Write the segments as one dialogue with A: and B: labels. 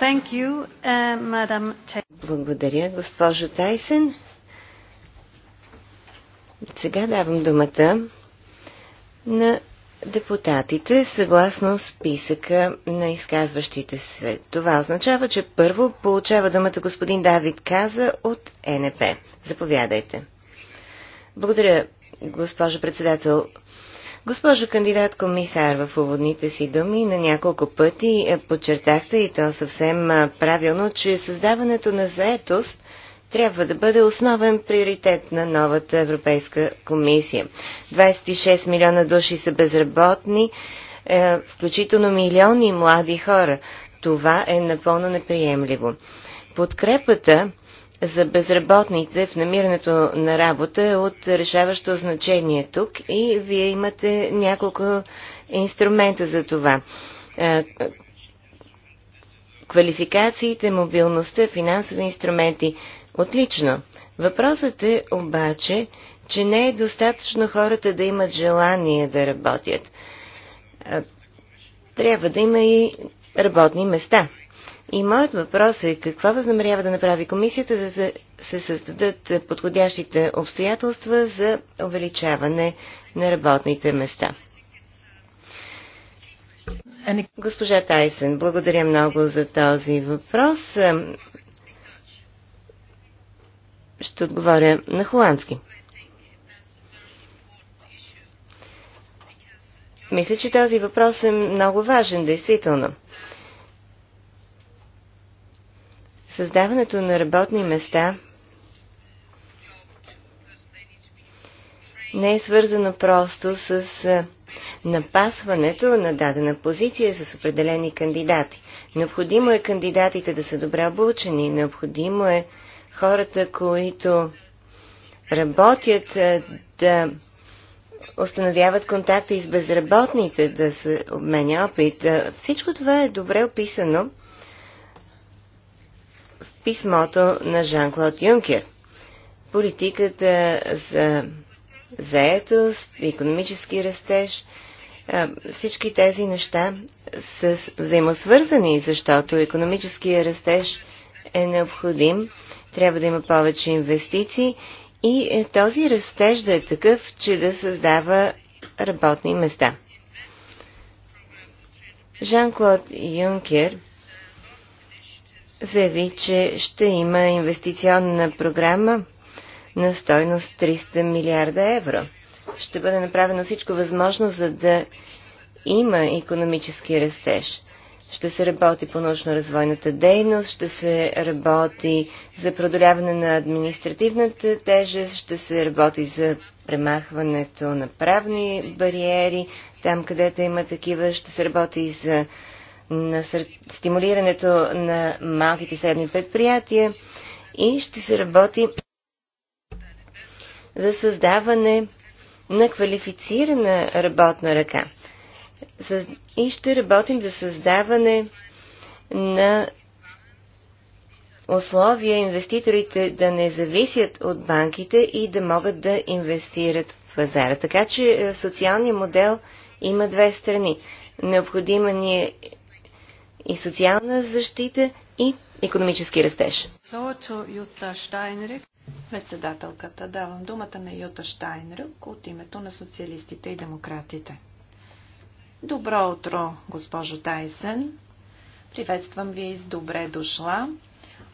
A: Thank you, uh, Благодаря, госпожо Тайсен. Сега давам думата на депутатите съгласно списъка на изказващите се. Това означава, че първо получава думата господин Давид Каза от НП. Заповядайте. Благодаря, госпожо председател. Госпожо кандидат комисар, в уводните си думи на няколко пъти е, подчертахте и то съвсем е, правилно, че създаването на заетост трябва да бъде основен приоритет на новата Европейска комисия. 26 милиона души са безработни, е, включително милиони млади хора. Това е напълно неприемливо. Подкрепата за безработните в намирането на работа е от решаващо значение тук и вие имате няколко инструмента за това. Квалификациите, мобилността, финансови инструменти. Отлично. Въпросът е обаче, че не е достатъчно хората да имат желание да работят. Трябва да има и работни места. И моят въпрос е какво възнамерява да направи комисията, за да се създадат подходящите обстоятелства за увеличаване на работните места. Госпожа Тайсен, благодаря много за този въпрос. Ще отговоря на холандски. Мисля, че този въпрос е много важен, действително. Създаването на работни места не е свързано просто с напасването на дадена позиция с определени кандидати. Необходимо е кандидатите да са добре обучени, необходимо е хората, които работят, да установяват контакти с безработните, да се обменя опит. Всичко това е добре описано писмото на Жан-Клод Юнкер. Политиката за заетост, економически растеж, всички тези неща са взаимосвързани, защото економическия растеж е необходим, трябва да има повече инвестиции и е, този растеж да е такъв, че да създава работни места. Жан-Клод Юнкер – заяви, че ще има инвестиционна програма на стойност 300 милиарда евро. Ще бъде направено всичко възможно, за да има економически растеж. Ще се работи по научно-развойната дейност, ще се работи за продоляване на административната тежест, ще се работи за премахването на правни бариери, там където има такива, ще се работи и за на стимулирането на малките и средни предприятия и ще се работи за създаване на квалифицирана работна ръка. И ще работим за създаване на условия инвеститорите да не зависят от банките и да могат да инвестират в пазара. Така че е, социалният модел има две страни. Необходима ни е и социална защита и економически растеж.
B: Юта Штайнрик, председателката, давам думата на Юта Штайнрик от името на социалистите и демократите. Добро утро, госпожо Тайсен. Приветствам ви и с добре дошла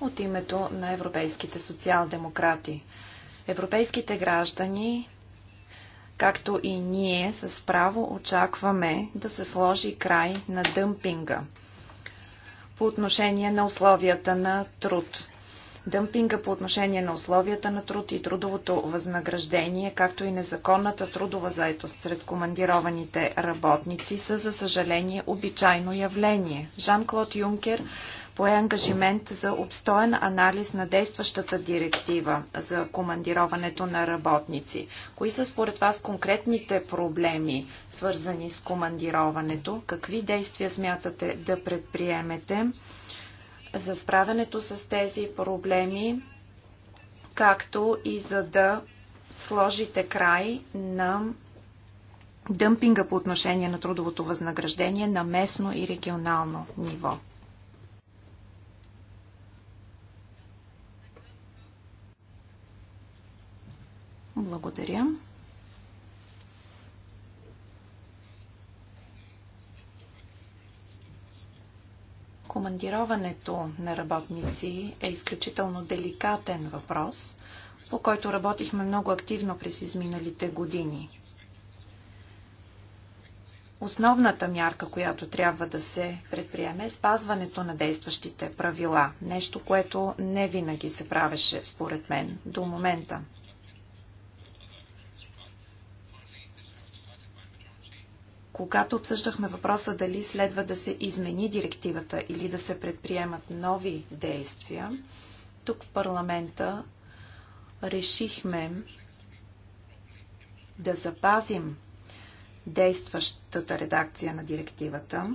B: от името на европейските социал-демократи. Европейските граждани, както и ние, с право очакваме да се сложи край на дъмпинга – по отношение на условията на труд. Дъмпинга по отношение на условията на труд и трудовото възнаграждение, както и незаконната трудова заетост сред командированите работници са, за съжаление, обичайно явление. Жан-Клод Юнкер пое ангажимент за обстоен анализ на действащата директива за командироването на работници. Кои са според вас конкретните проблеми, свързани с командироването? Какви действия смятате да предприемете за справянето с тези проблеми, както и за да сложите край на дъмпинга по отношение на трудовото възнаграждение на местно и регионално ниво? Благодаря. Командироването на работници е изключително деликатен въпрос, по който работихме много активно през изминалите години. Основната мярка, която трябва да се предприеме е спазването на действащите правила. Нещо, което не винаги се правеше, според мен, до момента. когато обсъждахме въпроса дали следва да се измени директивата или да се предприемат нови действия, тук в парламента решихме да запазим действащата редакция на директивата.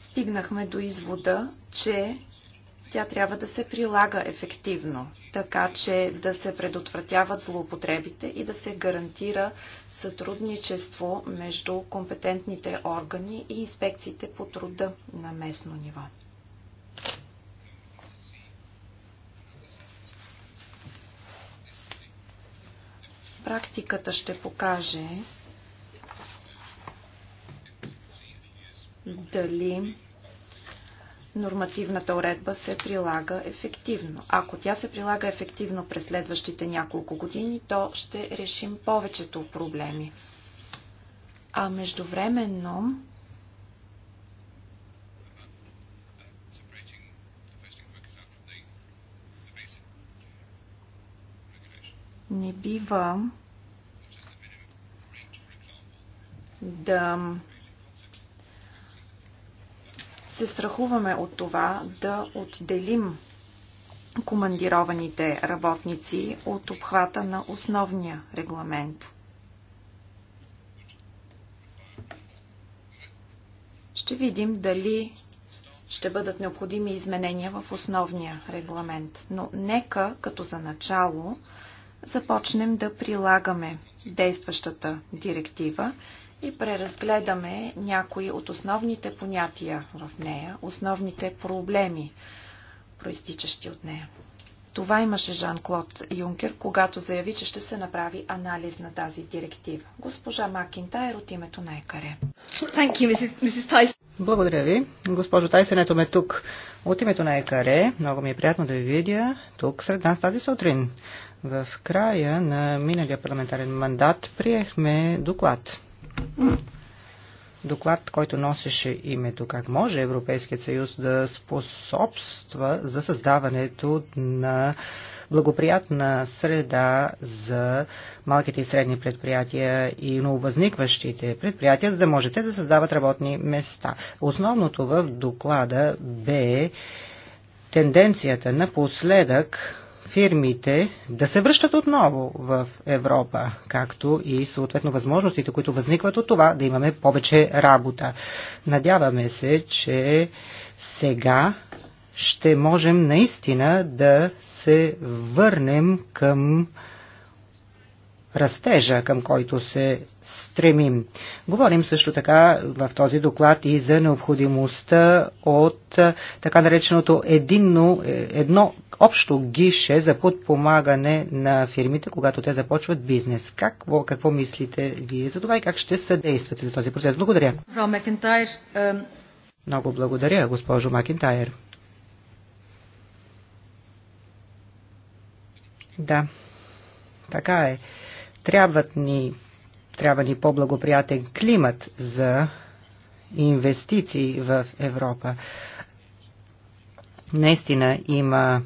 B: Стигнахме до извода, че тя трябва да се прилага ефективно така че да се предотвратяват злоупотребите и да се гарантира сътрудничество между компетентните органи и инспекциите по труда на местно ниво. Практиката ще покаже дали нормативната уредба се прилага ефективно. Ако тя се прилага ефективно през следващите няколко години, то ще решим повечето проблеми. А междувременно не бива да се страхуваме от това да отделим командированите работници от обхвата на основния регламент. Ще видим дали ще бъдат необходими изменения в основния регламент. Но нека, като за начало, започнем да прилагаме действащата директива и преразгледаме някои от основните понятия в нея, основните проблеми, проистичащи от нея. Това имаше Жан-Клод Юнкер, когато заяви, че ще се направи анализ на тази директива. Госпожа Макинтайр от името на ЕКАРЕ.
C: Благодаря ви. Госпожо Тайсен, ето ме тук. От името на ЕКАРЕ, много ми е приятно да ви видя тук сред нас тази сутрин. В края на миналия парламентарен мандат приехме доклад Доклад, който носеше името как може Европейският съюз да способства за създаването на благоприятна среда за малките и средни предприятия и нововъзникващите предприятия, за да можете да създават работни места. Основното в доклада бе тенденцията напоследък фирмите да се връщат отново в Европа, както и съответно възможностите, които възникват от това да имаме повече работа. Надяваме се, че сега ще можем наистина да се върнем към растежа, към който се стремим. Говорим също така в този доклад и за необходимостта от е, така нареченото единно, е, едно общо гише за подпомагане на фирмите, когато те започват бизнес. Какво, какво мислите вие за това и как ще съдействате за този процес? Благодаря. Много благодаря, госпожо Макентайр. Да, така е. Трябват ни, трябва ни по-благоприятен климат за инвестиции в Европа. Наистина има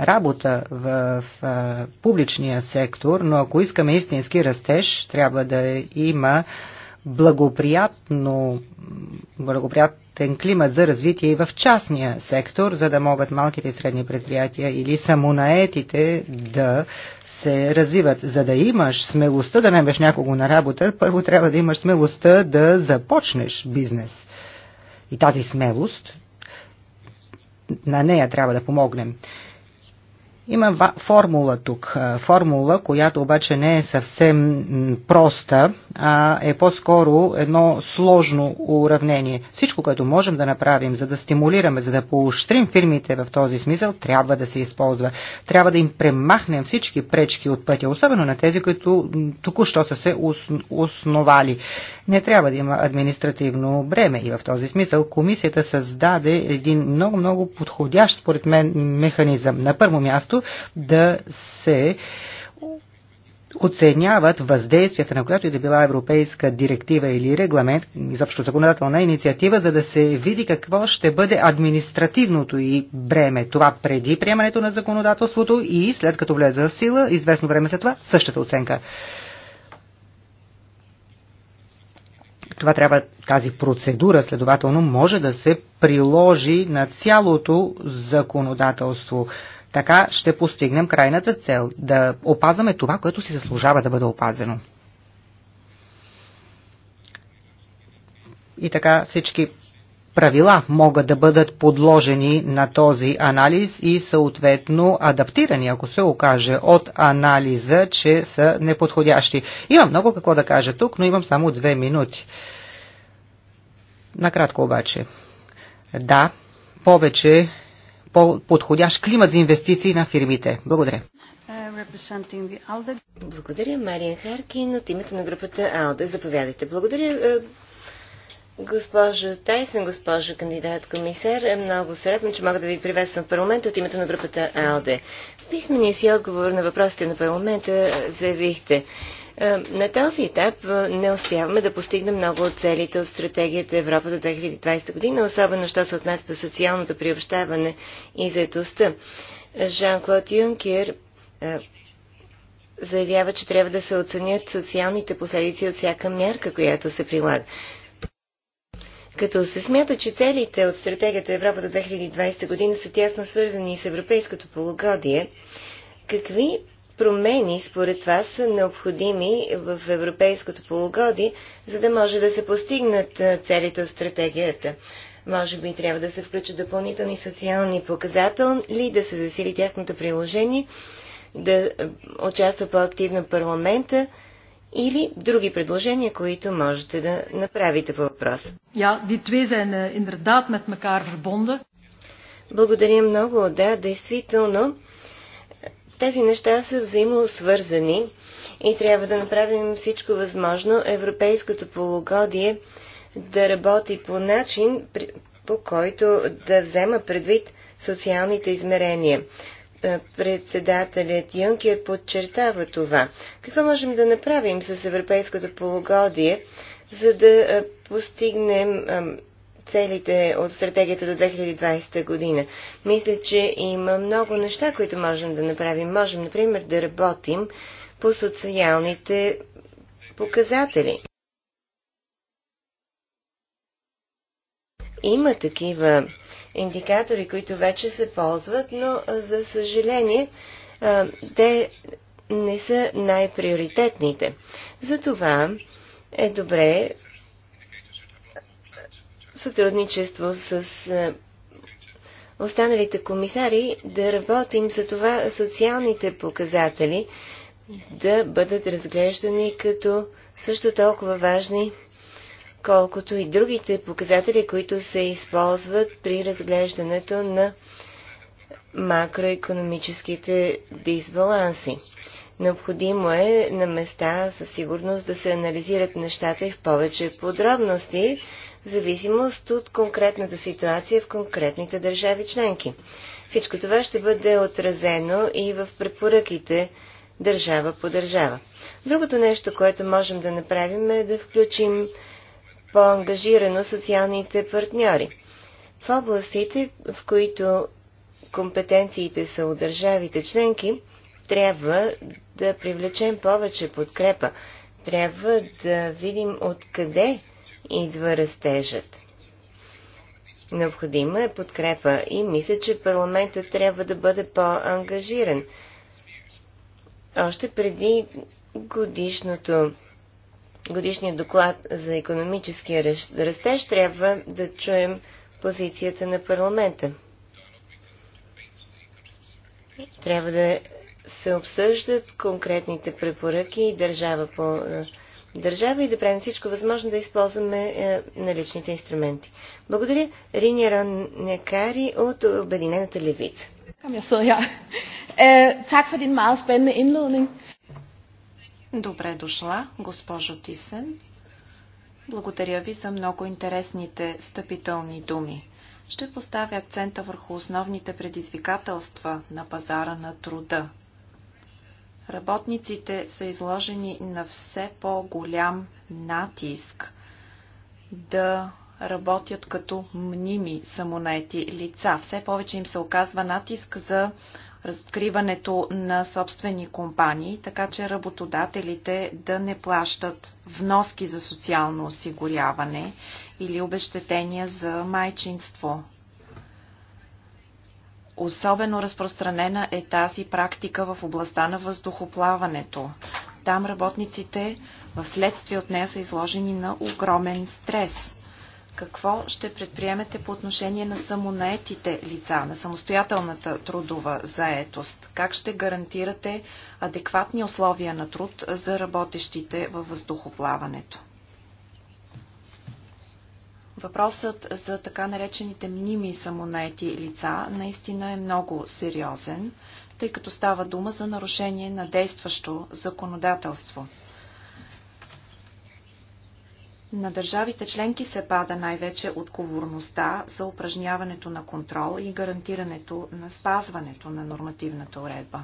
C: работа в а, публичния сектор, но ако искаме истински растеж, трябва да има благоприятно, благоприятно климат за развитие и в частния сектор, за да могат малките и средни предприятия или самонаетите да се развиват. За да имаш смелостта да наймеш някого на работа, първо трябва да имаш смелостта да започнеш бизнес. И тази смелост, на нея трябва да помогнем. Има формула тук. Формула, която обаче не е съвсем проста, а е по-скоро едно сложно уравнение. Всичко, което можем да направим, за да стимулираме, за да поощрим фирмите в този смисъл, трябва да се използва. Трябва да им премахнем всички пречки от пътя, особено на тези, които току-що са се основали. Не трябва да има административно бреме и в този смисъл комисията създаде един много-много подходящ, според мен, механизъм. На първо място място да се оценяват въздействията на която и да била европейска директива или регламент, изобщо законодателна инициатива, за да се види какво ще бъде административното и бреме. Това преди приемането на законодателството и след като влезе в сила, известно време след това, същата оценка. Това трябва, тази процедура, следователно, може да се приложи на цялото законодателство. Така ще постигнем крайната цел да опазваме това, което си заслужава да бъде опазено. И така всички правила могат да бъдат подложени на този анализ и съответно адаптирани, ако се окаже от анализа, че са неподходящи. Имам много какво да кажа тук, но имам само две минути. Накратко обаче. Да, повече по-подходящ климат за инвестиции на фирмите. Благодаря.
A: Благодаря, Мариан Харкин. От името на групата АЛДЕ, заповядайте. Благодаря, е, госпожо Тайсен, госпожо кандидат комисар. Е, много се радвам, че мога да ви приветствам в парламента от името на групата АЛДЕ. В писмения си отговор на въпросите на парламента е, заявихте. Е, на този етап е, не успяваме да постигнем много от целите от стратегията Европа до 2020 година, особено що се отнася до социалното приобщаване и заедостта. Жан-Клод Юнкер е, заявява, че трябва да се оценят социалните последици от всяка мярка, която се прилага. Като се смята, че целите от стратегията Европа до 2020 година са тясно свързани с европейското полугодие, какви промени според вас са необходими в европейското полугодие, за да може да се постигнат целите от стратегията? Може би трябва да се включат допълнителни социални показатели, да се засили тяхното приложение, да участва по-активно парламента или други предложения, които можете да направите по въпроса.
D: Eh,
A: Благодаря много. Да, действително тези неща са взаимосвързани и трябва да направим всичко възможно европейското полугодие да работи по начин, по който да взема предвид социалните измерения. Е, председателят Юнкер подчертава това. Какво можем да направим с европейското полугодие, за да е, постигнем целите от стратегията до 2020 година. Мисля, че има много неща, които можем да направим. Можем, например, да работим по социалните показатели. Има такива индикатори, които вече се ползват, но за съжаление те не са най-приоритетните. Затова е добре сътрудничество с е, останалите комисари да работим за това социалните показатели да бъдат разглеждани като също толкова важни, колкото и другите показатели, които се използват при разглеждането на макроекономическите дисбаланси. Необходимо е на места със сигурност да се анализират нещата и в повече подробности, в зависимост от конкретната ситуация в конкретните държави членки. Всичко това ще бъде отразено и в препоръките държава по държава. Другото нещо, което можем да направим е да включим по-ангажирано социалните партньори. В областите, в които компетенциите са от държавите членки, трябва да привлечем повече подкрепа. Трябва да видим откъде идва растежът. Необходима е подкрепа и мисля, че парламентът трябва да бъде по-ангажиран. Още преди годишното, годишния доклад за економическия растеж трябва да чуем позицията на парламента. Трябва да се обсъждат конкретните препоръки и държава по е, държава и да правим всичко възможно да използваме е, наличните инструменти. Благодаря. Риня Ронекари от Обединената левица. Добре дошла, госпожо
B: Тисен. Благодаря ви за много интересните стъпителни думи. Ще поставя акцента върху основните предизвикателства на пазара на труда, Работниците са изложени на все по-голям натиск да работят като мними самонаети лица. Все повече им се оказва натиск за разкриването на собствени компании, така че работодателите да не плащат вноски за социално осигуряване или обещетения за майчинство. Особено разпространена е тази практика в областта на въздухоплаването. Там работниците в следствие от нея са изложени на огромен стрес. Какво ще предприемете по отношение на самонаетите лица, на самостоятелната трудова заетост? Как ще гарантирате адекватни условия на труд за работещите във въздухоплаването? Въпросът за така наречените мними самонаети лица наистина е много сериозен, тъй като става дума за нарушение на действащо законодателство. На държавите членки се пада най-вече отговорността за упражняването на контрол и гарантирането на спазването на нормативната уредба.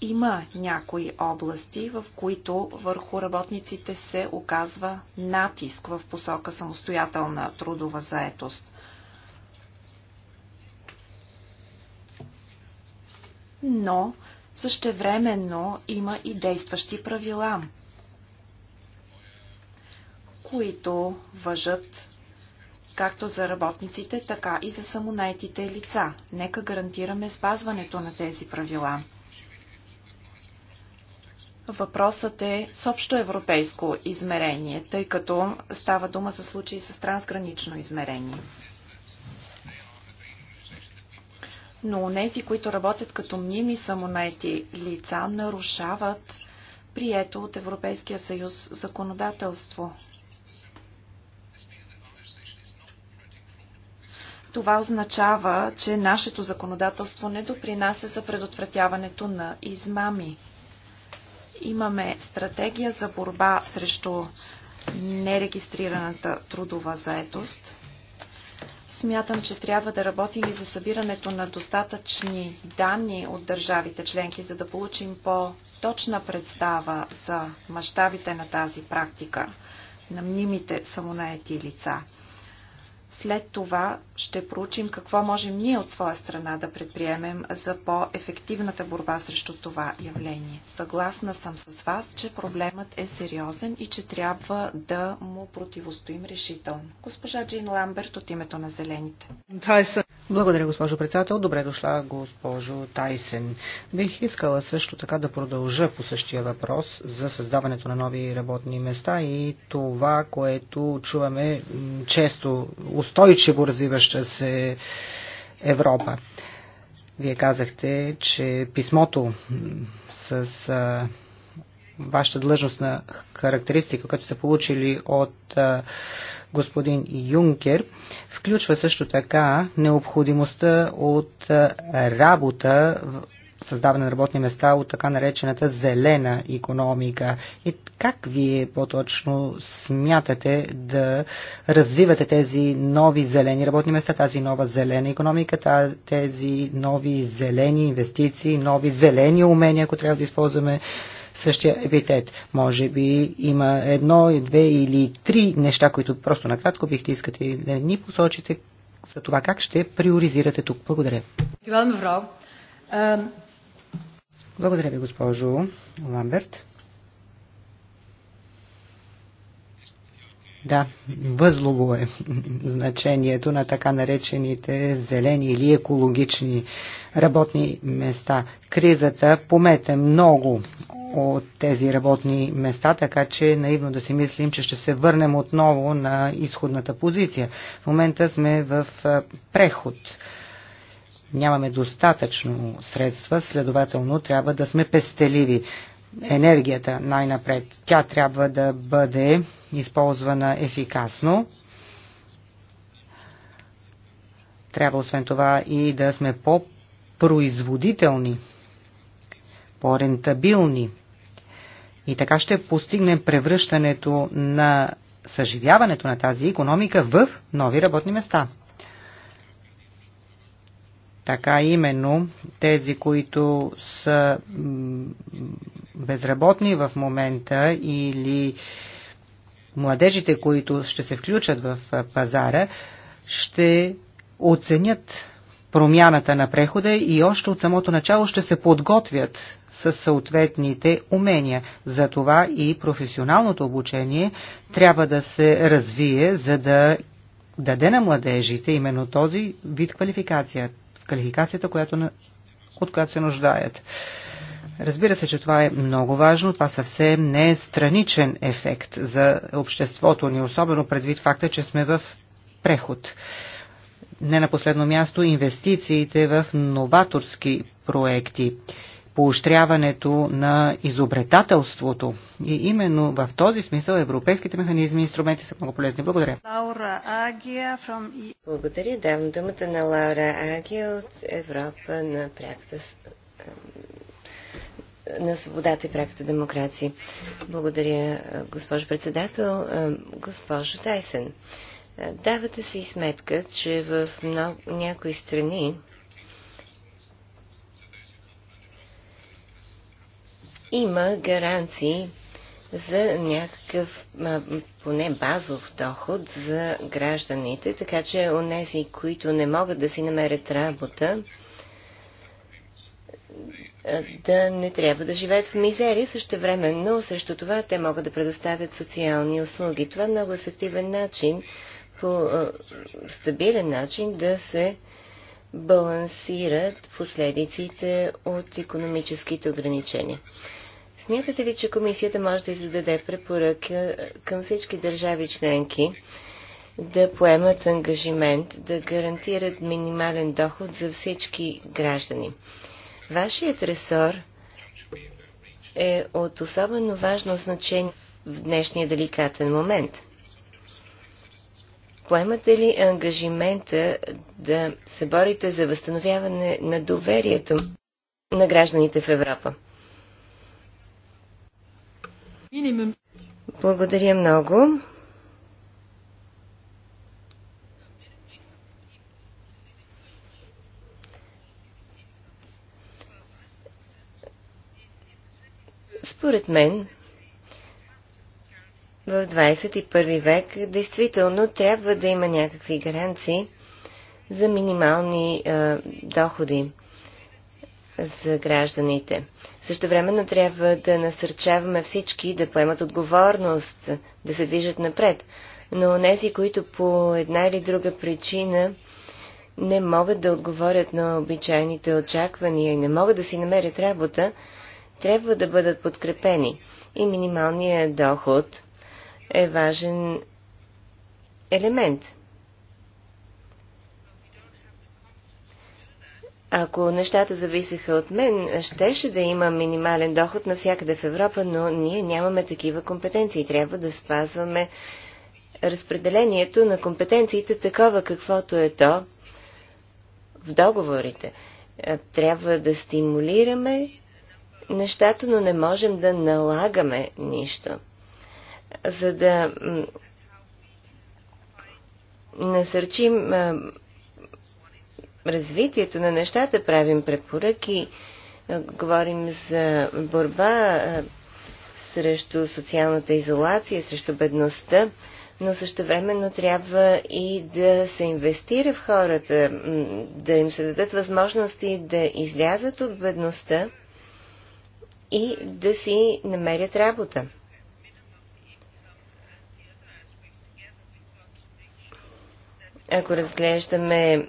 B: Има някои области, в които върху работниците се оказва натиск в посока самостоятелна трудова заетост. Но същевременно има и действащи правила, които въжат както за работниците, така и за самонайтите лица. Нека гарантираме спазването на тези правила. Въпросът е с общо европейско измерение, тъй като става дума за случаи с трансгранично измерение. Но тези, които работят като мними самонети лица, нарушават прието от Европейския съюз законодателство. Това означава, че нашето законодателство не допринася за предотвратяването на измами. Имаме стратегия за борба срещу нерегистрираната трудова заетост. Смятам, че трябва да работим и за събирането на достатъчни данни от държавите членки, за да получим по-точна представа за мащабите на тази практика на мнимите самонаети лица. След това ще проучим какво можем ние от своя страна да предприемем за по-ефективната борба срещу това явление. Съгласна съм с вас, че проблемът е сериозен и че трябва да му противостоим решително. Госпожа Джин Ламберт от името на Зелените.
C: Благодаря, госпожо председател. Добре дошла, госпожо Тайсен. Бих искала също така да продължа по същия въпрос за създаването на нови работни места и това, което чуваме често устойчиво развиваща се Европа. Вие казахте, че писмото с а, вашата длъжностна характеристика, като сте получили от а, господин Юнкер, включва също така необходимостта от е, работа, създаване на работни места от така наречената зелена економика. И как вие по-точно смятате да развивате тези нови зелени работни места, тази нова зелена економика, тези нови зелени инвестиции, нови зелени умения, ако трябва да използваме същия епитет. Може би има едно, две или три неща, които просто накратко бихте искате да ни посочите за това как ще приоризирате тук. Благодаря. Благодаря ви, госпожо Ламберт. Да, възлово е значението на така наречените зелени или екологични работни места. Кризата помете много от тези работни места, така че наивно да си мислим, че ще се върнем отново на изходната позиция. В момента сме в преход. Нямаме достатъчно средства, следователно трябва да сме пестеливи. Енергията най-напред. Тя трябва да бъде използвана ефикасно. Трябва освен това и да сме по-производителни по-рентабилни. И така ще постигнем превръщането на съживяването на тази економика в нови работни места. Така именно тези, които са безработни в момента или младежите, които ще се включат в пазара, ще оценят промяната на прехода и още от самото начало ще се подготвят с съответните умения. Затова и професионалното обучение трябва да се развие, за да даде на младежите именно този вид квалификация. Квалификацията, която, от която се нуждаят. Разбира се, че това е много важно. Това съвсем не е страничен ефект за обществото ни, особено предвид факта, че сме в преход. Не на последно място инвестициите в новаторски проекти поощряването на изобретателството. И именно в този смисъл европейските механизми и инструменти са много полезни. Благодаря.
A: Лаура Агия from... Благодаря. Давам думата на Лаура Агия от Европа на пряката на свободата и пряката демокрация. Благодаря, госпожо председател. Госпожо Тайсен, давате си сметка, че в много, някои страни има гаранции за някакъв поне базов доход за гражданите, така че онези, които не могат да си намерят работа, да не трябва да живеят в мизерия, също време, но срещу това те могат да предоставят социални услуги. Това е много ефективен начин, по стабилен начин да се балансират последиците от економическите ограничения. Смятате ли, че комисията може да издаде препоръка към всички държави членки да поемат ангажимент да гарантират минимален доход за всички граждани? Вашият ресор е от особено важно значение в днешния деликатен момент. Поемате ли ангажимента да се борите за възстановяване на доверието на гражданите в Европа? Благодаря много. Според мен, в 21 век действително трябва да има някакви гаранции за минимални е, доходи за гражданите. Също времено трябва да насърчаваме всички да поемат отговорност, да се движат напред. Но нези, които по една или друга причина не могат да отговорят на обичайните очаквания и не могат да си намерят работа, трябва да бъдат подкрепени. И минималният доход е важен елемент – Ако нещата зависеха от мен, щеше да има минимален доход навсякъде в Европа, но ние нямаме такива компетенции. Трябва да спазваме разпределението на компетенциите такова каквото е то в договорите. Е, трябва да стимулираме нещата, но не можем да налагаме нищо. За да насърчим развитието на нещата правим препоръки, е, говорим за борба е, срещу социалната изолация, срещу бедността, но също времено трябва и да се инвестира в хората, да им се дадат възможности да излязат от бедността и да си намерят работа. Ако разглеждаме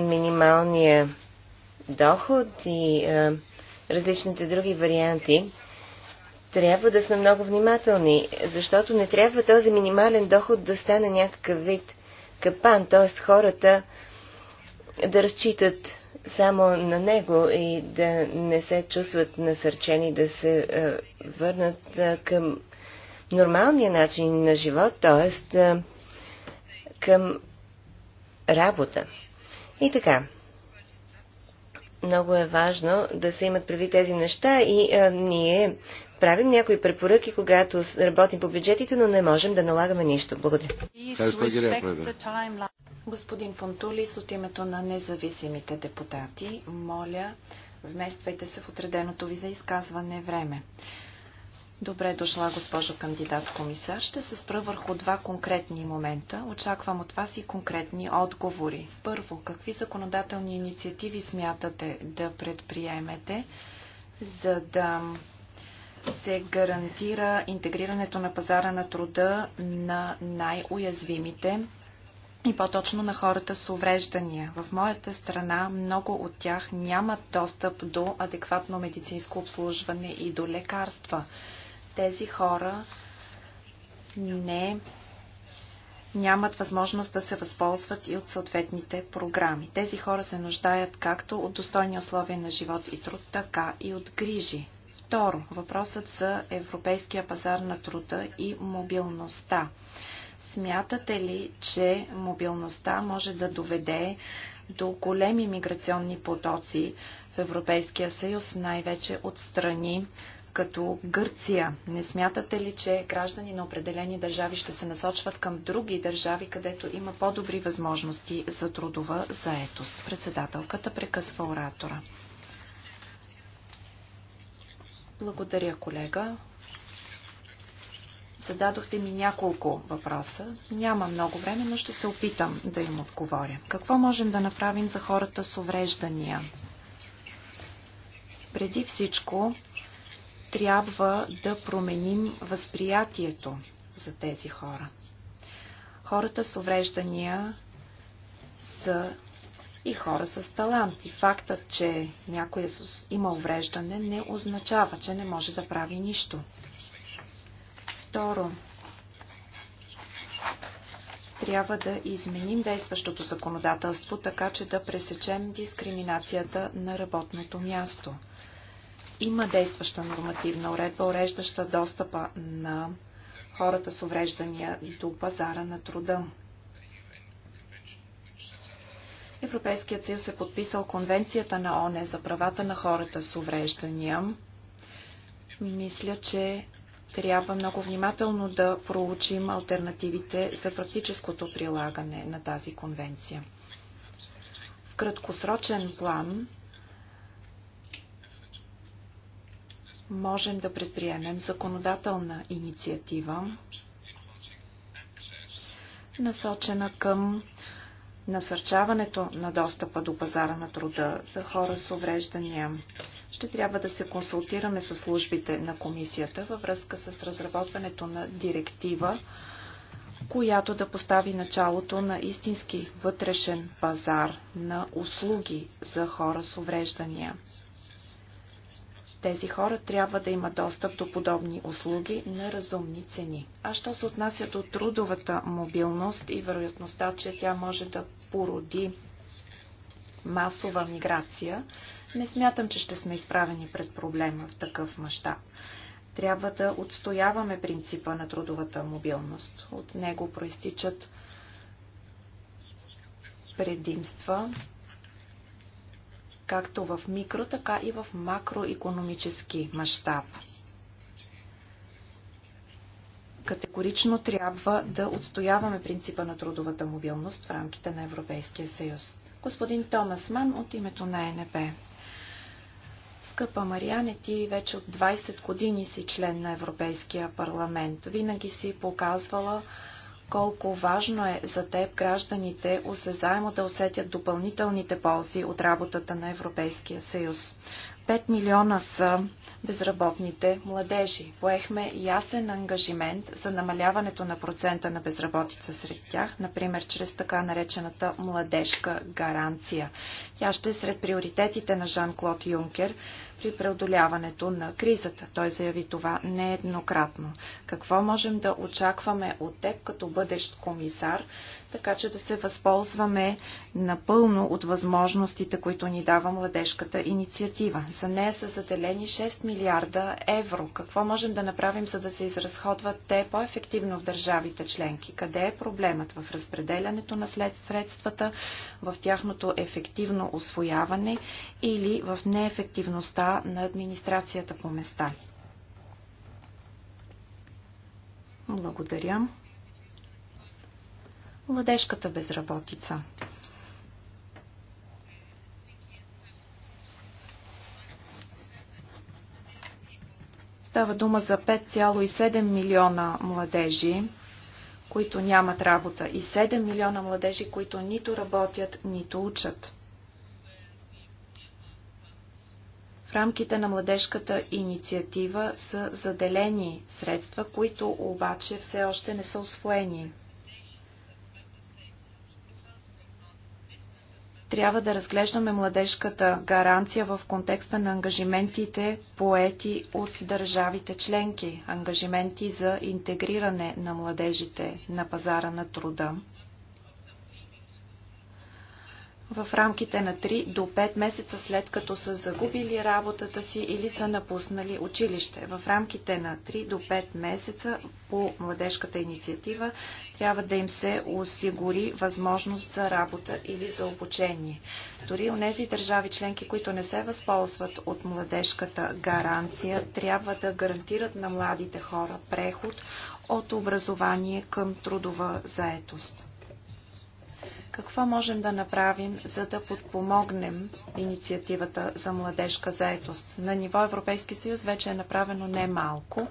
A: минималния доход и а, е, различните други варианти, трябва да сме много внимателни, защото не трябва този минимален доход да стане някакъв вид капан, т.е. хората да разчитат само на него и да не се чувстват насърчени да се а, е, върнат а, е, към нормалния начин на живот, т.е. към работа. И така, много е важно да се имат прави тези неща и а, ние правим някои препоръки, когато работим по бюджетите, но не можем да налагаме нищо. Благодаря.
B: Господин Фонтулис, от името на независимите депутати, моля, вмествайте се в отреденото ви за изказване време. Добре дошла, госпожо кандидат-комисар. Ще се спра върху два конкретни момента. Очаквам от вас и конкретни отговори. Първо, какви законодателни инициативи смятате да предприемете, за да се гарантира интегрирането на пазара на труда на най-уязвимите и по-точно на хората с увреждания. В моята страна много от тях нямат достъп до адекватно медицинско обслужване и до лекарства тези хора не нямат възможност да се възползват и от съответните програми. Тези хора се нуждаят както от достойни условия на живот и труд, така и от грижи. Второ, въпросът за европейския пазар на труда и мобилността. Смятате ли, че мобилността може да доведе до големи миграционни потоци в Европейския съюз, най-вече от страни като Гърция. Не смятате ли, че граждани на определени държави ще се насочват към други държави, където има по-добри възможности за трудова заетост? Председателката прекъсва оратора. Благодаря, колега. Зададохте ми няколко въпроса. Няма много време, но ще се опитам да им отговоря. Какво можем да направим за хората с увреждания? Преди всичко, трябва да променим възприятието за тези хора. Хората с увреждания са и хора с талант. И фактът, че някой е има увреждане, не означава, че не може да прави нищо. Второ, трябва да изменим действащото законодателство, така че да пресечем дискриминацията на работното място – има действаща нормативна уредба, уреждаща достъпа на хората с увреждания до пазара на труда. Европейският съюз е подписал Конвенцията на ОНЕ за правата на хората с увреждания. Мисля, че трябва много внимателно да проучим альтернативите за практическото прилагане на тази конвенция. В краткосрочен план можем да предприемем законодателна инициатива, насочена към насърчаването на достъпа до пазара на труда за хора с увреждания. Ще трябва да се консултираме с службите на комисията във връзка с разработването на директива, която да постави началото на истински вътрешен пазар на услуги за хора с увреждания. Тези хора трябва да имат достъп до подобни услуги на разумни цени. А що се отнася до трудовата мобилност и вероятността, че тя може да породи масова миграция, не смятам, че ще сме изправени пред проблема в такъв мащаб. Трябва да отстояваме принципа на трудовата мобилност. От него проистичат предимства, както в микро, така и в макроекономически мащаб. Категорично трябва да отстояваме принципа на трудовата мобилност в рамките на Европейския съюз. Господин Томас Ман от името на ЕНП. Скъпа Мариане, ти вече от 20 години си член на Европейския парламент. Винаги си показвала колко важно е за теб гражданите осезаемо да усетят допълнителните ползи от работата на Европейския съюз. 5 милиона са безработните младежи. Поехме ясен ангажимент за намаляването на процента на безработица сред тях, например чрез така наречената младежка гаранция. Тя ще е сред приоритетите на Жан-Клод Юнкер при преодоляването на кризата. Той заяви това нееднократно. Какво можем да очакваме от теб като бъдещ комисар, така че да се възползваме напълно от възможностите, които ни дава младежката инициатива. За нея са заделени 6 милиарда евро. Какво можем да направим, за да се изразходват те по-ефективно в държавите членки? Къде е проблемът в разпределянето на след средствата, в тяхното ефективно освояване или в неефективността на администрацията по места. Благодаря. Младежката безработица. Става дума за 5,7 милиона младежи, които нямат работа и 7 милиона младежи, които нито работят, нито учат. В рамките на младежката инициатива са заделени средства, които обаче все още не са освоени. Трябва да разглеждаме младежката гаранция в контекста на ангажиментите поети от държавите членки, ангажименти за интегриране на младежите на пазара на труда в рамките на 3 до 5 месеца след като са загубили работата си или са напуснали училище. В рамките на 3 до 5 месеца по младежката инициатива трябва да им се осигури възможност за работа или за обучение. Дори у нези държави членки, които не се възползват от младежката гаранция, трябва да гарантират на младите хора преход от образование към трудова заетост. Какво можем да направим, за да подпомогнем инициативата за младежка заетост? На ниво Европейски съюз вече е направено не малко.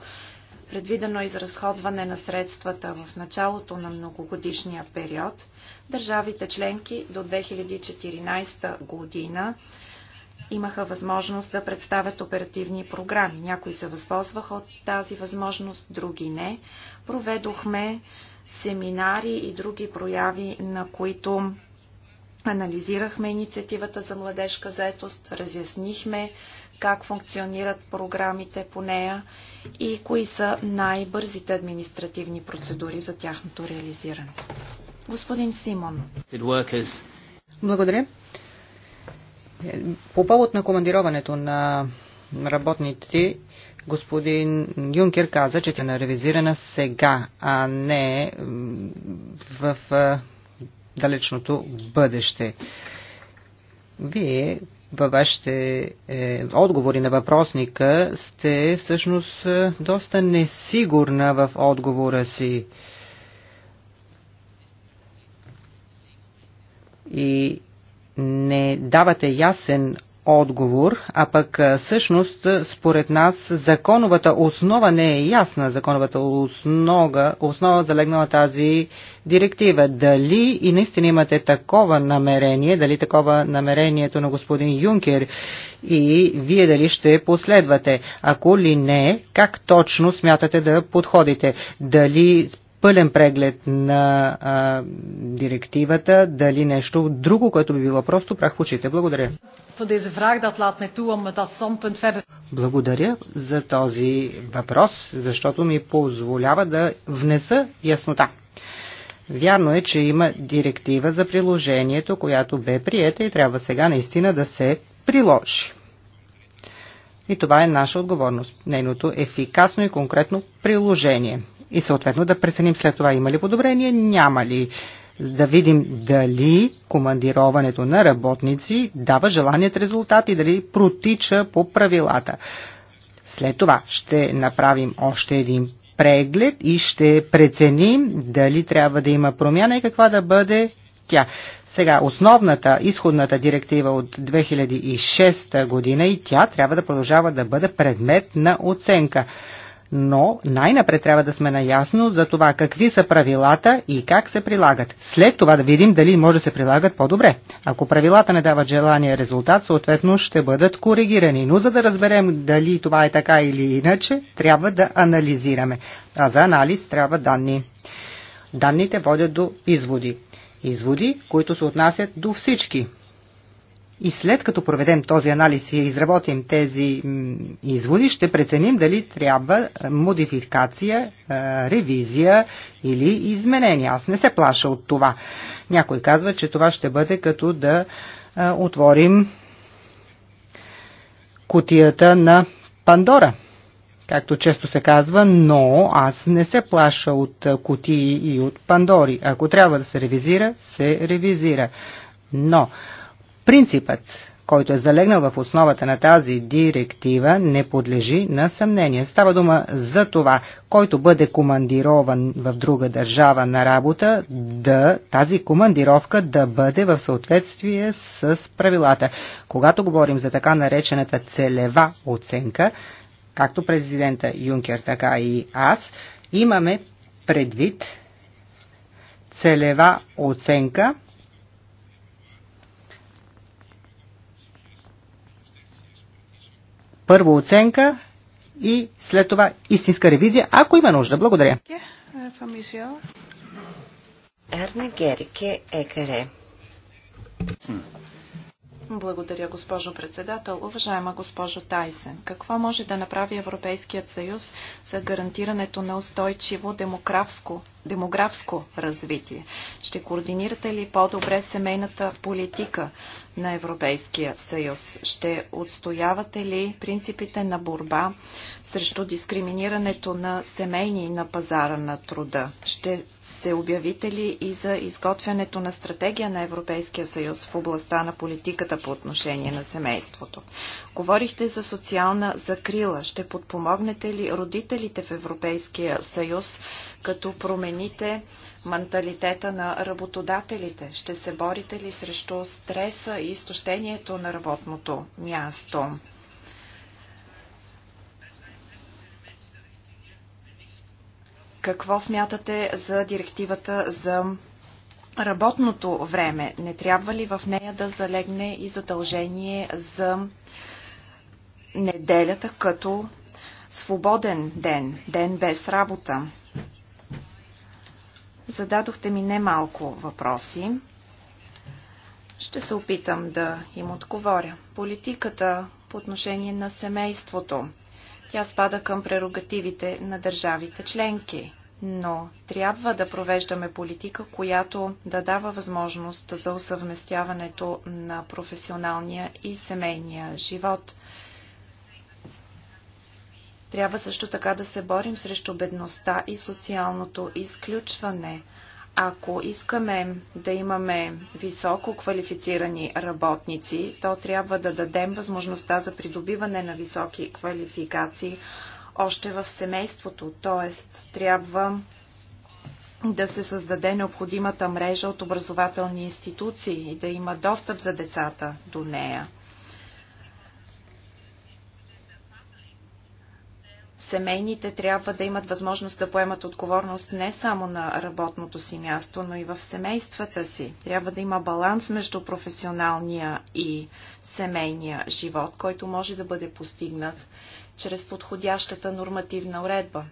B: Предвидено е изразходване на средствата в началото на многогодишния период. Държавите членки до 2014 година имаха възможност да представят оперативни програми. Някои се възползваха от тази възможност, други не. Проведохме семинари и други прояви, на които анализирахме инициативата за младежка заетост, разяснихме как функционират програмите по нея и кои са най-бързите административни процедури за тяхното реализиране. Господин Симон.
C: Благодаря. По повод на командироването на работните Господин Юнкер каза, че тя е ревизирана сега, а не в далечното бъдеще. Вие във вашите е, отговори на въпросника сте всъщност е, доста несигурна в отговора си. И не давате ясен отговор, а пък всъщност според нас законовата основа не е ясна. Законовата основа, основа залегнала тази директива. Дали и наистина имате такова намерение, дали такова намерението на господин Юнкер и вие дали ще последвате? Ако ли не, как точно смятате да подходите? Дали пълен преглед на а, директивата, дали нещо друго, което би било просто прах в очите. Благодаря. Благодаря за този въпрос, защото ми позволява да внеса яснота. Вярно е, че има директива за приложението, която бе приета и трябва сега наистина да се приложи. И това е наша отговорност, нейното ефикасно и конкретно приложение и съответно да преценим след това има ли подобрение, няма ли да видим дали командироването на работници дава желаният резултат и дали протича по правилата. След това ще направим още един преглед и ще преценим дали трябва да има промяна и каква да бъде тя. Сега, основната, изходната директива от 2006 година и тя трябва да продължава да бъде предмет на оценка но най-напред трябва да сме наясно за това какви са правилата и как се прилагат. След това да видим дали може да се прилагат по-добре. Ако правилата не дават желания резултат, съответно ще бъдат коригирани. Но за да разберем дали това е така или иначе, трябва да анализираме. А за анализ трябва данни. Данните водят до изводи. Изводи, които се отнасят до всички и след като проведем този анализ и изработим тези изводи, ще преценим дали трябва е, модификация, е, ревизия или изменение. Аз не се плаша от това. Някой казва, че това ще бъде като да е, отворим кутията на Пандора както често се казва, но аз не се плаша от кутии и от пандори. Ако трябва да се ревизира, се ревизира. Но принципът, който е залегнал в основата на тази директива, не подлежи на съмнение. Става дума за това, който бъде командирован в друга държава на работа, да тази командировка да бъде в съответствие с правилата. Когато говорим за така наречената целева оценка, както президента Юнкер, така и аз, имаме предвид целева оценка – Първо оценка и след това истинска ревизия, ако има нужда.
A: Благодаря. Арна Герике Екаре.
B: Благодаря, госпожо председател. Уважаема госпожо Тайсен, какво може да направи Европейският съюз за гарантирането на устойчиво демографско, демографско развитие? Ще координирате ли по-добре семейната политика? на Европейския съюз? Ще отстоявате ли принципите на борба срещу дискриминирането на семейни на пазара на труда? Ще се обявите ли и за изготвянето на стратегия на Европейския съюз в областта на политиката по отношение на семейството? Говорихте за социална закрила. Ще подпомогнете ли родителите в Европейския съюз, като промените менталитета на работодателите? Ще се борите ли срещу стреса и изтощението на работното място? Какво смятате за директивата за работното време? Не трябва ли в нея да залегне и задължение за неделята като свободен ден, ден без работа? Зададохте ми немалко въпроси. Ще се опитам да им отговоря. Политиката по отношение на семейството. Тя спада към прерогативите на държавите членки, но трябва да провеждаме политика, която да дава възможност за усъвместяването на професионалния и семейния живот – трябва също така да се борим срещу бедността и социалното изключване. Ако искаме да имаме високо квалифицирани работници, то трябва да дадем възможността за придобиване на високи квалификации още в семейството, т.е. трябва да се създаде необходимата мрежа от образователни институции и да има достъп за децата до нея. семейните трябва да имат възможност да поемат отговорност не само на работното си място, но и в семействата си. Трябва да има баланс между професионалния и семейния живот, който може да бъде постигнат чрез подходящата нормативна уредба.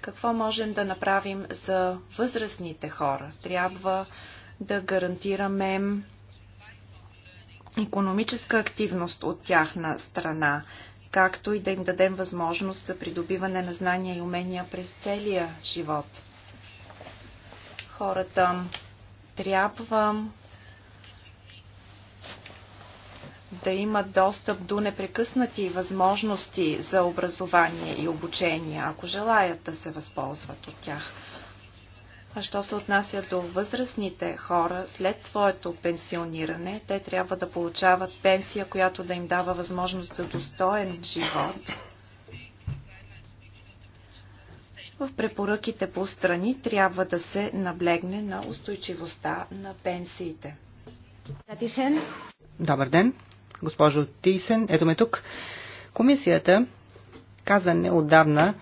B: Какво можем да направим за възрастните хора? Трябва да гарантираме економическа активност от тяхна страна както и да им дадем възможност за придобиване на знания и умения през целия живот. Хората трябва да имат достъп до непрекъснати възможности за образование и обучение, ако желаят да се възползват от тях. А що се отнася до възрастните хора, след своето пенсиониране, те трябва да получават пенсия, която да им дава възможност за достоен живот. В препоръките по страни трябва да се наблегне на устойчивостта на пенсиите.
C: Добър ден, госпожо Тисен. Ето ме тук. Комисията каза неодавна,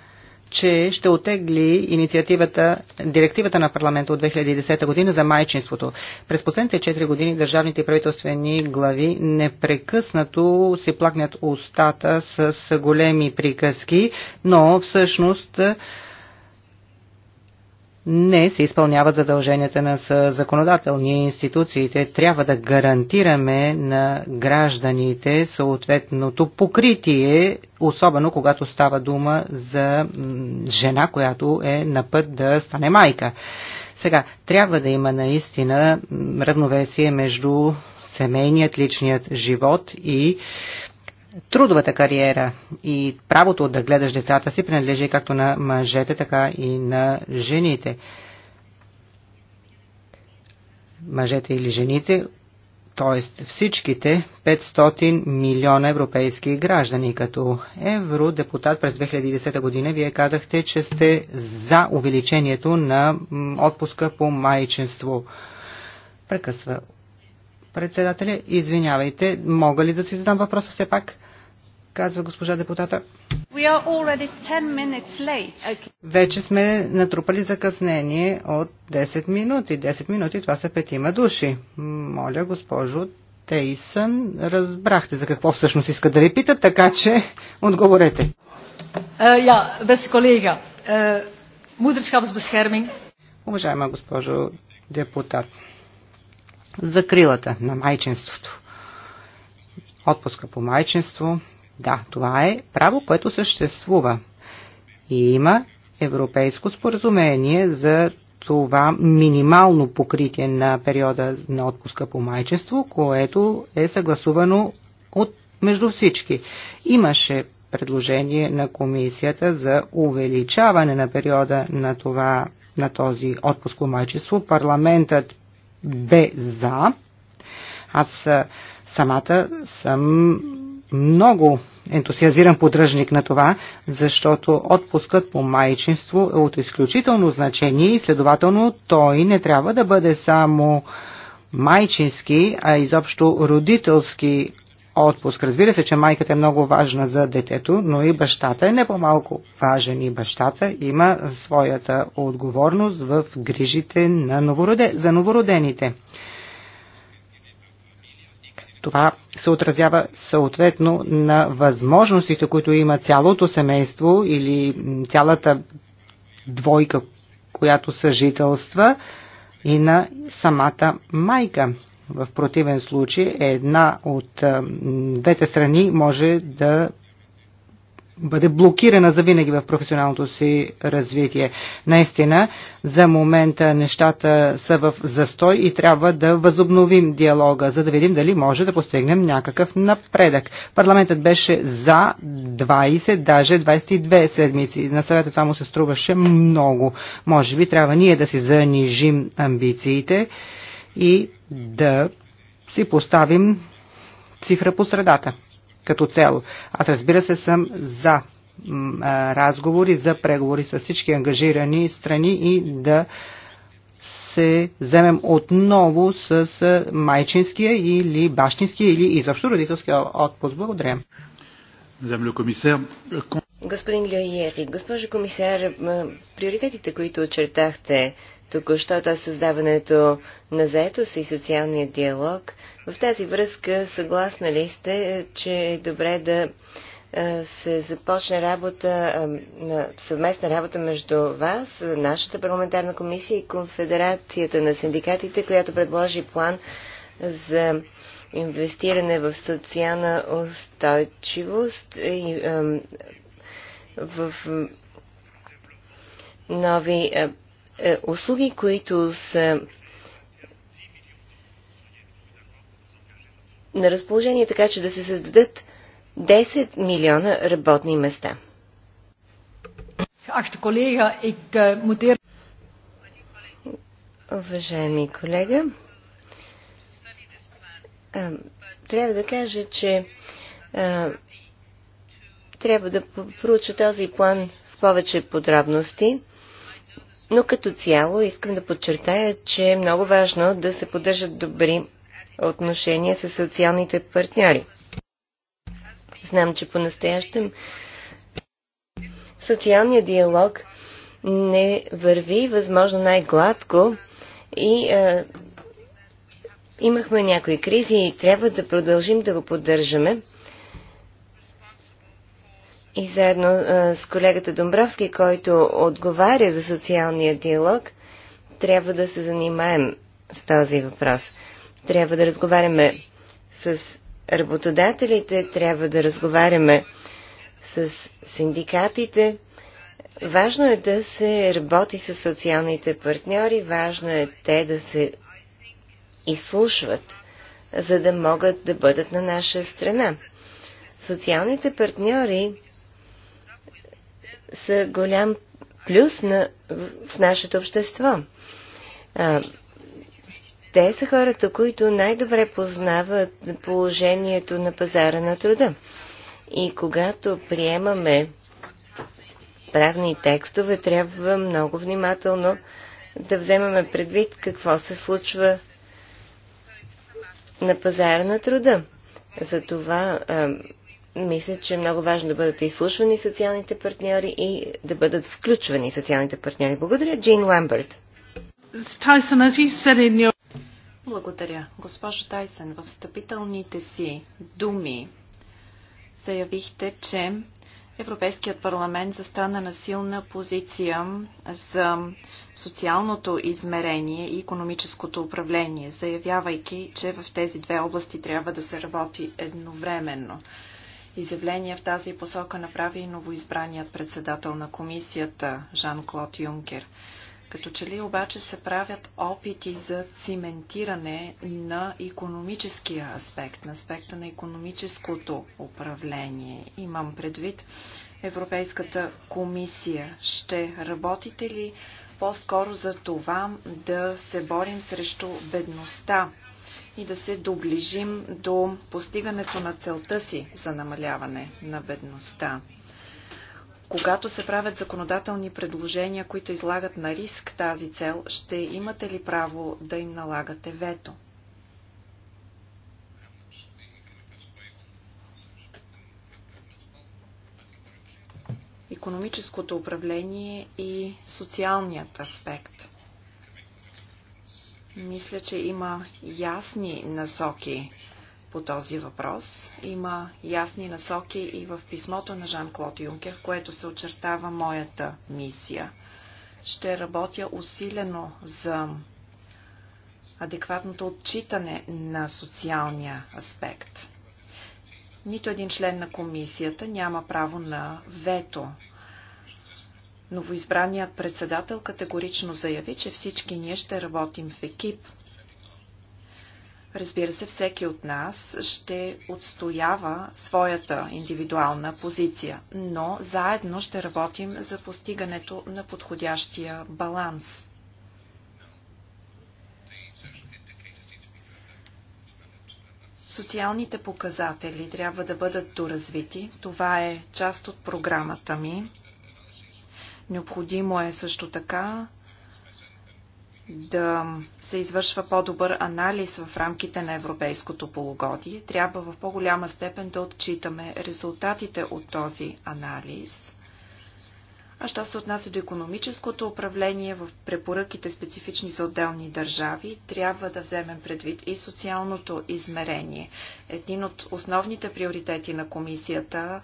C: че ще отегли инициативата, директивата на парламента от 2010 година за майчинството. През последните 4 години държавните и правителствени глави непрекъснато си плакнят устата с големи приказки, но всъщност не се изпълняват задълженията на законодателни институциите. Трябва да гарантираме на гражданите съответното покритие, особено когато става дума за жена, която е на път да стане майка. Сега, трябва да има наистина равновесие между семейният, личният живот и Трудовата кариера и правото да гледаш децата си принадлежи както на мъжете, така и на жените. Мъжете или жените, т.е. всичките 500 милиона европейски граждани. Като евродепутат през 2010 година вие казахте, че сте за увеличението на отпуска по майчинство. Прекъсва Председателя, извинявайте, мога ли да си задам въпроса все пак? Казва госпожа депутата.
D: Okay.
C: Вече сме натрупали закъснение от 10 минути. 10 минути, това са петима души. Моля, госпожо Тейсън, разбрахте за какво всъщност искат да ви питат, така че отговорете.
D: Ja, beste collega,
C: moederschapsbescherming. Уважаема госпожо депутат, закрилата на майчинството. Отпуска по майчинство, да, това е право, което съществува. И има европейско споразумение за това минимално покритие на периода на отпуска по майчество, което е съгласувано от между всички. Имаше предложение на комисията за увеличаване на периода на това на този отпуск по майчество. Парламентът бе за. Аз самата съм много ентусиазиран поддръжник на това, защото отпускът по майчинство е от изключително значение и следователно той не трябва да бъде само майчински, а изобщо родителски отпуск. Разбира се, че майката е много важна за детето, но и бащата е не по-малко важен и бащата има своята отговорност в грижите на новороде... за новородените. Това се отразява съответно на възможностите, които има цялото семейство или цялата двойка, която съжителства и на самата майка. В противен случай една от двете страни може да бъде блокирана за винаги в професионалното си развитие. Наистина, за момента нещата са в застой и трябва да възобновим диалога, за да видим дали може да постигнем някакъв напредък. Парламентът беше за 20, даже 22 седмици. На съвета това му се струваше много. Може би трябва ние да си занижим амбициите и да си поставим цифра по средата като цел. Аз разбира се съм за разговори, за преговори с всички ангажирани страни и да се вземем отново с майчинския или бащинския или изобщо родителския отпуск. Благодаря.
A: Господин Леоиери, госпожо комисар, приоритетите, които очертахте току-що, то създаването на заетост и социалния диалог. В тази връзка съгласна ли сте, че е добре да се започне работа, съвместна работа между вас, нашата парламентарна комисия и Конфедерацията на синдикатите, която предложи план за инвестиране в социална устойчивост и в нови е, услуги, които са на разположение, така че да се създадат 10 милиона работни места.
D: Ахте колега, ik eh, moet
A: Уважаеми колега, трябва да кажа, че трябва да проуча този план в повече подробности. Но като цяло искам да подчертая, че е много важно да се поддържат добри отношения с социалните партньори. Знам, че по-настоящем социалният диалог не върви възможно най-гладко и а, имахме някои кризи и трябва да продължим да го поддържаме и заедно с колегата Домбровски, който отговаря за социалния диалог, трябва да се занимаем с този въпрос. Трябва да разговаряме с работодателите, трябва да разговаряме с синдикатите. Важно е да се работи с социалните партньори, важно е те да се изслушват, за да могат да бъдат на наша страна. Социалните партньори са голям плюс на, в нашето общество. А, те са хората, които най-добре познават положението на пазара на труда. И когато приемаме правни текстове, трябва много внимателно да вземаме предвид какво се случва на пазара на труда. Затова мисля, че е много важно да бъдат изслушвани социалните партньори и да бъдат включвани социалните партньори. Благодаря, Джин Ламберт.
B: Благодаря. Госпожо Тайсън, в встъпителните си думи заявихте, че Европейският парламент застана на силна позиция за социалното измерение и економическото управление, заявявайки, че в тези две области трябва да се работи едновременно. Изявление в тази посока направи и новоизбраният председател на комисията Жан-Клод Юнкер. Като че ли обаче се правят опити за циментиране на економическия аспект, на аспекта на економическото управление. Имам предвид Европейската комисия. Ще работите ли по-скоро за това да се борим срещу бедността и да се доближим до постигането на целта си за намаляване на бедността. Когато се правят законодателни предложения, които излагат на риск тази цел, ще имате ли право да им налагате вето? Економическото управление и социалният аспект – мисля, че има ясни насоки по този въпрос. Има ясни насоки и в писмото на Жан-Клод Юнкер, което се очертава моята мисия. Ще работя усилено за адекватното отчитане на социалния аспект. Нито един член на комисията няма право на вето Новоизбраният председател категорично заяви, че всички ние ще работим в екип. Разбира се, всеки от нас ще отстоява своята индивидуална позиция, но заедно ще работим за постигането на подходящия баланс. Социалните показатели трябва да бъдат доразвити. Това е част от програмата ми. Необходимо е също така да се извършва по-добър анализ в рамките на европейското полугодие. Трябва в по-голяма степен да отчитаме резултатите от този анализ. А що се отнася до економическото управление в препоръките специфични за отделни държави, трябва да вземем предвид и социалното измерение. Един от основните приоритети на комисията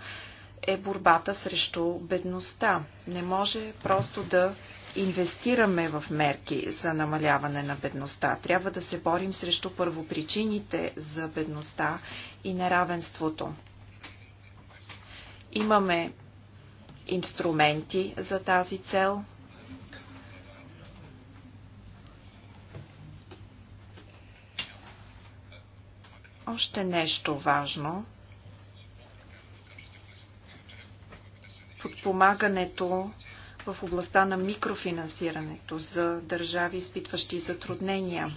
B: е борбата срещу бедността. Не може просто да инвестираме в мерки за намаляване на бедността. Трябва да се борим срещу първопричините за бедността и неравенството. Имаме инструменти за тази цел. Още нещо
C: важно –
B: подпомагането в областта на микрофинансирането за държави, изпитващи затруднения.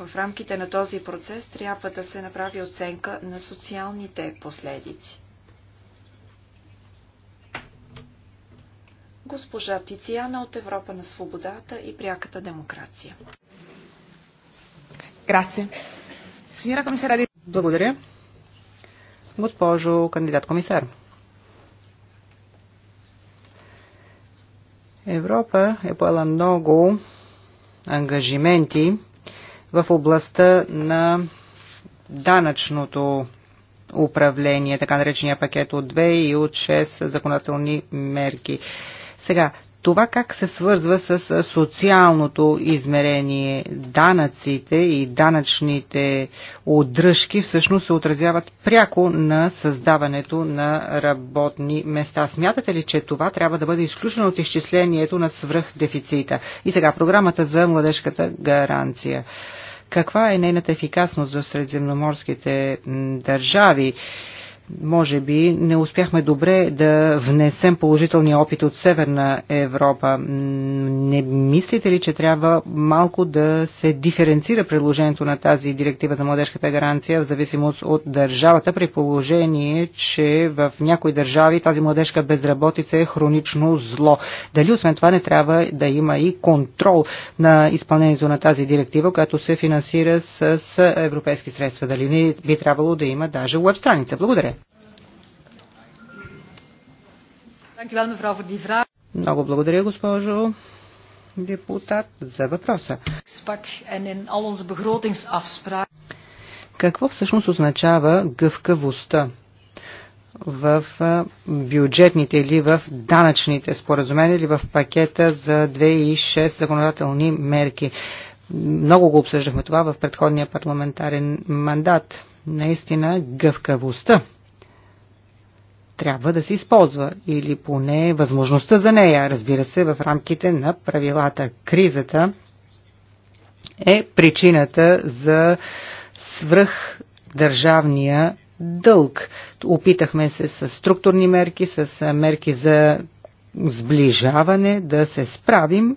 B: В рамките на този процес трябва да се направи оценка на социалните последици. Госпожа Тициана от Европа на свободата и пряката демокрация.
C: Благодаря. Госпожо кандидат-комисар, Европа е поела много ангажименти в областта на данъчното управление, така наречения пакет от 2 и от 6 законодателни мерки. Сега, това как се свързва с социалното измерение. Данъците и данъчните отдръжки всъщност се отразяват пряко на създаването на работни места. Смятате ли, че това трябва да бъде изключено от изчислението на свръхдефицита? И сега програмата за младежката гаранция. Каква е нейната ефикасност за средземноморските държави? може би не успяхме добре да внесем положителния опит от Северна Европа. Не мислите ли, че трябва малко да се диференцира предложението на тази директива за младежката гаранция в зависимост от държавата, при положение, че в някои държави тази младежка безработица е хронично зло? Дали освен това не трябва да има и контрол на изпълнението на тази директива, която се финансира с европейски средства? Дали не би трябвало да има даже веб страница? Благодаря. Много благодаря, госпожо депутат, за въпроса. Какво всъщност означава гъвкавостта в бюджетните или в данъчните споразумения или в пакета за 2006 законодателни мерки? Много го обсъждахме това в предходния парламентарен мандат. Наистина гъвкавостта трябва да се използва или поне възможността за нея, разбира се, в рамките на правилата. Кризата е причината за свръх държавния дълг. Опитахме се с структурни мерки, с мерки за сближаване да се справим,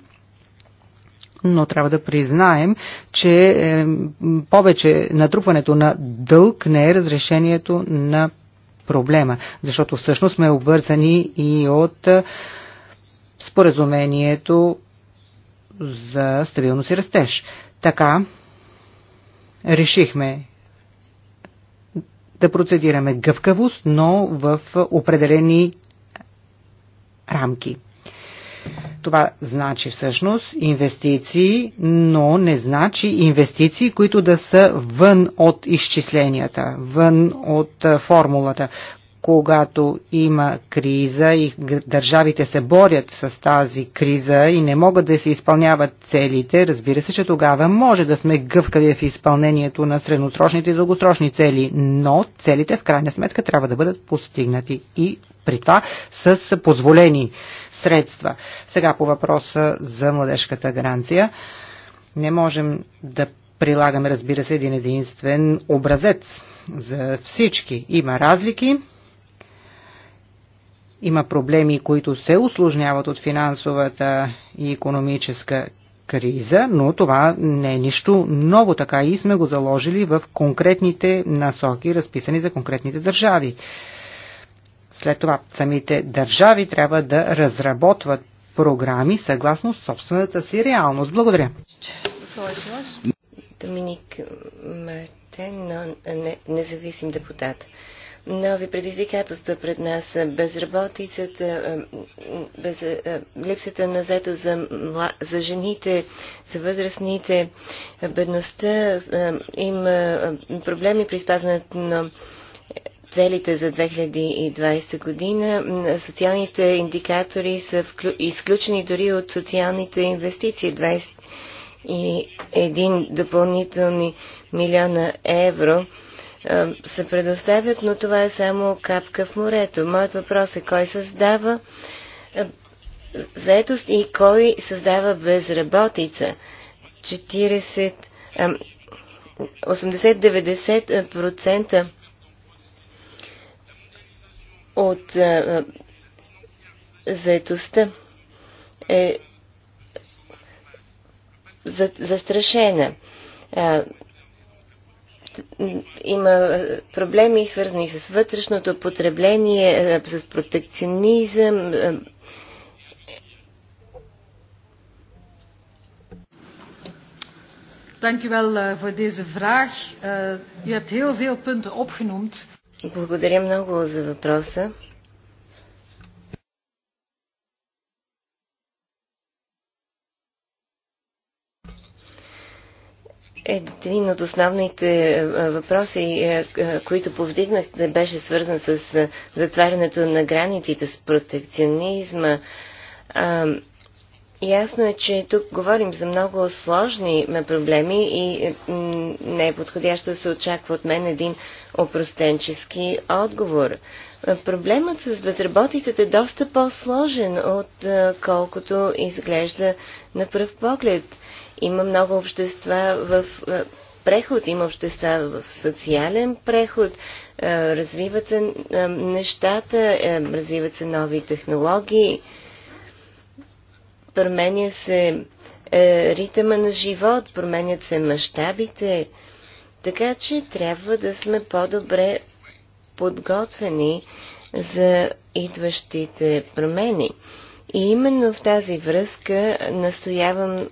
C: но трябва да признаем, че е, повече натрупването на дълг не е разрешението на проблема, защото всъщност сме обвързани и от споразумението за стабилност и растеж. Така решихме да процедираме гъвкавост, но в определени рамки. Това значи всъщност инвестиции, но не значи инвестиции, които да са вън от изчисленията, вън от формулата. Когато има криза и държавите се борят с тази криза и не могат да се изпълняват целите, разбира се, че тогава може да сме гъвкави в изпълнението на средносрочните и дългосрочни цели, но целите в крайна сметка трябва да бъдат постигнати и при това с позволени средства. Сега по въпроса за младежката гаранция. Не можем да прилагаме, разбира се, един единствен образец за всички. Има разлики, има проблеми, които се усложняват от финансовата и економическа криза, но това не е нищо ново, така и сме го заложили в конкретните насоки, разписани за конкретните държави. След това самите държави трябва да разработват програми съгласно собствената си реалност. Благодаря.
A: Доминик Мартен, но не, независим депутат. Нови предизвикателства пред нас безработицата, е, без, е, липсата на зето за, за жените, за възрастните, бедността. Е, има проблеми при спазването на целите за 2020 година, социалните индикатори са изключени дори от социалните инвестиции. 21 допълнителни милиона евро се предоставят, но това е само капка в морето. Моят въпрос е кой създава заетост и кой създава безработица. 40, 80-90% от а, е, е, заедостта е за, застрашена. А, е, има проблеми, свързани с вътрешното потребление, с протекционизъм.
D: Dank u wel uh, voor deze vraag. Uh, u hebt heel veel punten opgenoemd.
A: Благодаря много за въпроса. Един от основните е, е, въпроси, е, които повдигнахте, беше свързан с затварянето на границите, с протекционизма. Ясно е, че тук говорим за много сложни проблеми и не е подходящо да се очаква от мен един опростенчески отговор. Проблемът с безработицата е доста по-сложен, от колкото изглежда на пръв поглед. Има много общества в преход, има общества в социален преход, развиват се нещата, развиват се нови технологии променя се е, ритъма на живот, променят се мащабите, така че трябва да сме по-добре подготвени за идващите промени. И именно в тази връзка настоявам,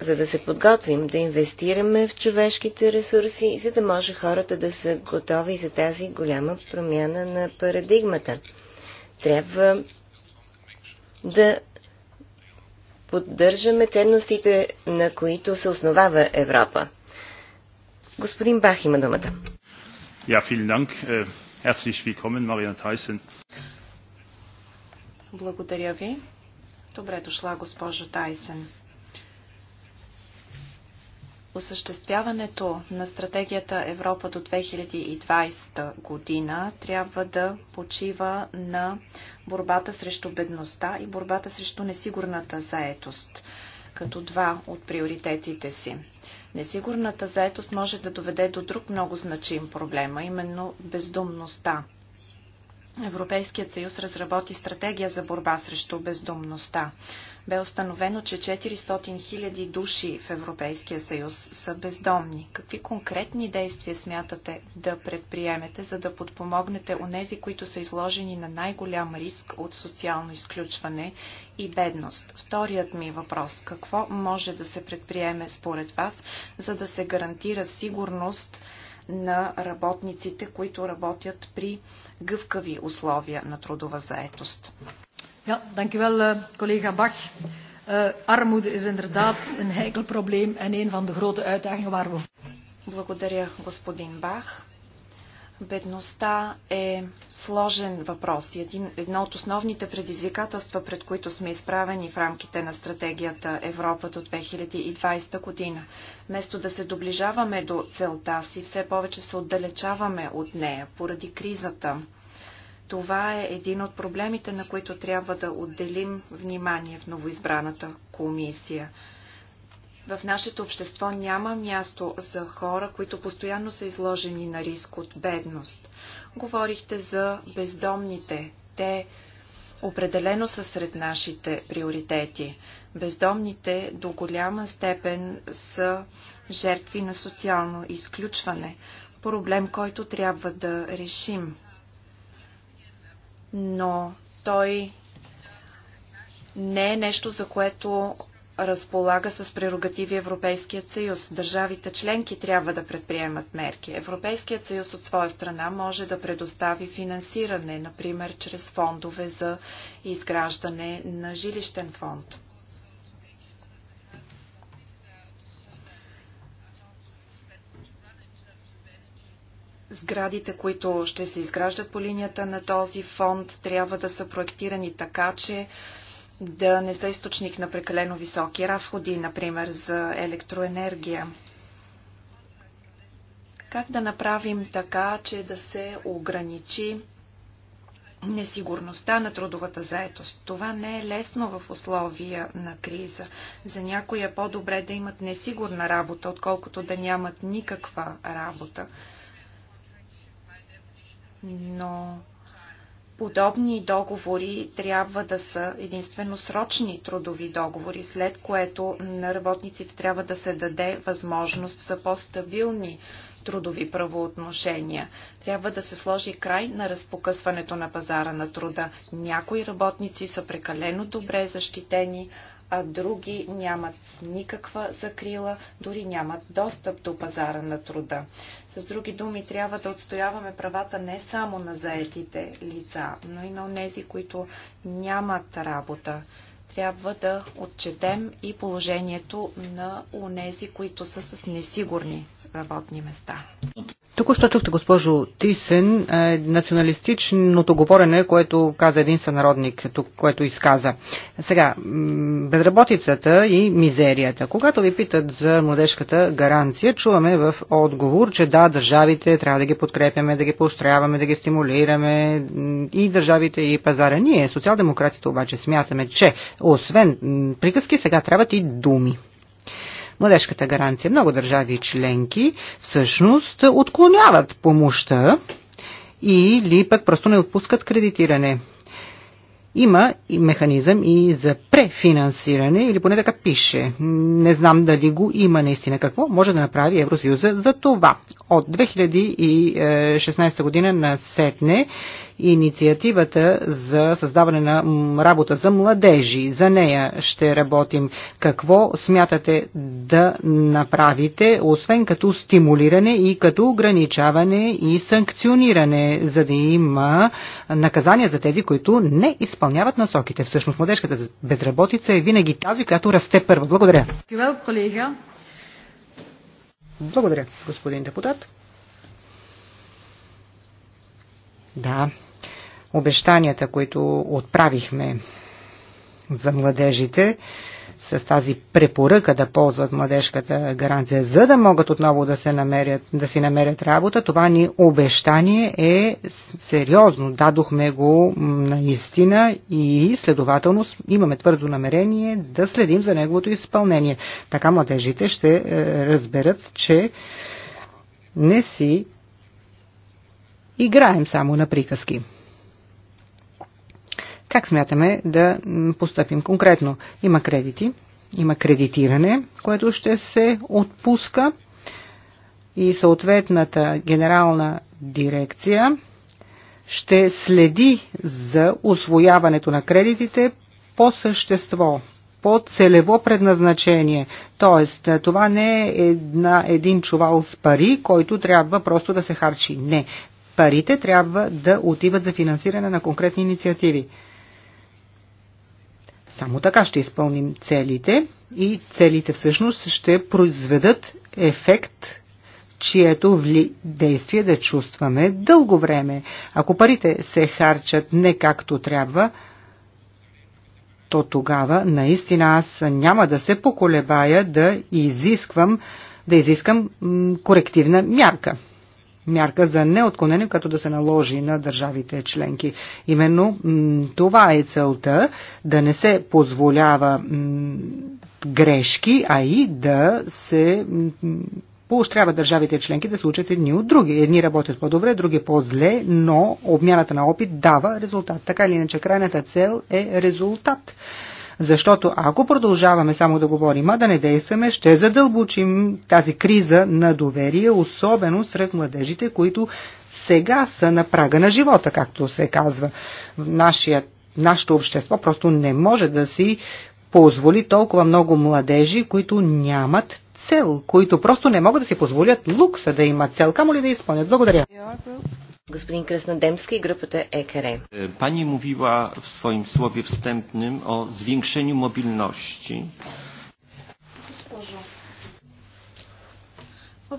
A: за да се подготвим, да инвестираме в човешките ресурси, за да може хората да са готови за тази голяма промяна на парадигмата. Трябва да поддържаме ценностите, на които се основава Европа. Господин Бах има думата.
D: Ja, vielen Dank. Äh, herzlich willkommen, Marianne Tyson.
B: Благодаря ви. Добре дошла, госпожо Тайсен осъществяването на стратегията Европа до 2020 година трябва да почива на борбата срещу бедността и борбата срещу несигурната заетост като два от приоритетите си. Несигурната заетост може да доведе до друг много значим проблема, именно бездумността. Европейският съюз разработи стратегия за борба срещу бездомността. Бе установено, че 400 000 души в Европейския съюз са бездомни. Какви конкретни действия смятате да предприемете, за да подпомогнете онези, които са изложени на най-голям риск от социално изключване и бедност? Вторият ми въпрос. Какво може да се предприеме според вас, за да се гарантира сигурност на работниците, които работят при гъвкави условия на трудова заетост.
D: Ja, dankjewel collega Bach. Uh, armoede is inderdaad een heikel probleem en een van de grote uitdagingen waar we... Благодаря, господин Бах.
B: Бедността е сложен въпрос и едно от основните предизвикателства, пред които сме изправени в рамките на стратегията Европа до 2020 година. Вместо да се доближаваме до целта си, все повече се отдалечаваме от нея поради кризата. Това е един от проблемите, на които трябва да отделим внимание в новоизбраната комисия. В нашето общество няма място за хора, които постоянно са изложени на риск от бедност. Говорихте за бездомните. Те определено са сред нашите приоритети. Бездомните до голяма степен са жертви на социално изключване. Проблем, който трябва да решим. Но той не е нещо, за което разполага с прерогативи Европейският съюз. Държавите членки трябва да предприемат мерки. Европейският съюз от своя страна може да предостави финансиране, например чрез фондове за изграждане на жилищен фонд. Сградите, които ще се изграждат по линията на този фонд, трябва да са проектирани така, че да не са източник на прекалено високи разходи, например за електроенергия. Как да направим така, че да се ограничи несигурността на трудовата заетост. Това не е лесно в условия на криза. За някои е по-добре да имат несигурна работа, отколкото да нямат никаква работа. Но подобни договори трябва да са единствено срочни трудови договори, след което на работниците трябва да се даде възможност за по-стабилни трудови правоотношения. Трябва да се сложи край на разпокъсването на пазара на труда. Някои работници са прекалено добре защитени, а други нямат никаква закрила, дори нямат достъп до пазара на труда. С други думи, трябва да отстояваме правата не само на заетите лица, но и на тези, които нямат работа трябва да отчетем и положението на унези, които са с несигурни работни места.
C: тук що чухте, госпожо Тисен, е, националистичното говорене, което каза един сънародник, което изказа. Сега, безработицата и мизерията. Когато ви питат за младежката гаранция, чуваме в отговор, че да, държавите трябва да ги подкрепяме, да ги поощряваме, да ги стимулираме и държавите и пазара. Ние, социал-демократите, обаче смятаме, че освен приказки, сега трябват и думи. Младежката гаранция. Много държави и членки всъщност отклоняват помощта или пък просто не отпускат кредитиране. Има и механизъм и за префинансиране, или поне така пише. Не знам дали го има наистина. Какво може да направи Евросъюза за това? От 2016 е, година на Сетне инициативата за създаване на работа за младежи. За нея ще работим. Какво смятате да направите, освен като стимулиране и като ограничаване и санкциониране, за да има наказания за тези, които не изпълняват насоките? Всъщност младежката безработица е винаги тази, която расте първа. Благодаря. Благодаря, господин депутат. Да, обещанията, които отправихме за младежите с тази препоръка да ползват младежката гаранция, за да могат отново да, се намерят, да си намерят работа, това ни обещание е сериозно. Дадохме го наистина и следователно имаме твърдо намерение да следим за неговото изпълнение. Така младежите ще е, разберат, че не си играем само на приказки. Как смятаме да поступим конкретно? Има кредити, има кредитиране, което ще се отпуска и съответната генерална дирекция ще следи за освояването на кредитите по същество, по целево предназначение. Тоест, това не е една, един чувал с пари, който трябва просто да се харчи. Не. Парите трябва да отиват за финансиране на конкретни инициативи. Само така ще изпълним целите и целите всъщност ще произведат ефект, чието вли... действие да чувстваме дълго време. Ако парите се харчат не както трябва, то тогава наистина аз няма да се поколебая да изисквам да изискам корективна мярка мярка за неотклонение, като да се наложи на държавите членки. Именно това е целта, да не се позволява грешки, а и да се поощрява държавите членки да се учат едни от други. Едни работят по-добре, други по-зле, но обмяната на опит дава резултат. Така или иначе, крайната цел е резултат. Защото ако продължаваме само да говорим, а да не действаме, ще задълбочим тази криза на доверие, особено сред младежите, които сега са на прага на живота, както се казва. Нашият, нашето общество просто не може да си позволи толкова много младежи, които нямат цел, които просто не могат да си позволят лукса да имат цел, камо ли да изпълнят. Благодаря.
A: Господин Краснодемски, групата ЕКР.
C: Pani е, в w swoim słowie
B: wstępnym o zwiększeniu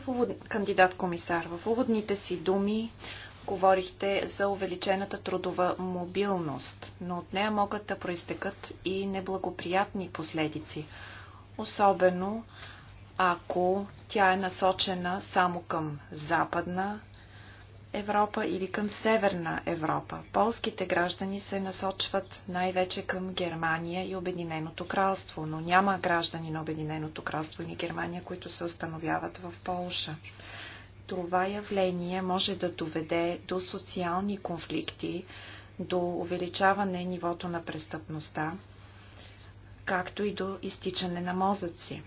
B: увод... Кандидат комисар, в уводните си думи говорихте за увеличената трудова мобилност, но от нея могат да проистекат и неблагоприятни последици, особено ако тя е насочена само към западна Европа или към Северна Европа. Полските граждани се насочват най-вече към Германия и Обединеното кралство, но няма граждани на Обединеното кралство или Германия, които се установяват в Полша. Това явление може да доведе до социални конфликти, до увеличаване нивото на престъпността, както и до изтичане на мозъци.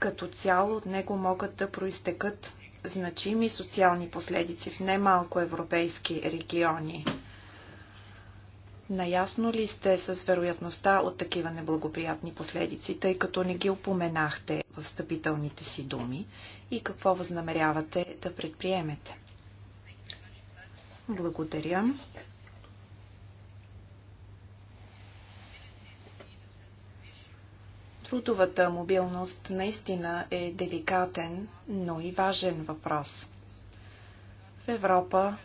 B: Като цяло от него могат да проистекат значими социални последици в немалко европейски региони. Наясно ли сте с вероятността от такива неблагоприятни последици, тъй като не ги упоменахте в встъпителните си думи и какво възнамерявате да предприемете? Благодаря. Трудовата мобилност наистина е деликатен, но и важен въпрос. В Европа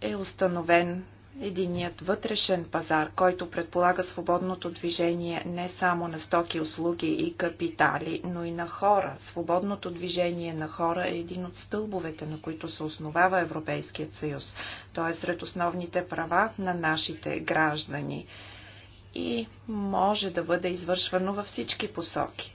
B: е установен единият вътрешен пазар, който предполага свободното движение не само на стоки, услуги и капитали, но и на хора. Свободното движение на хора е един от стълбовете, на които се основава Европейският съюз. Той е сред основните права на нашите граждани и може да бъде извършвано във всички посоки.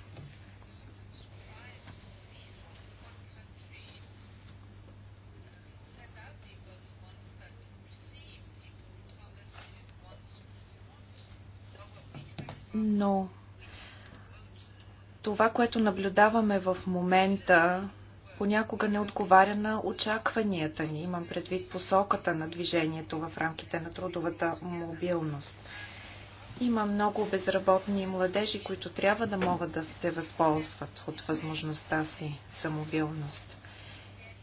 B: Но това, което наблюдаваме в момента, понякога не отговаря на очакванията ни. Имам предвид посоката на движението в рамките на трудовата мобилност. Има много безработни младежи, които трябва да могат да се възползват от възможността си за мобилност.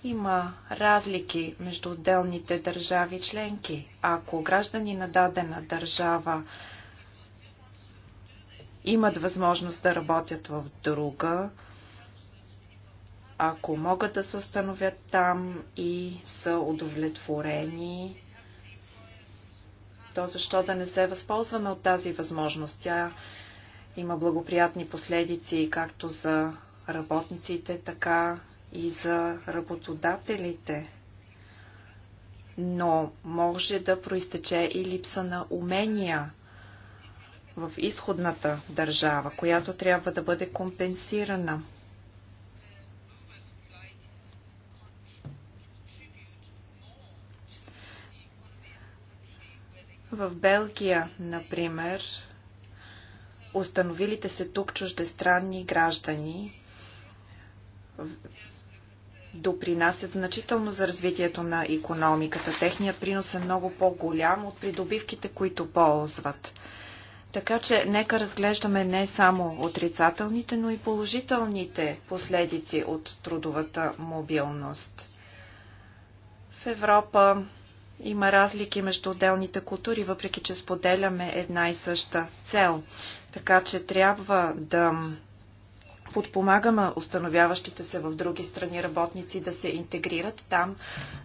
B: Има разлики между отделните държави членки. Ако граждани на дадена държава имат възможност да работят в друга, ако могат да се установят там и са удовлетворени то защо да не се възползваме от тази възможност? Тя има благоприятни последици както за работниците, така и за работодателите. Но може да проистече и липса на умения в изходната държава, която трябва да бъде компенсирана. В Белгия, например, установилите се тук чуждестранни граждани допринасят значително за развитието на економиката. Техният принос е много по-голям от придобивките, които ползват. Така че нека разглеждаме не само отрицателните, но и положителните последици от трудовата мобилност. В Европа има разлики между отделните култури, въпреки че споделяме една и съща цел. Така че трябва да подпомагаме установяващите се в други страни работници да се интегрират там,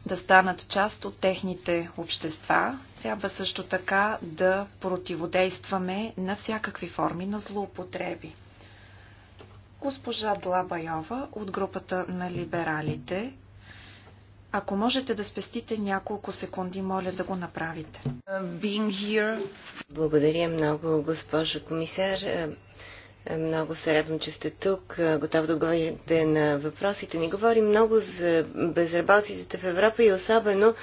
B: да станат част от техните общества. Трябва също така да противодействаме на всякакви форми на злоупотреби. Госпожа Длабайова от групата на либералите ако можете да спестите няколко секунди, моля да го направите.
A: Благодаря много, госпожо комисар. Много се радвам, че сте тук. Готов да отговорите на въпросите. Ни говори много за безработицата в Европа и особено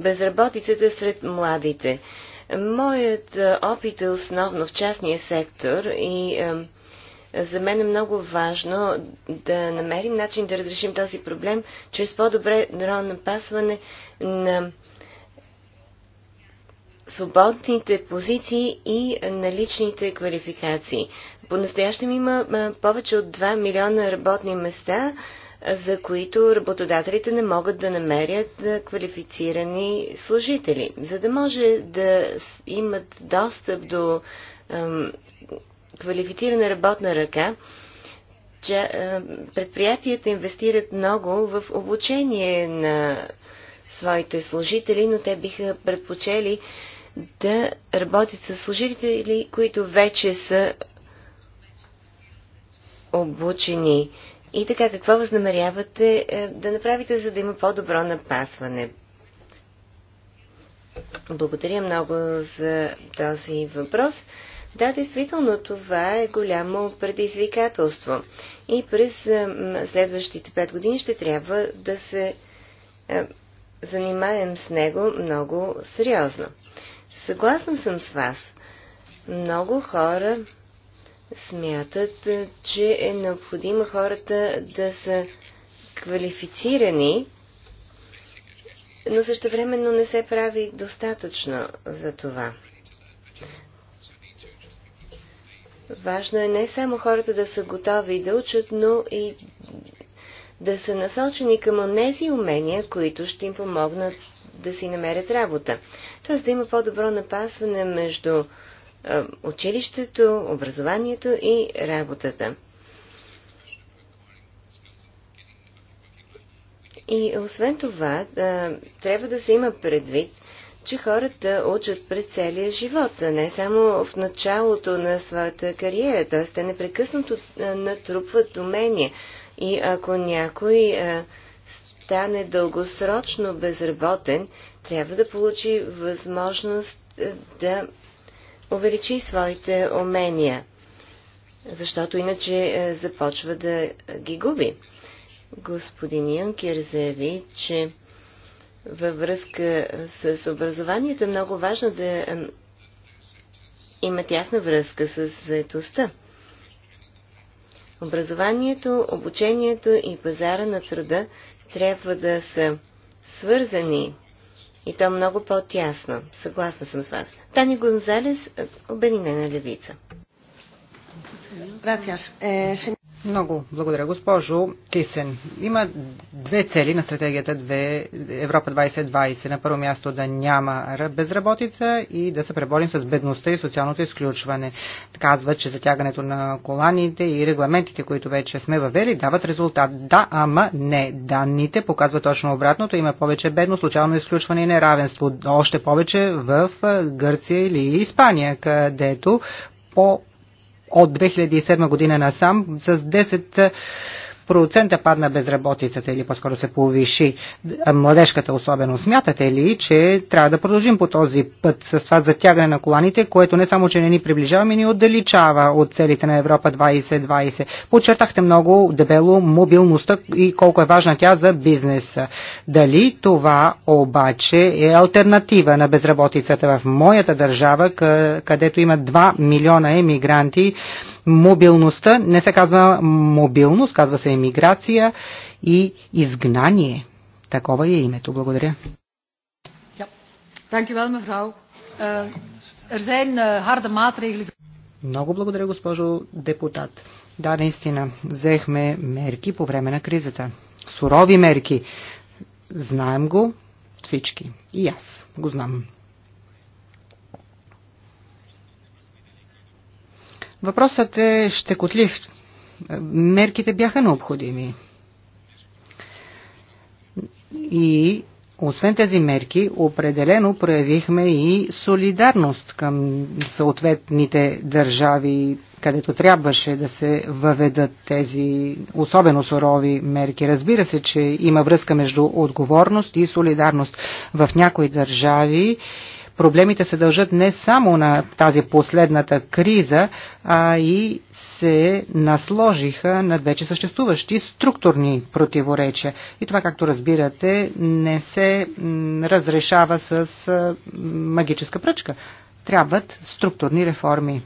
A: безработицата сред младите. Моят опит е основно в частния сектор и за мен е много важно да намерим начин да разрешим този проблем чрез по-добре напасване на свободните позиции и наличните квалификации. По-настоящем има повече от 2 милиона работни места, за които работодателите не могат да намерят квалифицирани служители. За да може да имат достъп до квалифицирана работна ръка, че е, предприятията инвестират много в обучение на своите служители, но те биха предпочели да работят с служители, които вече са обучени. И така, какво възнамерявате е, да направите, за да има по-добро напасване? Благодаря много за този въпрос. Да, действително това е голямо предизвикателство. И през следващите пет години ще трябва да се е, занимаем с него много сериозно. Съгласна съм с вас. Много хора смятат, е, че е необходимо хората да са квалифицирани, но също времено не се прави достатъчно за това. Важно е не само хората да са готови да учат, но и да са насочени към онези умения, които ще им помогнат да си намерят работа. Тоест да има по-добро напасване между училището, образованието и работата. И освен това, трябва да се има предвид, че хората учат през целия живот, а не само в началото на своята кариера. Т.е. те непрекъснато натрупват умения. И ако някой стане дългосрочно безработен, трябва да получи възможност да увеличи своите умения, защото иначе започва да ги губи. Господин Юнкер заяви, че във връзка с образованието, е много важно да има тясна връзка с заетостта. Образованието, обучението и пазара на труда трябва да са свързани и то много по-тясно. Съгласна съм с вас. Тани Гонзалес, Обединена левица.
C: Много благодаря, госпожо Тисен. Има две цели на стратегията 2, Европа 2020. На първо място да няма безработица и да се преборим с бедността и социалното изключване. Казва, че затягането на коланите и регламентите, които вече сме въвели, дават резултат. Да, ама не. Данните показват точно обратното. Има повече бедност, социално изключване и неравенство. Още повече в Гърция или Испания, където по от 2007 година насам с 10 процента падна безработицата или по-скоро се повиши младежката особено. Смятате ли, че трябва да продължим по този път с това затягане на коланите, което не само, че не ни приближава, но ами ни отдалечава от целите на Европа 2020? Подчертахте много дебело мобилността и колко е важна тя за бизнеса. Дали това обаче е альтернатива на безработицата в моята държава, където има 2 милиона емигранти, мобилността не се казва мобилност, казва се емиграция и изгнание. Такова е името. Благодаря.
D: Eh, er eh,
C: Много благодаря, госпожо депутат. Да, наистина, взехме мерки по време на кризата. Сурови мерки. Знаем го всички. И аз го знам. Въпросът е щекотлив. Мерките бяха необходими. И освен тези мерки, определено проявихме и солидарност към съответните държави, където трябваше да се въведат тези особено сурови мерки. Разбира се, че има връзка между отговорност и солидарност. В някои държави Проблемите се дължат не само на тази последната криза, а и се насложиха над вече съществуващи структурни противоречия. И това, както разбирате, не се разрешава с магическа пръчка. Трябват структурни реформи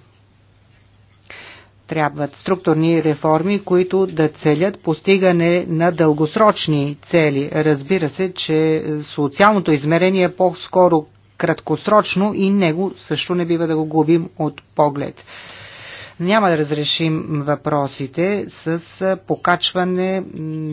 C: трябват структурни реформи, които да целят постигане на дългосрочни цели. Разбира се, че е, социалното измерение е по-скоро краткосрочно и него също не бива да го губим от поглед. Няма да разрешим въпросите с покачване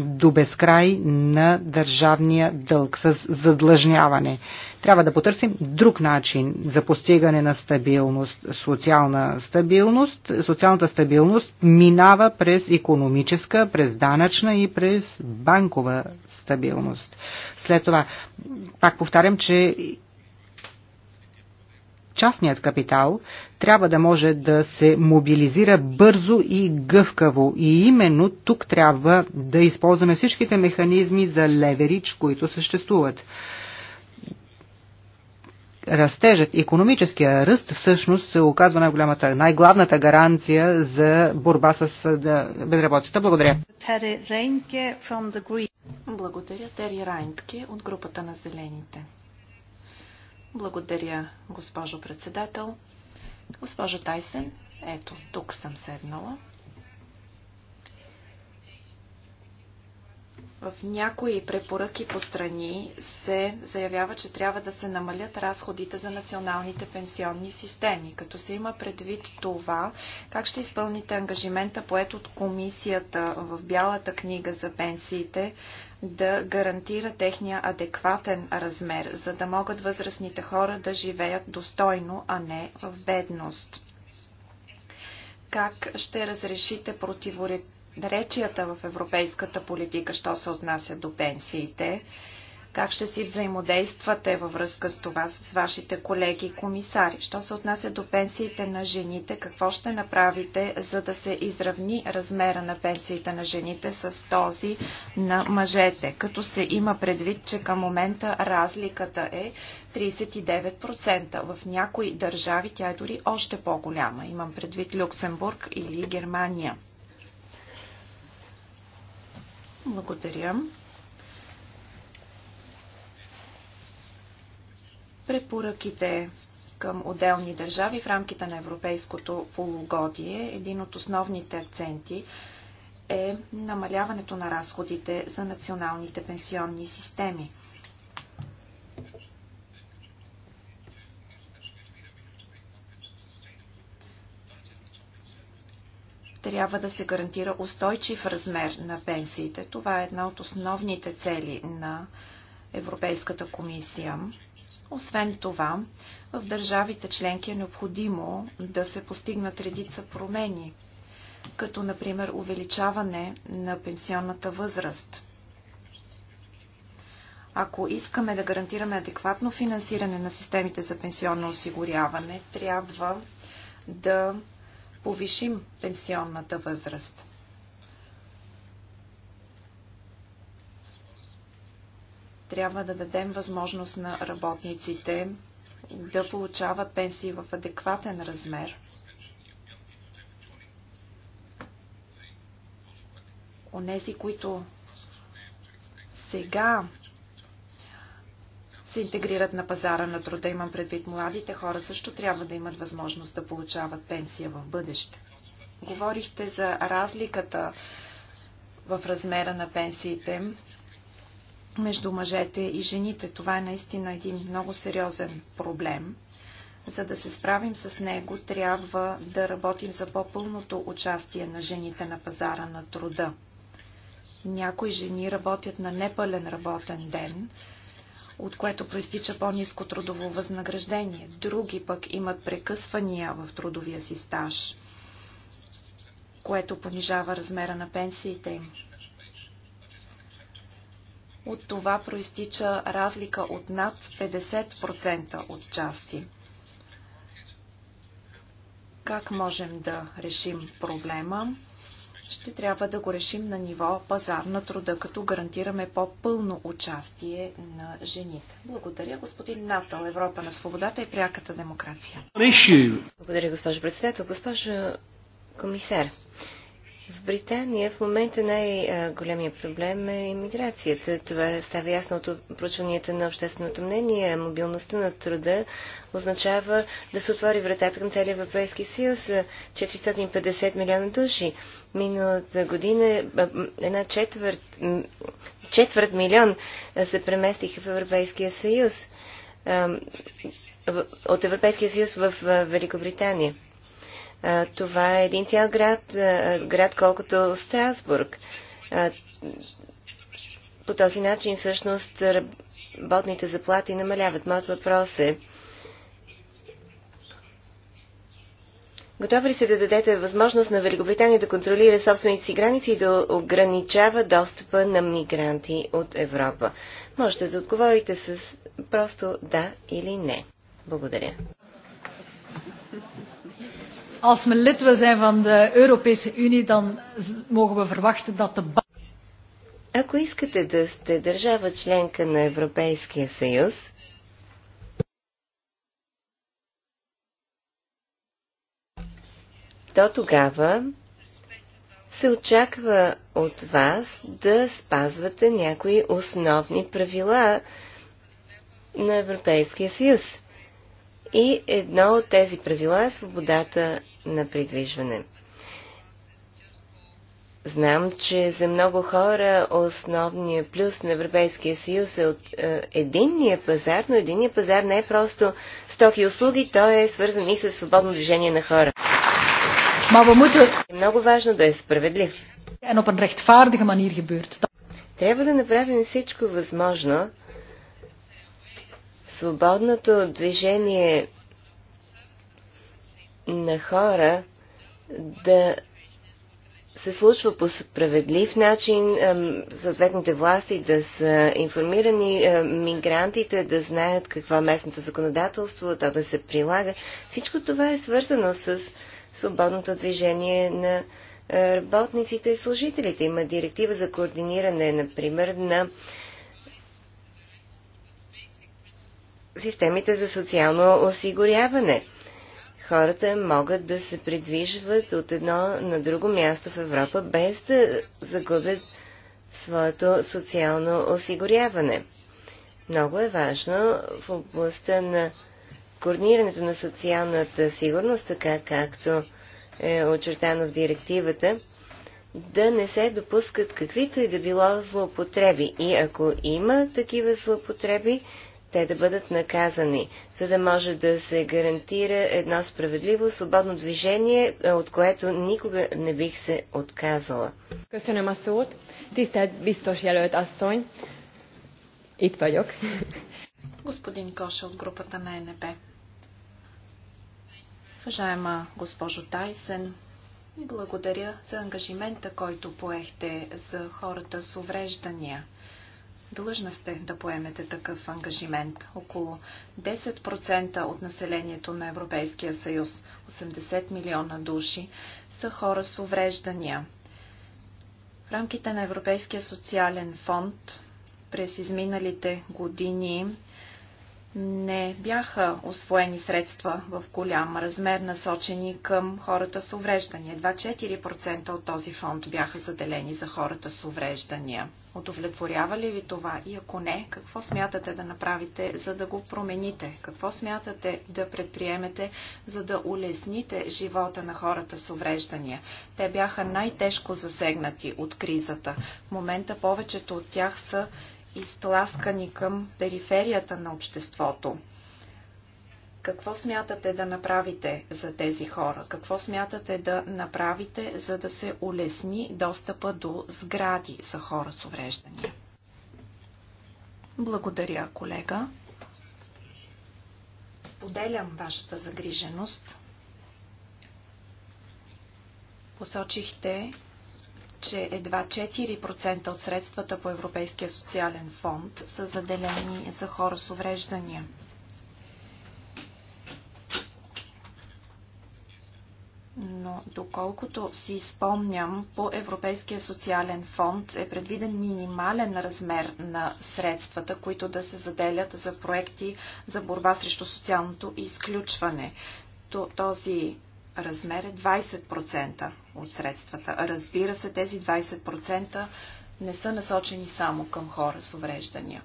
C: до безкрай на държавния дълг, с задлъжняване. Трябва да потърсим друг начин за постигане на стабилност. Социална стабилност, социалната стабилност минава през економическа, през данъчна и през банкова стабилност. След това, пак повтарям, че частният капитал трябва да може да се мобилизира бързо и гъвкаво. И именно тук трябва да използваме всичките механизми за леверич, които съществуват. Растежът, економическия ръст всъщност се оказва най-голямата, най-главната гаранция за борба с безработицата. Благодаря.
B: Благодаря, Тери Райнтке от групата на Зелените. Благодаря, госпожо председател. Госпожо Тайсен, ето, тук съм седнала. В някои препоръки по страни се заявява, че трябва да се намалят разходите за националните пенсионни системи. Като се има предвид това, как ще изпълните ангажимента, поет от комисията в Бялата книга за пенсиите, да гарантира техния адекватен размер, за да могат възрастните хора да живеят достойно, а не в бедност? Как ще разрешите противоречите противоречията в европейската политика, що се отнася до пенсиите? Как ще си взаимодействате във връзка с това с вашите колеги и комисари? Що се отнася до пенсиите на жените, какво ще направите, за да се изравни размера на пенсиите на жените с този на мъжете? Като се има предвид, че към момента разликата е 39%. В някои държави тя е дори още по-голяма. Имам предвид Люксембург или Германия. Благодаря. Препоръките към отделни държави в рамките на европейското полугодие, един от основните акценти е намаляването на разходите за националните пенсионни системи. трябва да се гарантира устойчив размер на пенсиите. Това е една от основните цели на Европейската комисия. Освен това, в държавите членки е необходимо да се постигнат редица промени, като например увеличаване на пенсионната възраст. Ако искаме да гарантираме адекватно финансиране на системите за пенсионно осигуряване, трябва да повишим пенсионната възраст. Трябва да дадем възможност на работниците да получават пенсии в адекватен размер. Онези, които сега се интегрират на пазара на труда. Имам предвид младите хора също трябва да имат възможност да получават пенсия в бъдеще. Говорихте за разликата в размера на пенсиите между мъжете и жените. Това е наистина един много сериозен проблем. За да се справим с него, трябва да работим за по-пълното участие на жените на пазара на труда. Някои жени работят на непълен работен ден, от което проистича по-низко трудово възнаграждение. Други пък имат прекъсвания в трудовия си стаж, което понижава размера на пенсиите им. От това проистича разлика от над 50% от части. Как можем да решим проблема? ще трябва да го решим на ниво пазар на труда, като гарантираме по-пълно участие на жените. Благодаря, господин Натал, Европа на свободата и
A: пряката демокрация. Благодаря, госпожо председател. Госпожо комисар, в Британия в момента най-големия проблем е иммиграцията. Това става ясно от проучванията на общественото мнение. Мобилността на труда означава да се отвори вратата към целия Европейски съюз. 450 милиона души. Миналата година една четвърт, четвърт милион се преместиха в Европейския съюз. От Европейския съюз в Великобритания. Това е един цял град, град колкото Страсбург. По този начин всъщност работните заплати намаляват. Моят въпрос е, Готови ли се да дадете възможност на Великобритания да контролира собствените си граници и да ограничава достъпа на мигранти от Европа? Можете да отговорите с просто да или не. Благодаря
D: als we lid wil zijn van de Europese Unie, dan mogen we verwachten dat de bank.
A: Ако искате да сте държава членка на Европейския съюз, то тогава се очаква от вас да спазвате някои основни правила на Европейския съюз. И едно от тези правила е свободата на придвижване. Знам, че за много хора основният плюс на Европейския съюз е от е, единния пазар, но единния пазар не е просто стоки и услуги, той е свързан и с свободно движение на хора. Е много важно да е справедлив.
D: Трябва да направим
A: всичко възможно, свободното движение на хора да се случва по справедлив начин, съответните власти да са информирани, мигрантите да знаят какво е местното законодателство, то да се прилага. Всичко това е свързано с свободното движение на работниците и служителите. Има директива за координиране, например, на системите за социално осигуряване. Хората могат да се придвижват от едно на друго място в Европа без да загубят своето социално осигуряване. Много е важно в областта на координирането на социалната сигурност, така както е очертано в директивата, да не се допускат каквито и да било злоупотреби. И ако има такива злоупотреби, те да бъдат наказани, за да може да се гарантира едно справедливо, свободно движение, е, от което никога не бих се отказала.
B: Господин Коша от групата на НП. Уважаема госпожо Тайсен, благодаря за ангажимента, който поехте за хората с увреждания – Длъжна сте да поемете такъв ангажимент. Около 10% от населението на Европейския съюз, 80 милиона души, са хора с увреждания. В рамките на Европейския социален фонд през изминалите години не бяха освоени средства в голям размер, насочени към хората с увреждания. Едва 4% от този фонд бяха заделени за хората с увреждания. Удовлетворява ли ви това? И ако не, какво смятате да направите, за да го промените? Какво смятате да предприемете, за да улесните живота на хората с увреждания? Те бяха най-тежко засегнати от кризата. В момента повечето от тях са изтласкани към периферията на обществото. Какво смятате да направите за тези хора? Какво смятате да направите, за да се улесни достъпа до сгради за хора с увреждания? Благодаря, колега. Споделям вашата загриженост. Посочихте че едва 4% от средствата по Европейския социален фонд са заделени за хора с увреждания. но доколкото си спомням, по Европейския социален фонд е предвиден минимален размер на средствата, които да се заделят за проекти за борба срещу социалното изключване. този размер е 20% от средствата. Разбира се, тези 20% не са насочени само към хора с увреждания.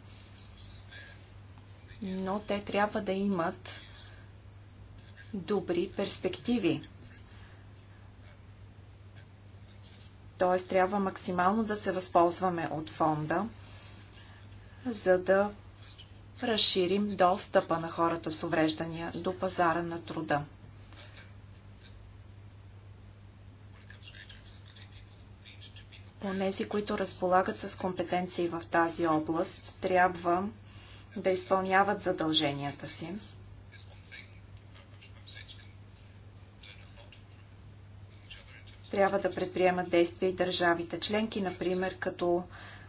B: Но те трябва да имат добри перспективи. Т.е. трябва максимално да се възползваме от фонда, за да разширим достъпа на хората с увреждания до пазара на труда. Онези, които разполагат с компетенции в тази област, трябва да изпълняват задълженията си. Трябва да предприемат действия и държавите членки, например, като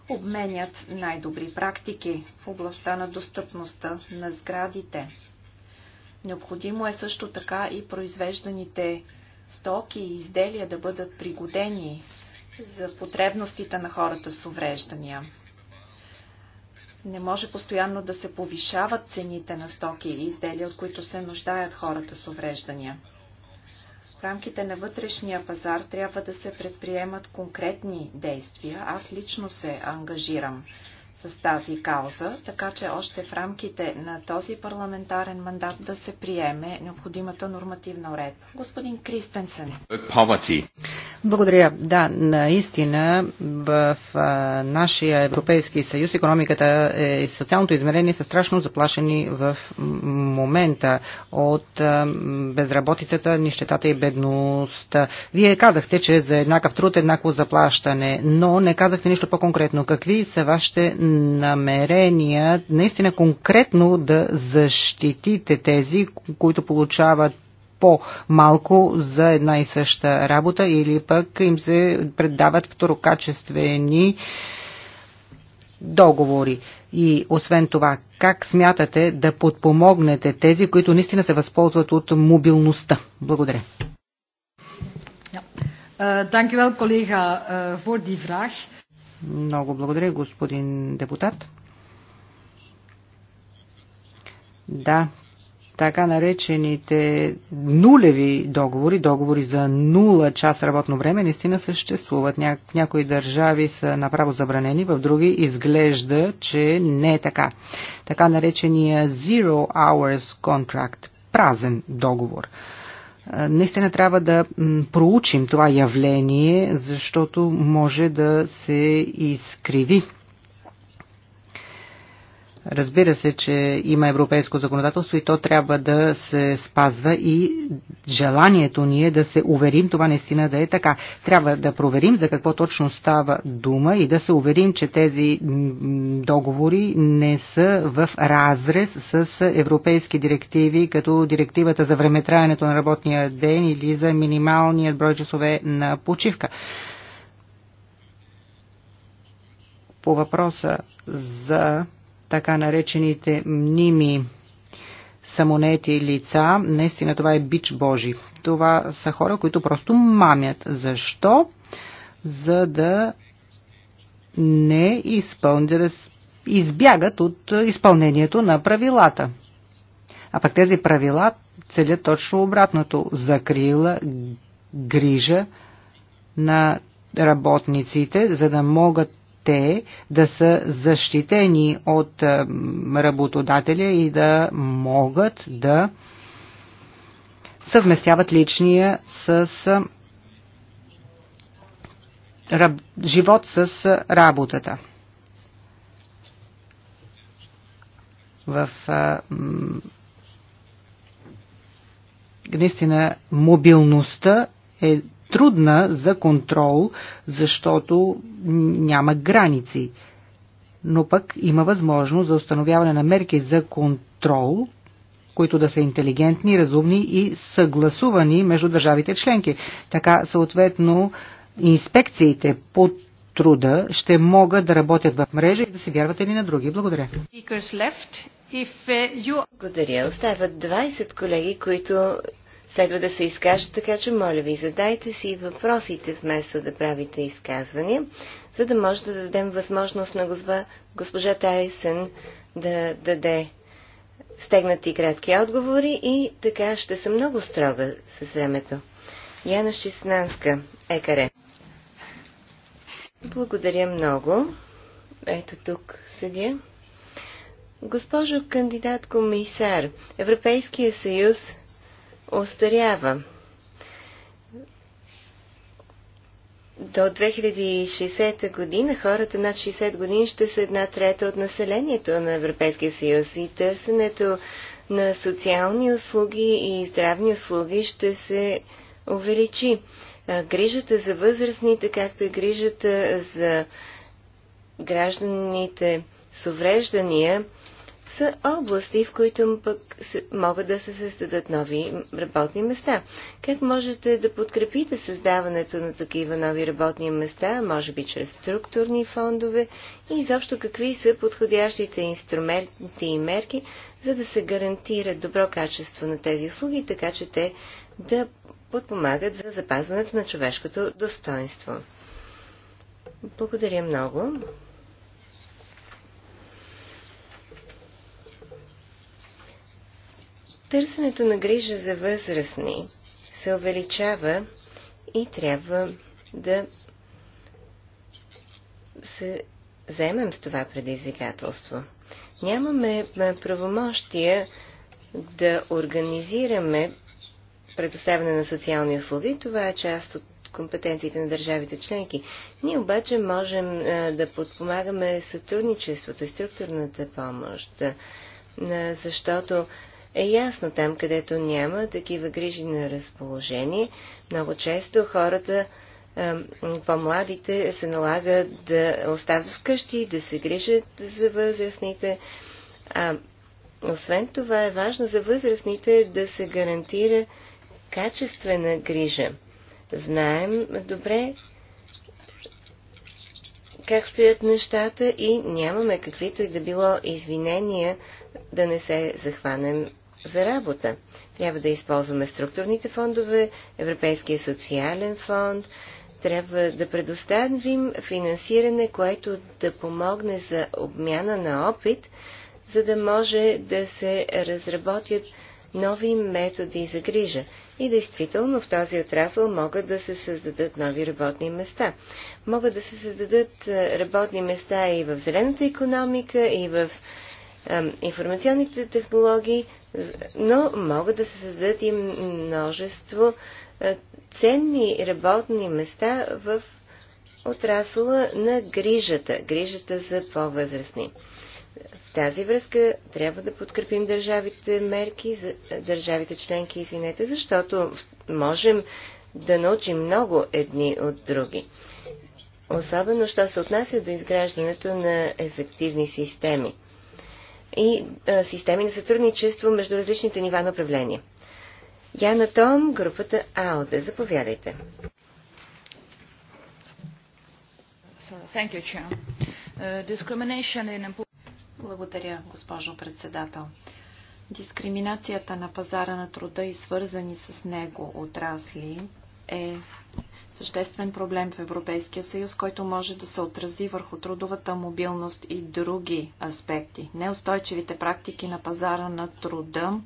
B: обменят най-добри практики в областта на достъпността на сградите. Необходимо е също така и произвежданите стоки и изделия да бъдат пригодени за потребностите на хората с увреждания. Не може постоянно да се повишават цените на стоки и изделия, от които се нуждаят хората с увреждания. В рамките на вътрешния пазар трябва да се предприемат конкретни действия. Аз лично се ангажирам с тази кауза, така че още в рамките на този парламентарен мандат да се приеме необходимата нормативна уредба. Господин Кристенсен.
A: Poverty.
C: Благодаря. Да, наистина в а, нашия Европейски съюз економиката е, и социалното измерение са страшно заплашени в момента от а, безработицата, нищетата и бедността. Вие казахте, че за еднакъв труд еднакво заплащане, но не казахте нищо по-конкретно. Какви са вашите намерения наистина конкретно да защитите тези, които получават по-малко за една и съща работа или пък им се предават второкачествени договори. И освен това, как смятате да подпомогнете тези, които наистина се възползват от мобилността? Благодаря.
D: Е, е,
C: Много благодаря, господин депутат. Да, така наречените нулеви договори, договори за нула час работно време, наистина съществуват. Ня... Някои държави са направо забранени, в други изглежда, че не е така. Така наречения Zero Hours Contract, празен договор. Наистина трябва да проучим това явление, защото може да се изкриви Разбира се, че има европейско законодателство и то трябва да се спазва и желанието ни е да се уверим това наистина да е така. Трябва да проверим за какво точно става дума и да се уверим, че тези договори не са в разрез с европейски директиви, като директивата за времетраенето на работния ден или за минималният брой часове на почивка. По въпроса за така наречените мними самонети лица, наистина това е бич Божи. Това са хора, които просто мамят. Защо? За да не изпълнят, да избягат от изпълнението на правилата. А пък тези правила целят точно обратното. Закрила, грижа на работниците, за да могат те да са защитени от работодателя и да могат да съвместяват личния с живот с работата. В наистина мобилността е трудна за контрол, защото няма граници. Но пък има възможност за установяване на мерки за контрол, които да са интелигентни, разумни и съгласувани между държавите членки. Така, съответно, инспекциите по труда ще могат да работят в мрежа и да се вярват едни на други. Благодаря.
A: Uh, Благодаря. Остават 20 колеги, които следва да се изкажат, така че моля ви, задайте си въпросите вместо да правите изказвания, за да може да дадем възможност на госпожа, госпожа Тайсен да даде стегнати кратки отговори и така ще съм много строга с времето. Яна Шиснанска, Екаре. Благодаря много. Ето тук седя. Госпожо кандидат комисар, Европейския съюз остарява. До 2060 година хората над 60 години ще са една трета от населението на Европейския съюз и търсенето на социални услуги и здравни услуги ще се увеличи. Грижата за възрастните, както и грижата за гражданите с увреждания, са области, в които пък могат да се създадат нови работни места. Как можете да подкрепите създаването на такива нови работни места, може би чрез структурни фондове и изобщо какви са подходящите инструменти и мерки, за да се гарантира добро качество на тези услуги, така че те да подпомагат за запазването на човешкото достоинство. Благодаря много. Търсенето на грижа за възрастни се увеличава и трябва да се заемем с това предизвикателство. Нямаме правомощия да организираме предоставяне на социални услуги. Това е част от компетенциите на държавите членки. Ние обаче можем а, да подпомагаме сътрудничеството и структурната помощ, да, защото е ясно. Там, където няма такива грижи на разположение, много често хората, по-младите, се налагат да остават вкъщи, да се грижат за възрастните. А, освен това е важно за възрастните да се гарантира качествена грижа. Знаем добре как стоят нещата и нямаме каквито и да било извинения да не се захванем за работа. Трябва да използваме структурните фондове, Европейския социален фонд, трябва да предоставим финансиране, което да помогне за обмяна на опит, за да може да се разработят нови методи за грижа. И действително в този отрасъл могат да се създадат нови работни места. Могат да се създадат е, работни места и в зелената економика, и в информационните технологии, но могат да се създадат и множество е, ценни работни места в отрасла на грижата, грижата за по-възрастни. В тази връзка трябва да подкрепим държавите мерки, е, държавите членки, извинете, защото можем да научим много едни от други. Особено, що се отнася до изграждането на ефективни системи и а, е, системи на сътрудничество между различните нива на управление. Яна Том, групата АЛДЕ. Заповядайте.
B: Е, Благодаря, госпожо председател. Дискриминацията на пазара на труда и свързани с него отрасли е съществен проблем в Европейския съюз, който може да се отрази върху трудовата мобилност и други аспекти. Неустойчивите практики на пазара на труда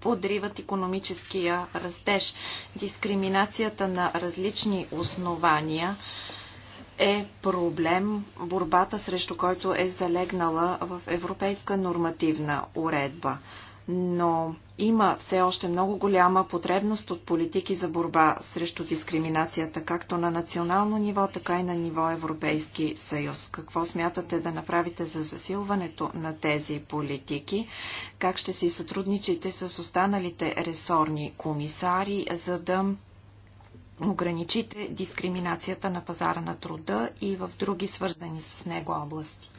B: подриват економическия растеж. Дискриминацията на различни основания е проблем, борбата срещу който е залегнала в европейска нормативна уредба но има все още много голяма потребност от политики за борба срещу дискриминацията, както на национално ниво, така и на ниво Европейски съюз. Какво смятате да направите за засилването на тези политики? Как ще си сътрудничите с останалите ресорни комисари, за да ограничите дискриминацията на пазара на труда и в други свързани с него области?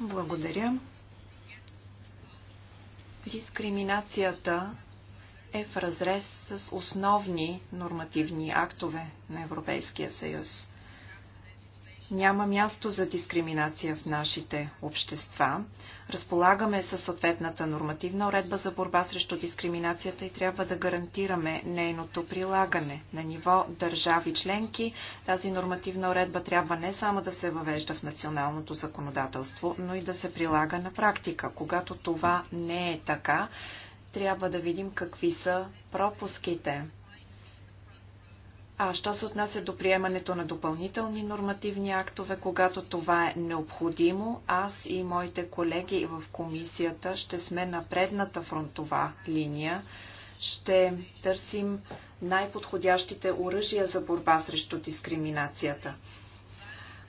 B: Благодаря. Дискриминацията е в разрез с основни нормативни актове на Европейския съюз. Няма място за дискриминация в нашите общества. Разполагаме със съответната нормативна уредба за борба срещу дискриминацията и трябва да гарантираме нейното прилагане. На ниво държави членки тази нормативна уредба трябва не само да се въвежда в националното законодателство, но и да се прилага на практика. Когато това не е така, трябва да видим какви са пропуските. А що се отнася до приемането на допълнителни нормативни актове, когато това е необходимо, аз и моите колеги в комисията ще сме на предната фронтова линия. Ще търсим най-подходящите оръжия за борба срещу дискриминацията.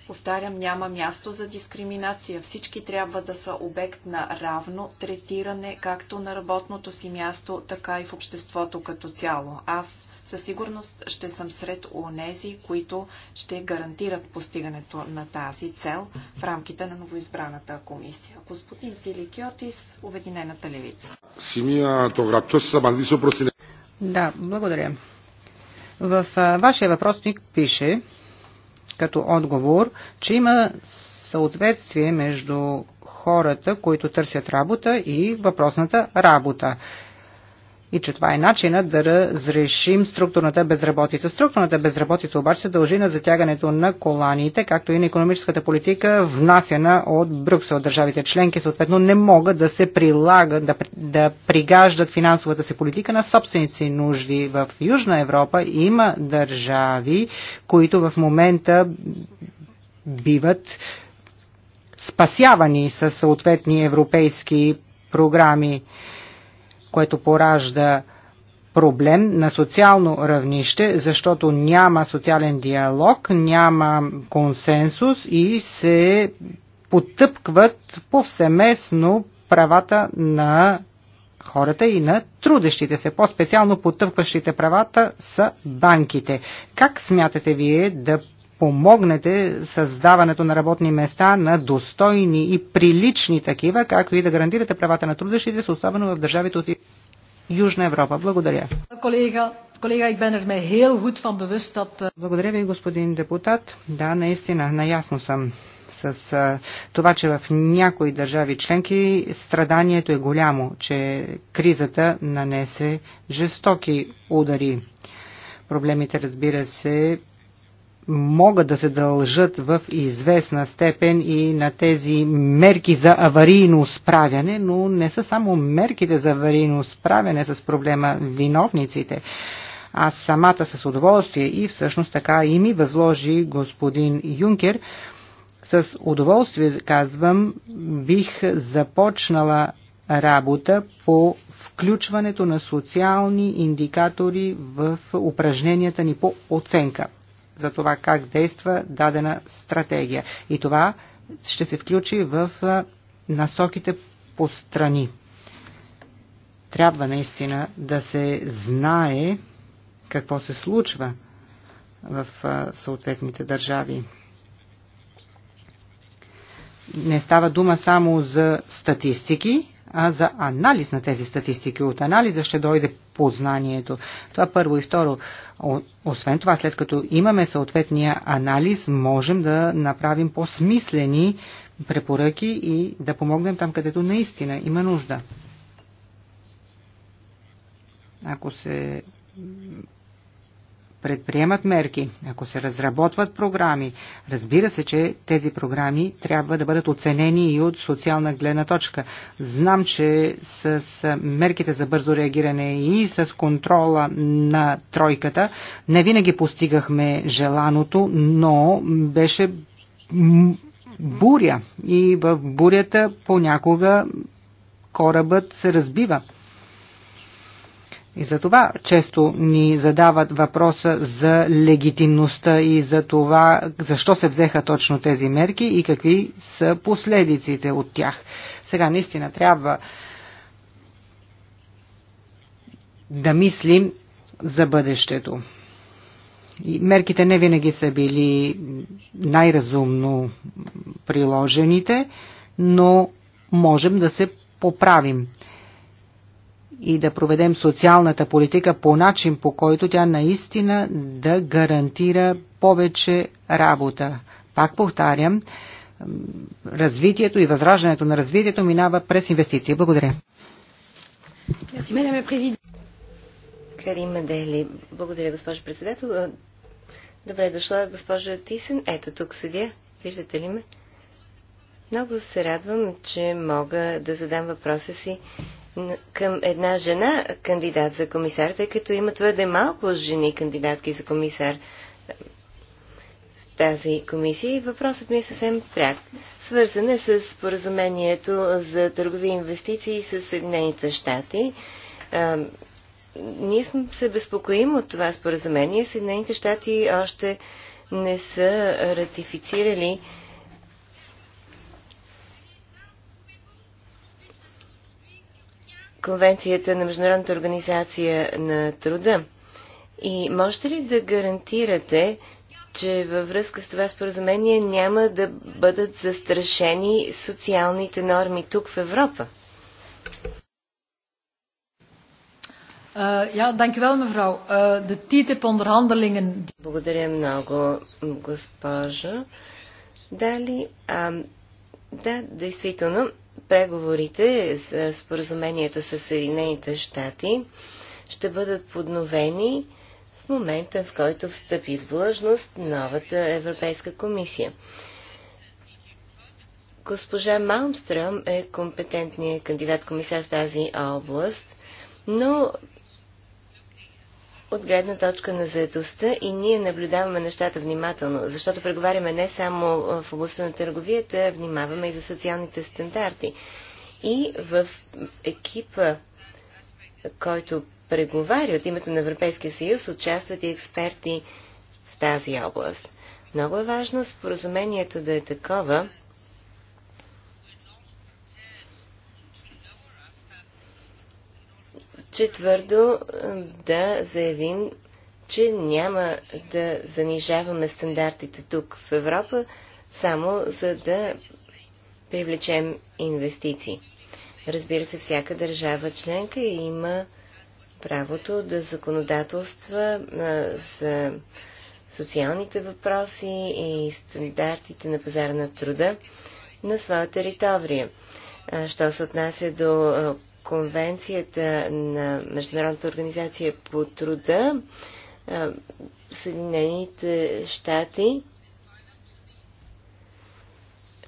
B: Повтарям, няма място за дискриминация. Всички трябва да са обект на равно третиране, както на работното си място, така и в обществото като цяло. Аз със сигурност ще съм сред онези, които ще гарантират постигането на тази цел в рамките на новоизбраната комисия. Господин Силикиотис, Обединената левица.
C: Да, благодаря. В вашия въпросник пише, като отговор, че има съответствие между хората, които търсят работа и въпросната работа и че това е начина да разрешим структурната безработица. Структурната безработица обаче се дължи на затягането на коланите, както и на економическата политика, внасяна от Брюксел. Държавите членки съответно не могат да се прилагат, да, да пригаждат финансовата си политика на собственици нужди. В Южна Европа има държави, които в момента биват спасявани със съответни европейски програми което поражда проблем на социално равнище, защото няма социален диалог, няма консенсус и се потъпкват повсеместно правата на хората и на трудещите се. По-специално потъпкващите правата са банките. Как смятате вие да помогнете създаването на работни места на достойни и прилични такива, както и да гарантирате правата на трудещите особено в държавите от Южна Европа. Благодаря. Колега, колега, ik ben er mij heel goed van bewust dat... Eh, Благодаря ви, господин депутат. Да, наистина, наясно съм с това, че в някои държави членки страданието е голямо, че кризата нанесе жестоки удари. Проблемите, разбира се, могат да се дължат в известна степен и на тези мерки за аварийно справяне, но не са само мерките за аварийно справяне с проблема виновниците. Аз самата с удоволствие и всъщност така и ми възложи господин Юнкер, с удоволствие казвам, бих започнала работа по включването на социални индикатори в упражненията ни по оценка за това как действа дадена стратегия. И това ще се включи в насоките по страни. Трябва наистина да се знае какво се случва в съответните държави. Не става дума само за статистики, а за анализ на тези статистики. От анализа ще дойде познанието. Това първо и второ. Освен това, след като имаме съответния анализ, можем да направим по-смислени препоръки и да помогнем там, където наистина има нужда. Ако се предприемат мерки, ако се разработват програми, разбира се, че тези програми трябва да бъдат оценени и от социална гледна точка. Знам, че с мерките за бързо реагиране и с контрола на тройката не винаги постигахме желаното, но беше буря и в бурята понякога корабът се разбива. И за това често ни задават въпроса за легитимността и за това защо се взеха точно тези мерки и какви са последиците от тях. Сега наистина трябва да мислим за бъдещето. И мерките не винаги са били най-разумно приложените, но можем да се поправим и да проведем социалната политика по начин, по който тя наистина да гарантира повече работа. Пак повтарям, развитието и възраждането на развитието минава през инвестиции. Благодаря.
A: Карима Дели. Благодаря, госпожо председател. Добре дошла, госпожа Тисен. Ето тук седя. Виждате ли ме? Много се радвам, че мога да задам въпроса си към една жена кандидат за комисар, тъй като има твърде малко жени кандидатки за комисар в тази комисия. И въпросът ми е съвсем пряк. Свързан е с поразумението за търгови инвестиции с Съединените щати. Ние се безпокоим от това споразумение. Съединените щати още не са ратифицирали Конвенцията на Международната организация на труда. И можете ли да гарантирате, че във връзка с това споразумение няма да бъдат застрашени социалните норми тук в Европа?
D: Е, е,
A: Благодаря много, госпожо. Дали, а, да, действително, преговорите за споразумението с Съединените щати ще бъдат подновени в момента, в който встъпи в длъжност новата Европейска комисия. Госпожа Малмстръм е компетентният кандидат-комисар в тази област, но от гледна точка на заедостта и ние наблюдаваме нещата внимателно, защото преговаряме не само в областта на търговията, внимаваме и за социалните стандарти. И в екипа, който преговаря от името на Европейския съюз, участват и експерти в тази област. Много е важно споразумението да е такова, че твърдо е, да заявим, че няма да занижаваме стандартите тук в Европа, само за да привлечем инвестиции. Разбира се, всяка държава членка има правото да законодателства е, за социалните въпроси и стандартите на пазара на труда на своя територия. Що се отнася до е, Конвенцията на Международната организация по труда, Съединените щати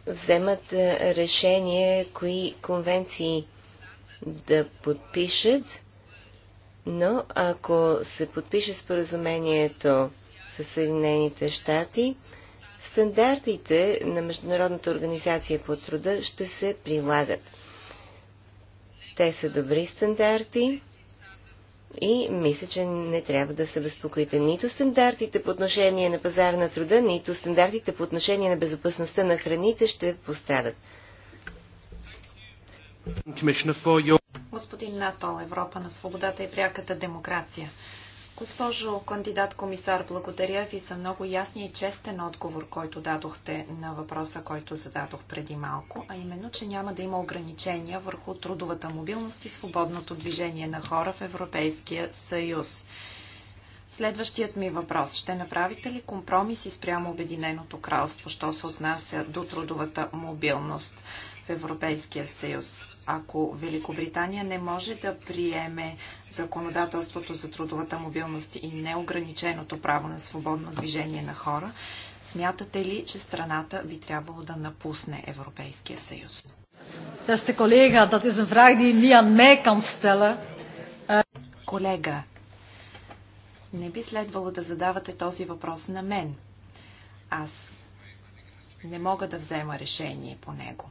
A: вземат решение кои конвенции да подпишат, но ако се подпише споразумението с Съединените щати, стандартите на Международната организация по труда ще се прилагат. Те са добри стандарти и мисля, че не трябва да се безпокоите нито стандартите по отношение на пазар на труда, нито стандартите по отношение на безопасността на храните ще пострадат.
B: Господин Натол, Европа на свободата и пряката демокрация. Госпожо кандидат комисар, благодаря ви за много ясния и честен отговор, който дадохте на въпроса, който зададох преди малко, а именно, че няма да има ограничения върху трудовата мобилност и свободното движение на хора в Европейския съюз. Следващият ми въпрос. Ще направите ли компромиси спрямо Обединеното кралство, що се отнася до трудовата мобилност в Европейския съюз? Ако Великобритания не може да приеме законодателството за трудовата мобилност и неограниченото право на свободно движение на хора, смятате ли, че страната би трябвало да напусне Европейския съюз?
D: Beste collega, dat is een vraag die je niet aan mij kan stellen. Колега,
B: не би следвало да задавате този въпрос на мен. Аз не мога да взема решение по него.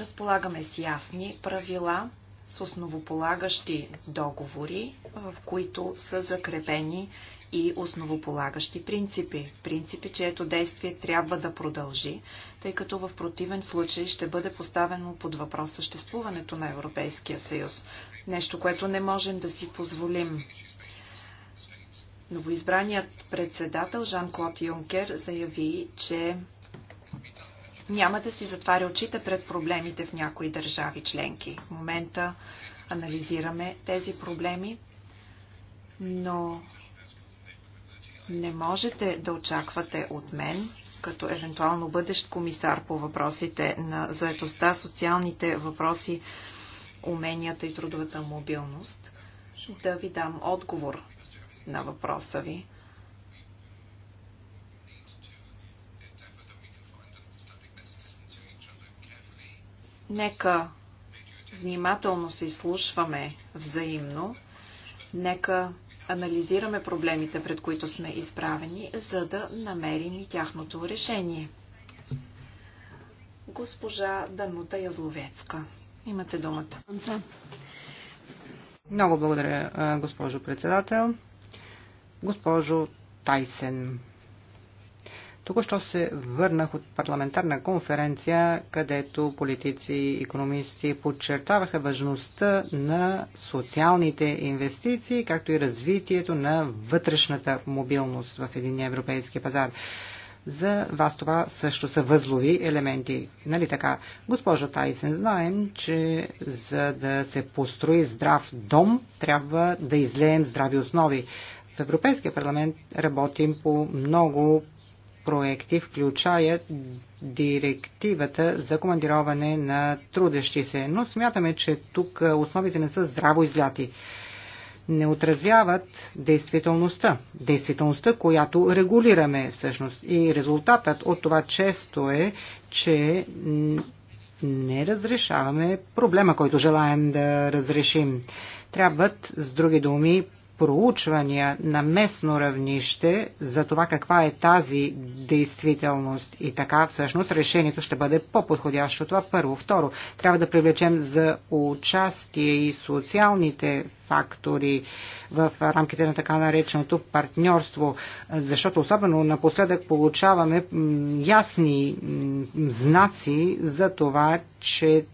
B: Разполагаме с ясни правила, с основополагащи договори, в които са закрепени и основополагащи принципи. Принципи, чието действие трябва да продължи, тъй като в противен случай ще бъде поставено под въпрос съществуването на Европейския съюз. Нещо, което не можем да си позволим. Новоизбраният председател Жан-Клод Юнкер заяви, че няма да си затваря очите пред проблемите в някои държави членки. В момента анализираме тези проблеми, но не можете да очаквате от мен, като евентуално бъдещ комисар по въпросите на заедостта, социалните въпроси, уменията и трудовата мобилност, да ви дам отговор на въпроса ви. Нека внимателно се изслушваме взаимно. Нека анализираме проблемите, пред които сме изправени, за да намерим и тяхното решение. Госпожа Данута Язловецка.
C: Имате думата. Много благодаря, госпожо председател. Госпожо Тайсен, Току-що се върнах от парламентарна конференция, където политици и економисти подчертаваха важността на социалните инвестиции, както и развитието на вътрешната мобилност в един европейски пазар. За вас това също са възлови елементи. Нали така? Госпожо Тайсен, знаем, че за да се построи здрав дом, трябва да излеем здрави основи. В Европейския парламент работим по много проекти включаят директивата за командироване на трудещи се, но смятаме, че тук основите не са здраво изляти. Не отразяват действителността. Действителността, която регулираме всъщност. И резултатът от това често е, че не разрешаваме проблема, който желаем да разрешим. Трябват, с други думи, проучвания на местно равнище за това каква е тази действителност и така всъщност решението ще бъде по-подходящо. Това първо. Второ, трябва да привлечем за участие и социалните фактори в рамките на така нареченото партньорство, защото особено напоследък получаваме ясни знаци за това, че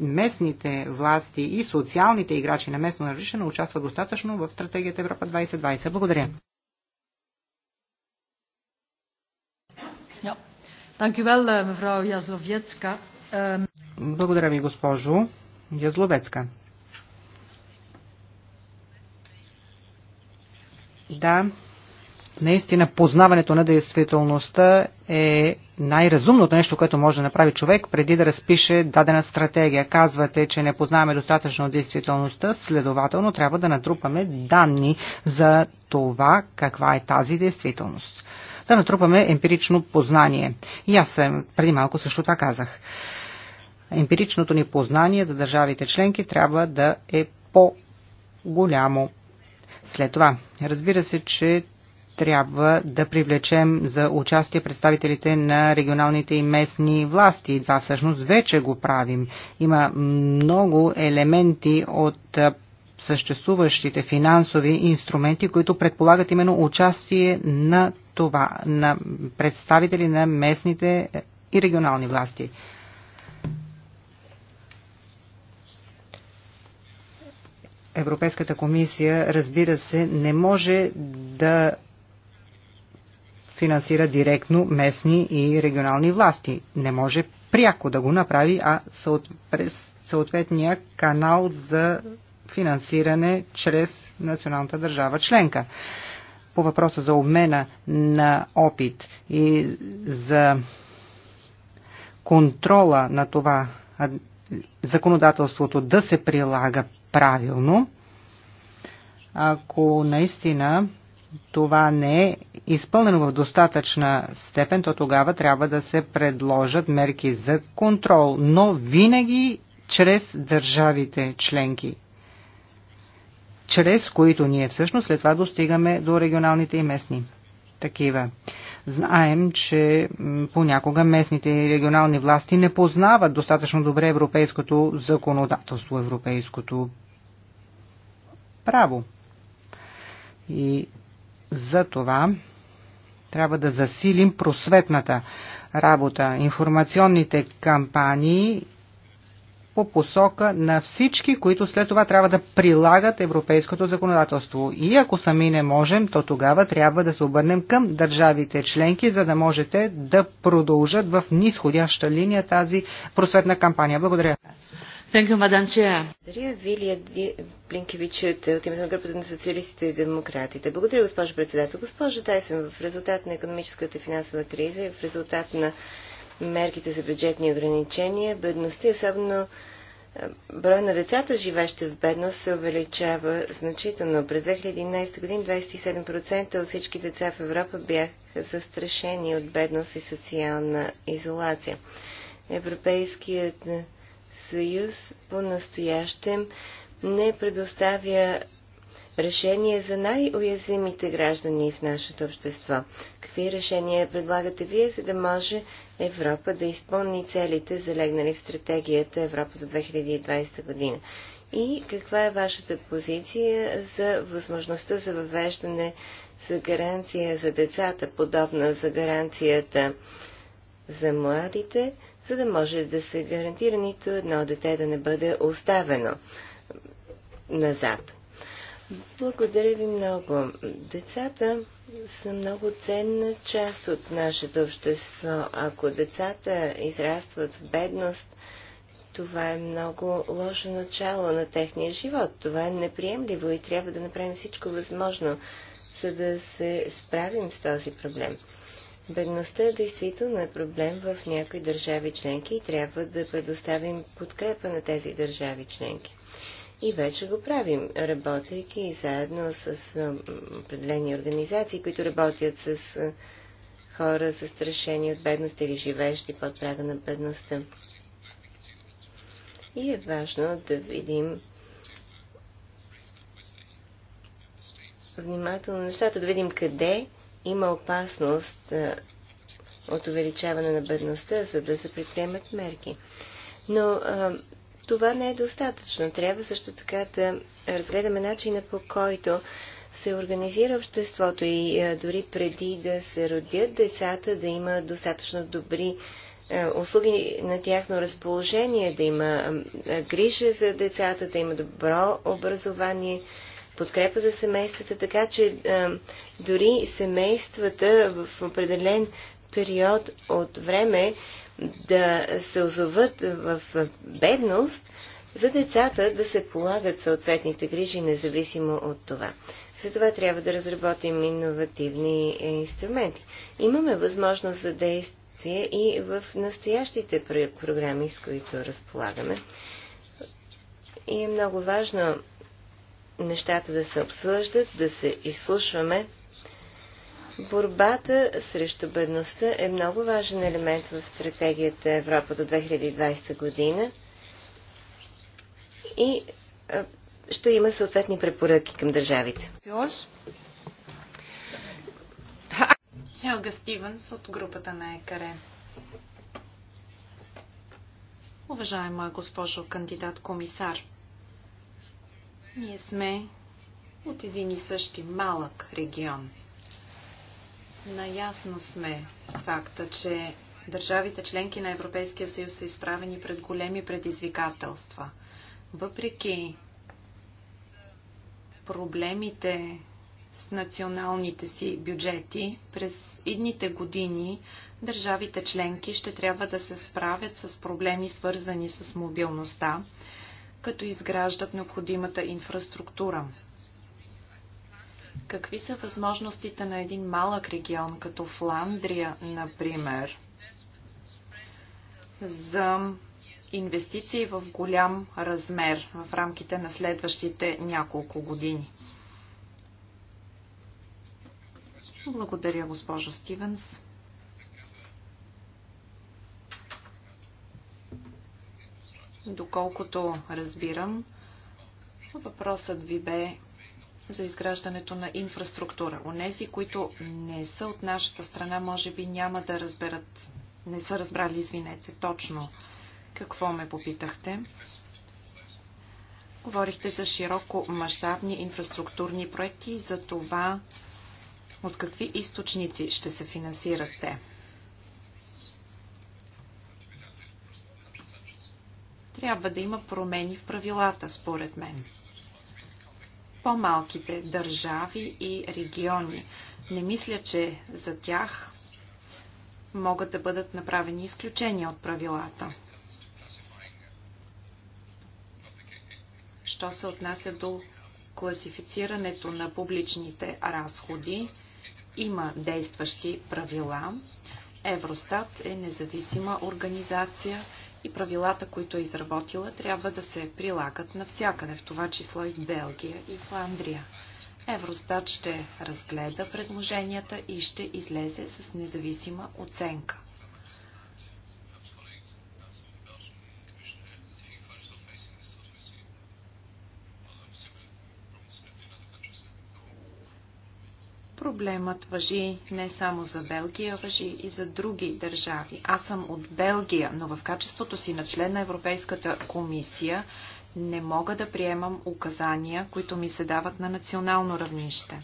C: местните власти и социалните играчи на местно равнище не участват достатъчно в стратегията Европа 2020. Благодаря.
D: Eh, ehm,
C: Благодаря ви, госпожо Язловецка. Да, наистина познаването на действителността е най-разумното нещо, което може да направи човек преди да разпише дадена стратегия. Казвате, че не познаваме достатъчно действителността, следователно трябва да натрупаме данни за това каква е тази действителност. Да натрупаме емпирично познание. И аз преди малко също това казах. Емпиричното ни познание за държавите членки трябва да е по-голямо. След това, разбира се, че трябва да привлечем за участие представителите на регионалните и местни власти. Това всъщност вече го правим. Има много елементи от съществуващите финансови инструменти, които предполагат именно участие на това, на представители на местните и регионални власти. Европейската комисия, разбира се, не може да финансира директно местни и регионални власти. Не може пряко да го направи, а през съответния канал за финансиране чрез националната държава членка. По въпроса за обмена на опит и за контрола на това законодателството да се прилага правилно, ако наистина това не е изпълнено в достатъчна степен, то тогава трябва да се предложат мерки за контрол, но винаги чрез държавите членки, чрез които ние всъщност след това достигаме до регионалните и местни такива. Знаем, че понякога местните и регионални власти не познават достатъчно добре европейското законодателство, европейското право. И за това трябва да засилим просветната работа, информационните кампании по посока на всички, които след това трябва да прилагат европейското законодателство. И ако сами не можем, то тогава трябва да се обърнем към държавите членки, за да можете да продължат в нисходяща линия тази просветна кампания. Благодаря. Thank you, Madam Chair.
A: Благодаря, Вилия Блинкевич е от името на групата на социалистите и демократите. Благодаря, госпожо председател. Госпожо Тайсен, в резултат на економическата финансова криза и в резултат на мерките за бюджетни ограничения, бедността и особено броя на децата, живещи в бедност, се увеличава значително. През 2011 година 27% от всички деца в Европа бяха застрашени от бедност и социална изолация. Европейският съюз по-настоящем не предоставя решение за най-уязвимите граждани в нашето общество. Какви решения предлагате вие, за да може Европа да изпълни целите, залегнали в стратегията Европа до 2020 година? И каква е вашата позиция за възможността за въвеждане за гаранция за децата, подобна за гаранцията за младите, за да може да се гарантира нито едно дете да не бъде оставено назад. Благодаря ви много. Децата са много ценна част от нашето общество. Ако децата израстват в бедност, това е много лошо начало на техния живот. Това е неприемливо и трябва да направим всичко възможно, за да се справим с този проблем. Бедността действително е проблем в някои държави членки и трябва да предоставим подкрепа на тези държави членки. И вече го правим, работейки заедно с определени организации, които работят с хора застрашени от бедност или живеещи под прага на бедността. И е важно да видим внимателно нещата, да видим къде има опасност от увеличаване на бедността, за да се предприемат мерки. Но а, това не е достатъчно. Трябва също така да разгледаме начина по който се организира обществото и а, дори преди да се родят децата, да има достатъчно добри а, услуги на тяхно разположение, да има а, грижа за децата, да има добро образование подкрепа за семействата, така че а, дори семействата в определен период от време да се озоват в бедност, за децата да се полагат съответните грижи, независимо от това. Затова трябва да разработим иновативни инструменти. Имаме възможност за действие и в настоящите програми, с които разполагаме. И е много важно нещата да се обсъждат, да се изслушваме. Борбата срещу бедността е много важен елемент в стратегията Европа до 2020 година и ще има съответни препоръки към държавите.
B: Хелга Стивенс от групата на ЕКАРЕ. Уважаема госпожо кандидат комисар, ние сме от един и същи малък регион. Наясно сме с факта, че държавите членки на Европейския съюз са изправени пред големи предизвикателства. Въпреки проблемите с националните си бюджети, през идните години държавите членки ще трябва да се справят с проблеми свързани с мобилността, като изграждат необходимата инфраструктура. Какви са възможностите на един малък регион, като Фландрия, например, за инвестиции в голям размер в рамките на следващите няколко години? Благодаря, госпожо Стивенс. Доколкото разбирам, въпросът ви бе за изграждането на инфраструктура. Онези, които не са от нашата страна, може би няма да разберат, не са разбрали, извинете, точно какво ме попитахте. Говорихте за широко мащабни инфраструктурни проекти и за това от какви източници ще се финансират те. Трябва да има промени в правилата, според мен. По-малките държави и региони. Не мисля, че за тях могат да бъдат направени изключения от правилата. Що се отнася до класифицирането на публичните разходи, има действащи правила. Евростат е независима организация – и правилата, които е изработила, трябва да се прилагат навсякъде, в това число и в Белгия и Фландрия. Евростат ще разгледа предложенията и ще излезе с независима оценка. Проблемът въжи не само за Белгия, въжи и за други държави. Аз съм от Белгия, но в качеството си на член на Европейската комисия не мога да приемам указания, които ми се дават на национално равнище.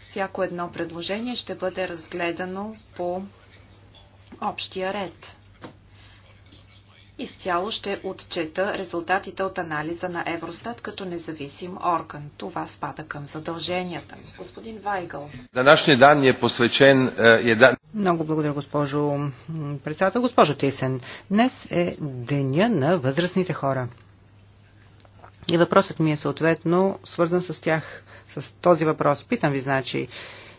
B: Всяко едно предложение ще бъде разгледано по общия ред. Изцяло ще отчета резултатите от анализа на Евростат като независим орган. Това спада към задълженията Господин Вайгъл.
A: Данашния дан е посвечен... Е, е да...
C: Много благодаря, госпожо председател. Госпожо Тисен, днес е деня на възрастните хора. И въпросът ми е съответно свързан с тях, с този въпрос. Питам ви, значи,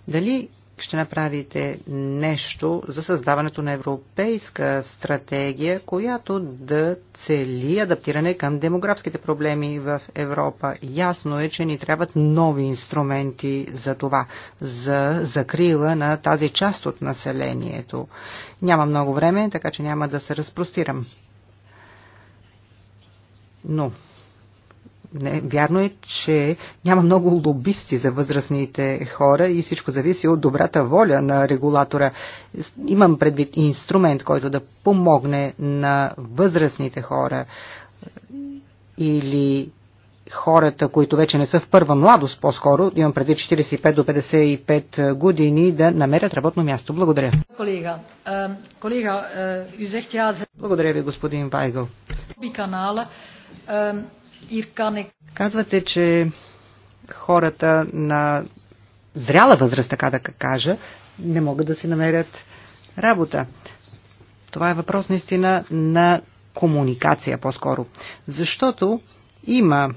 C: дали ще направите нещо за създаването на европейска стратегия, която да цели адаптиране към демографските проблеми в Европа. Ясно е, че ни трябват нови инструменти за това, за закрила на тази част от населението. Няма много време, така че няма да се разпростирам. Но не, вярно е, че няма много лобисти за възрастните хора и всичко зависи от добрата воля на регулатора. Имам предвид инструмент, който да помогне на възрастните хора или хората, които вече не са в първа младост, по-скоро, имам преди 45 до 55 години, да намерят работно място. Благодаря.
D: Колега, е, колега,
C: е, Благодаря ви, господин Вайгъл.
D: Канала, е,
C: Казвате, че хората на зряла възраст, така да кажа, не могат да си намерят работа. Това е въпрос наистина на комуникация по-скоро. Защото има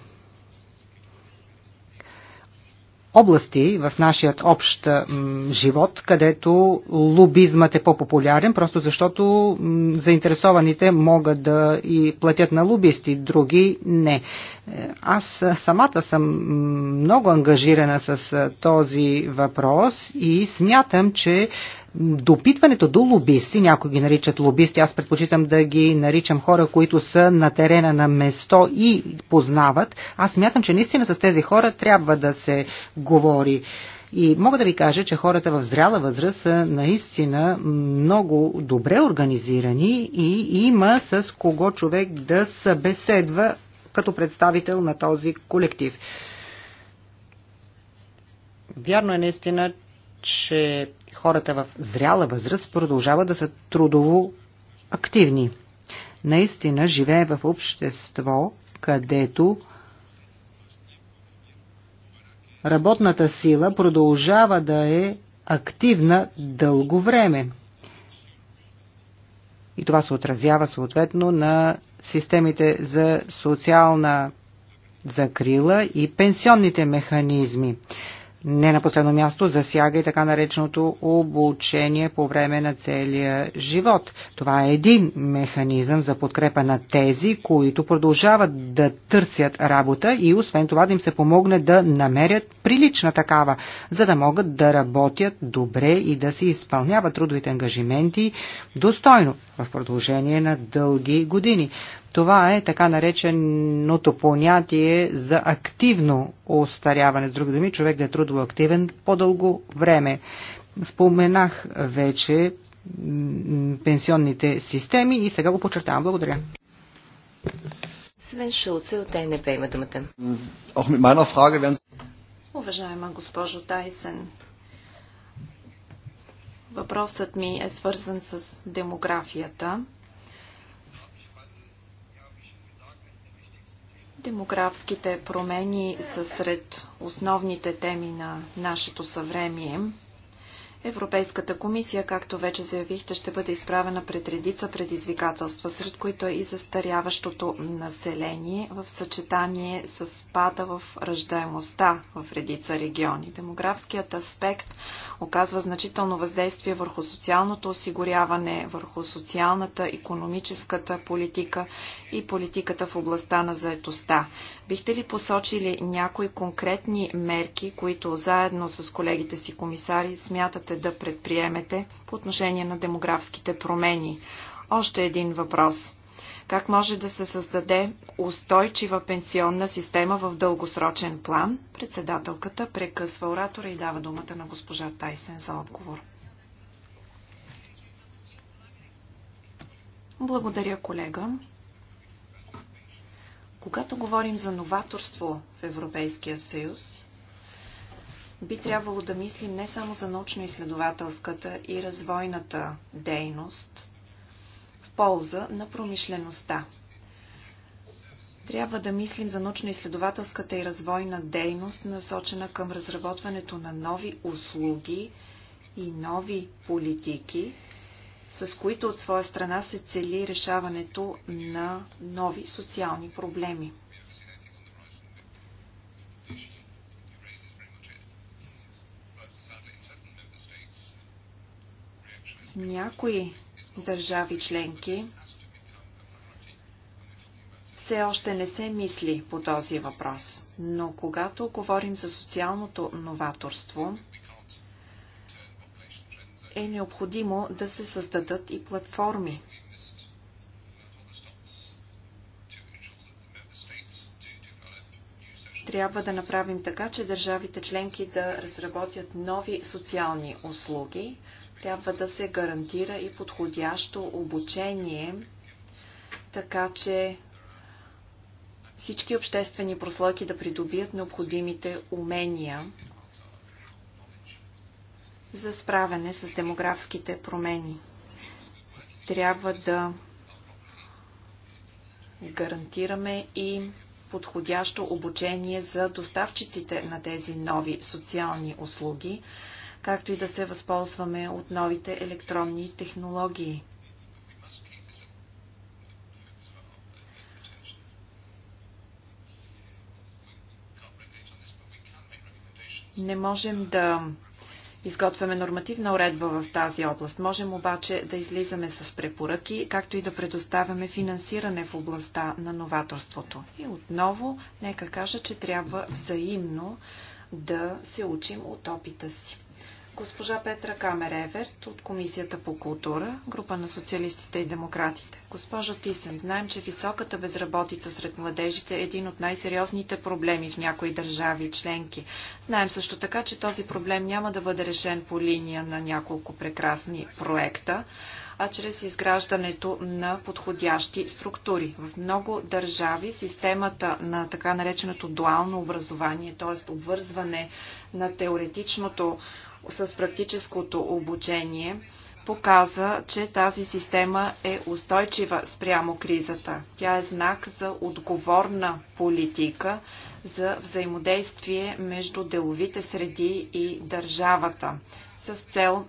C: области в нашият общ живот, където лобизмът е по-популярен, просто защото заинтересованите могат да и платят на лобисти, други не. Е, аз самата съм много ангажирана с е, този въпрос и смятам, че допитването до лобисти, някои ги наричат лобисти, аз предпочитам да ги наричам хора, които са на терена на место и познават, аз смятам, че наистина с тези хора трябва да се говори. И мога да ви кажа, че хората в зряла възраст са наистина много добре организирани и има с кого човек да събеседва като представител на този колектив. Вярно е наистина, че хората в зряла възраст продължават да са трудово активни. Наистина живее в общество, където работната сила продължава да е активна дълго време. И това се отразява съответно на системите за социална закрила и пенсионните механизми не на последно място засяга и така нареченото обучение по време на целия живот. Това е един механизъм за подкрепа на тези, които продължават да търсят работа и освен това да им се помогне да намерят прилична такава, за да могат да работят добре и да си изпълняват трудовите ангажименти достойно в продължение на дълги години. Това е така нареченото понятие за активно остаряване. С други думи, човек да е трудово активен по-дълго време. Споменах вече пенсионните системи и сега го подчертавам. Благодаря.
A: Свен Шулце от ТНП има думата.
B: Уважаема госпожо Тайсен, въпросът ми е свързан с демографията. Демографските промени са сред основните теми на нашето съвремие. Европейската комисия, както вече заявихте, ще бъде изправена пред редица предизвикателства, сред които е и застаряващото население в съчетание с пада в ръждаемостта в редица региони. Демографският аспект оказва значително въздействие върху социалното осигуряване, върху социалната, економическата политика и политиката в областта на заетостта. Бихте ли посочили някои конкретни мерки, които заедно с колегите си комисари смятате да предприемете по отношение на демографските промени? Още един въпрос. Как може да се създаде устойчива пенсионна система в дългосрочен план? Председателката прекъсва оратора и дава думата на госпожа Тайсен за отговор. Благодаря, колега. Когато говорим за новаторство в Европейския съюз, би трябвало да мислим не само за научно-изследователската и развойната дейност в полза на промишлеността. Трябва да мислим за научно-изследователската и развойна дейност, насочена към разработването на нови услуги и нови политики, с които от своя страна се цели решаването на нови социални проблеми. някои държави членки все още не се мисли по този въпрос, но когато говорим за социалното новаторство, е необходимо да се създадат и платформи. Трябва да направим така, че държавите членки да разработят нови социални услуги. Трябва да се гарантира и подходящо обучение, така че всички обществени прослойки да придобият необходимите умения за справяне с демографските промени. Трябва да гарантираме и подходящо обучение за доставчиците на тези нови социални услуги, както и да се възползваме от новите електронни технологии. Не можем да изготвяме нормативна уредба в тази област. Можем обаче да излизаме с препоръки, както и да предоставяме финансиране в областта на новаторството. И отново, нека кажа, че трябва взаимно да се учим от опита си. Госпожа Петра Камер-Еверт от Комисията по култура, група на социалистите и демократите. Госпожо Тисен, знаем, че високата безработица сред младежите е един от най-сериозните проблеми в някои държави и членки. Знаем също така, че този проблем няма да бъде решен по линия на няколко прекрасни проекта, а чрез изграждането на подходящи структури. В много държави системата на така нареченото дуално образование, т.е. обвързване на теоретичното с практическото обучение показа, че тази система е устойчива спрямо кризата. Тя е знак за отговорна политика за взаимодействие между деловите среди и държавата с цел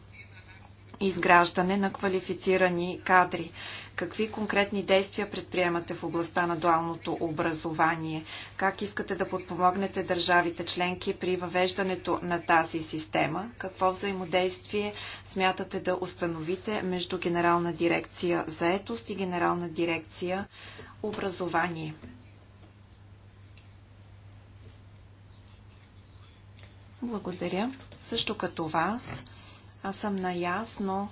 B: изграждане на квалифицирани кадри. Какви конкретни действия предприемате в областта на дуалното образование? Как искате да подпомогнете държавите членки при въвеждането на тази система? Какво взаимодействие смятате да установите между Генерална дирекция заетост и Генерална дирекция образование? Благодаря. Също като вас, аз съм наясно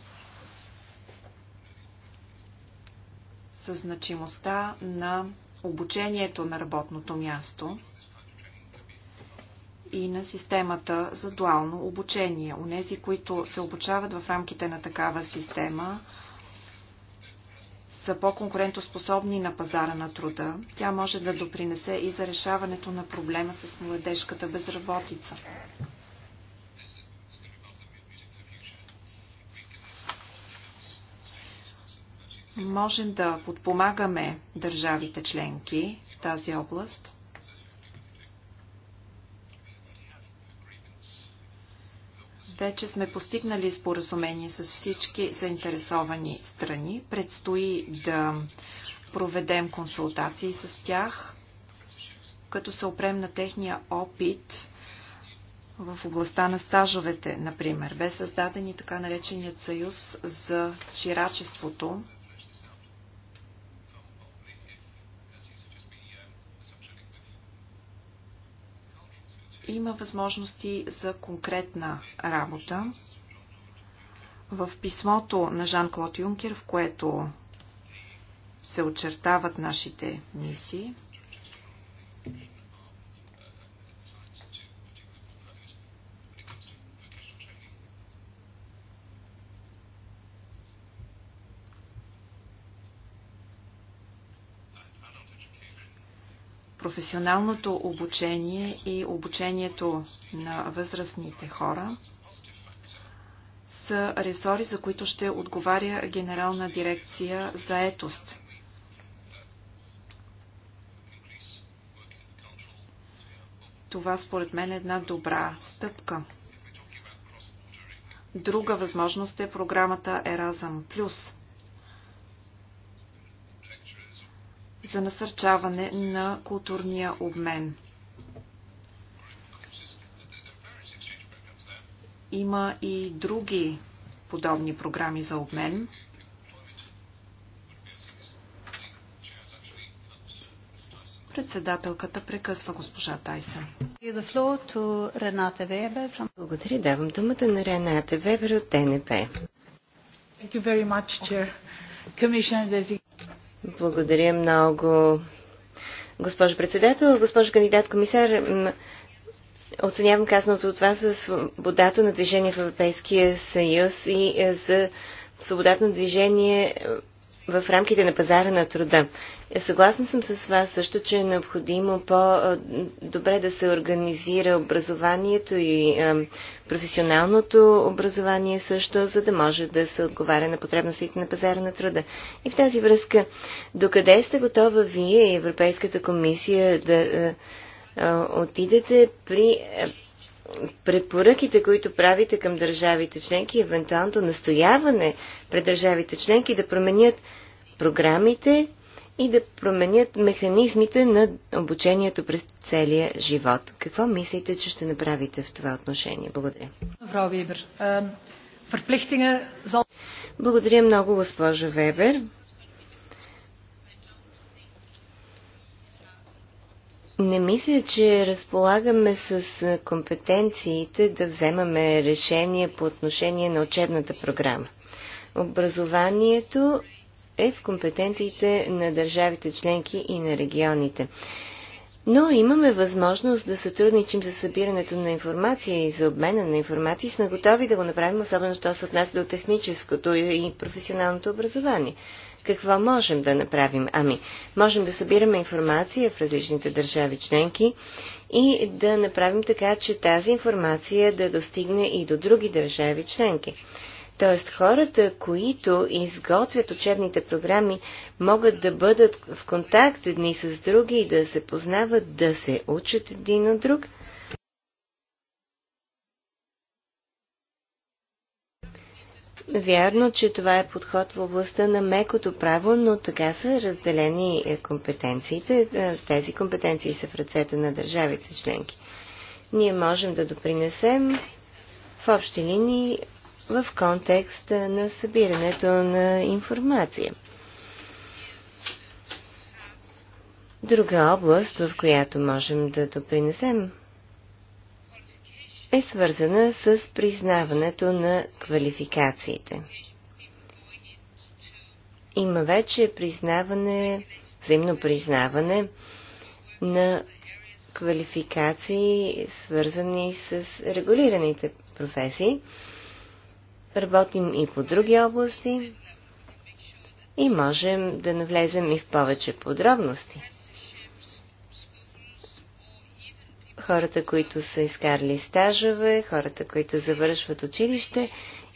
B: със значимостта на обучението на работното място и на системата за дуално обучение. Унези, които се обучават в рамките на такава система, са по-конкурентоспособни на пазара на труда. Тя може да допринесе и за решаването на проблема с младежката безработица. можем да подпомагаме държавите членки в тази област. Вече сме постигнали споразумение с всички заинтересовани страни. Предстои да проведем консултации с тях, като се опрем на техния опит в областта на стажовете, например. Бе създаден и така нареченият съюз за чирачеството. Има възможности за конкретна работа. В писмото на Жан-Клод Юнкер, в което се очертават нашите мисии, професионалното обучение и обучението на възрастните хора са ресори, за които ще отговаря Генерална дирекция за етост. Това според мен е една добра стъпка. Друга възможност е програмата Erasmus+. за насърчаване на културния обмен. Има и други подобни програми за обмен. Председателката
A: прекъсва госпожа Тайсън. Благодаря. Давам думата на Рената Вебер от ТНП.
D: Much,
A: благодаря много. Госпожо председател, госпожо кандидат комисар, оценявам казаното от вас за свободата на движение в Европейския съюз и е, за свободата на движение е, в рамките на пазара на труда. Е, съгласна съм с вас също, че е необходимо по-добре да се организира образованието и е, професионалното образование също, за да може да се отговаря на потребностите на пазара на труда. И в тази връзка, докъде сте готова вие и Европейската комисия да е, отидете при препоръките, които правите към държавите членки, евентуалното настояване пред държавите членки да променят програмите и да променят механизмите на обучението през целия живот. Какво мислите, че ще направите в това отношение? Благодаря. Благодаря много, госпожо Вебер. Не мисля, че разполагаме с компетенциите да вземаме решение по отношение на учебната програма. Образованието е в компетенциите на държавите членки и на регионите. Но имаме възможност да сътрудничим за събирането на информация и за обмена на информация и сме готови да го направим, особено що се отнася до техническото и професионалното образование. Какво можем да направим? Ами, можем да събираме информация в различните държави членки и да направим така, че тази информация да достигне и до други държави членки. Тоест хората, които изготвят учебните програми, могат да бъдат в контакт едни с други и да се познават, да се учат един от друг – Вярно, че това е подход в областта на мекото право, но така са разделени е, компетенциите. Е, тези компетенции са в ръцете на държавите членки. Ние можем да допринесем в общи линии в контекста на събирането на информация. Друга област, в която можем да допринесем е свързана с признаването на квалификациите. Има вече признаване, взаимно признаване на квалификации, свързани с регулираните професии. Работим и по други области и можем да навлезем и в повече подробности. хората, които са изкарали стажове, хората, които завършват училище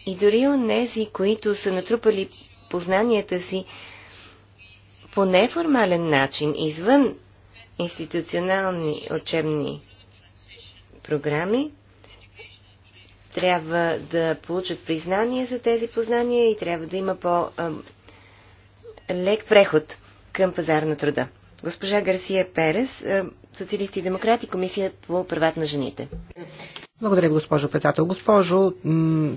A: и дори нези, които са натрупали познанията си по неформален начин, извън институционални учебни програми, трябва да получат признание за тези познания и трябва да има по-лек преход към пазар на труда. Госпожа Гарсия Перес социалисти и демократи, Комисия по правата на жените.
C: Благодаря ви, госпожо председател. Госпожо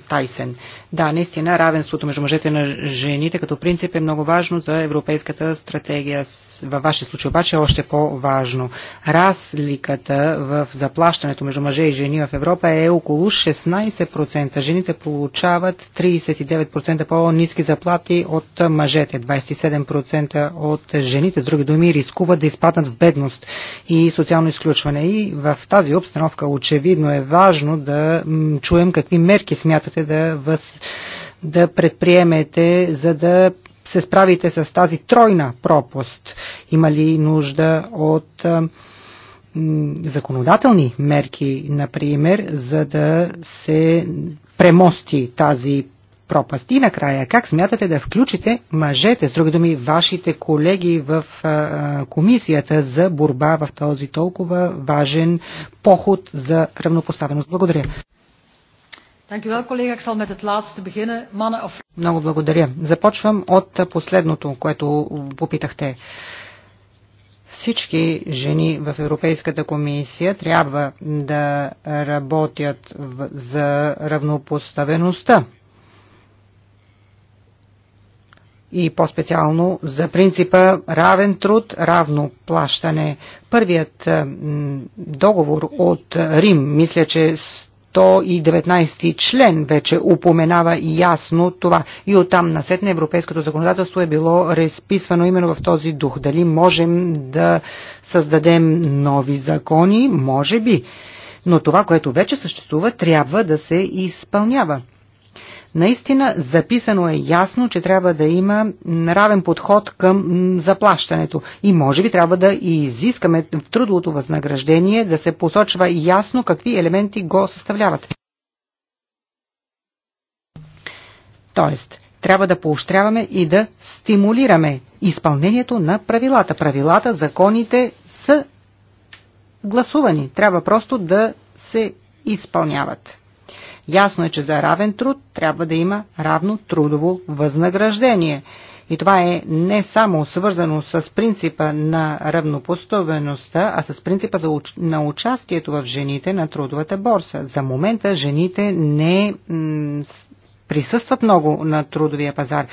C: Тайсен, да, наистина равенството между мъжете на жените като принцип е много важно за европейската стратегия. Във ваше случай обаче е още по-важно. Разликата в заплащането между мъже и жени в Европа е около 16%. Жените получават 39% по-низки заплати от мъжете, 27% от жените. С други думи, рискуват да изпаднат в бедност и социално изключване. И в тази обстановка очевидно е важно важно да чуем какви мерки смятате да, въз, да предприемете, за да се справите с тази тройна пропуст? Има ли нужда от законодателни мерки, например, за да се премости тази пропасти И накрая, как смятате да включите мъжете, с други думи, вашите колеги в а, комисията за борба в този толкова важен поход за равнопоставеност? Благодаря. Много благодаря. Започвам от последното, което попитахте. Всички жени в Европейската комисия трябва да работят за равнопоставеността и по-специално за принципа равен труд, равно плащане. Първият договор от Рим, мисля, че 119 член вече упоменава ясно това. И оттам насет на европейското законодателство е било разписвано именно в този дух. Дали можем да създадем нови закони? Може би. Но това, което вече съществува, трябва да се изпълнява. Наистина записано е ясно, че трябва да има равен подход към заплащането и може би трябва да изискаме в трудовото възнаграждение да се посочва ясно какви елементи го съставляват. Тоест, трябва да поощряваме и да стимулираме изпълнението на правилата. Правилата, законите са гласувани. Трябва просто да се изпълняват. Ясно е, че за равен труд трябва да има равно трудово възнаграждение. И това е не само свързано с принципа на равнопоставеността, а с принципа на участието в жените на трудовата борса. За момента жените не присъстват много на трудовия пазар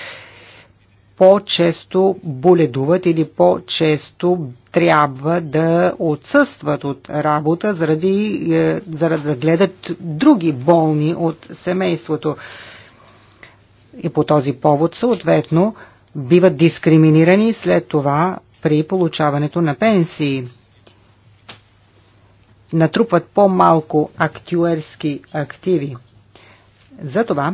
C: по-често боледуват или по-често трябва да отсъстват от работа, заради, е, заради да гледат други болни от семейството. И по този повод, съответно, биват дискриминирани след това при получаването на пенсии. Натрупват по-малко актюерски активи. Затова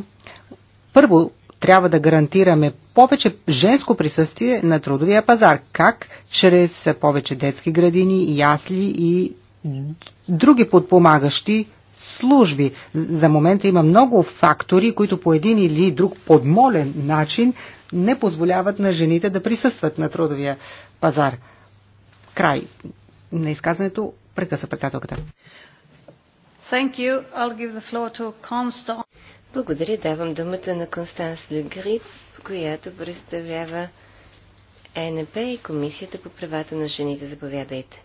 C: първо трябва да гарантираме повече женско присъствие на трудовия пазар. Как? Чрез повече детски градини, ясли и други подпомагащи служби. За момента има много фактори, които по един или друг подмолен начин не позволяват на жените да присъстват на трудовия пазар. Край на изказването прекъса председателката.
D: Thank you. I'll give the floor to Constance.
A: Благодаря. Давам думата на Констанс Легрип, която представлява ЕНП и Комисията по правата на жените. Заповядайте.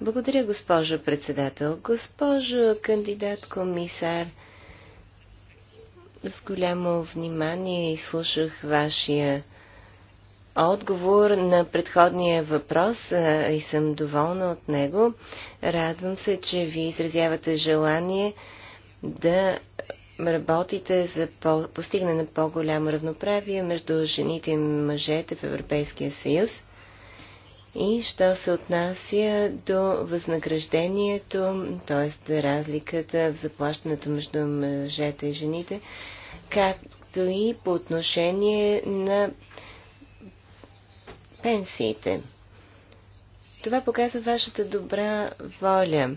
A: Благодаря, госпожо председател. Госпожо кандидат комисар, с голямо внимание изслушах вашия отговор на предходния въпрос а, и съм доволна от него. Радвам се, че ви изразявате желание да работите за по- постигане на по-голямо равноправие между жените и мъжете в Европейския съюз? И що се отнася до възнаграждението, т.е. разликата в заплащането между мъжете и жените, както и по отношение на пенсиите. Това показва вашата добра воля.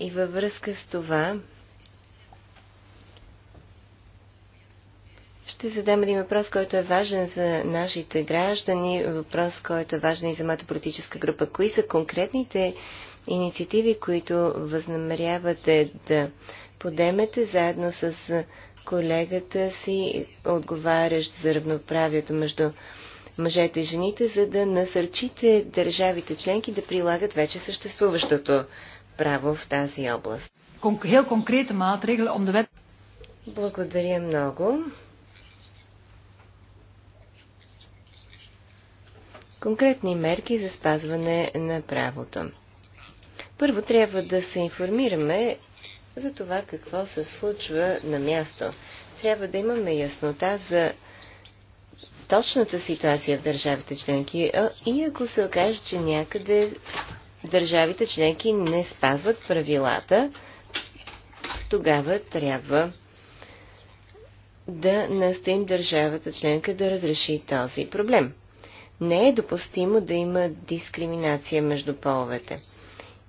A: И във връзка с това, Ще задам един въпрос, който е важен за нашите граждани, въпрос, който е важен и за моята политическа група. Кои са конкретните инициативи, които възнамерявате да подемете заедно с колегата си, отговарящ за равноправието между мъжете и жените, за да насърчите държавите членки да прилагат вече съществуващото право в тази област? Благодаря много. конкретни мерки за спазване на правото. Първо трябва да се информираме за това какво се случва на място. Трябва да имаме яснота за точната ситуация в държавите членки и ако се окаже, че някъде държавите членки не спазват правилата, тогава трябва да настоим държавата членка да разреши този проблем не е допустимо да има дискриминация между половете.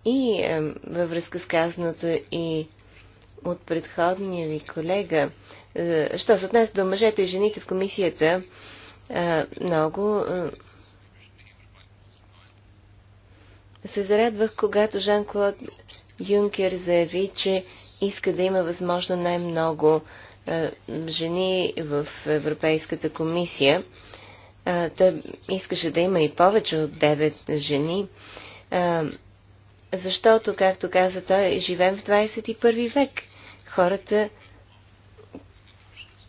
A: И е, във връзка с казаното и от предходния ви колега, е, що се отнася до мъжете и жените в комисията, е, много е, се зарадвах, когато Жан-Клод Юнкер заяви, че иска да има възможно най-много е, жени в Европейската комисия. А, той искаше да има и повече от девет жени, а, защото, както каза той, живеем в 21 век. Хората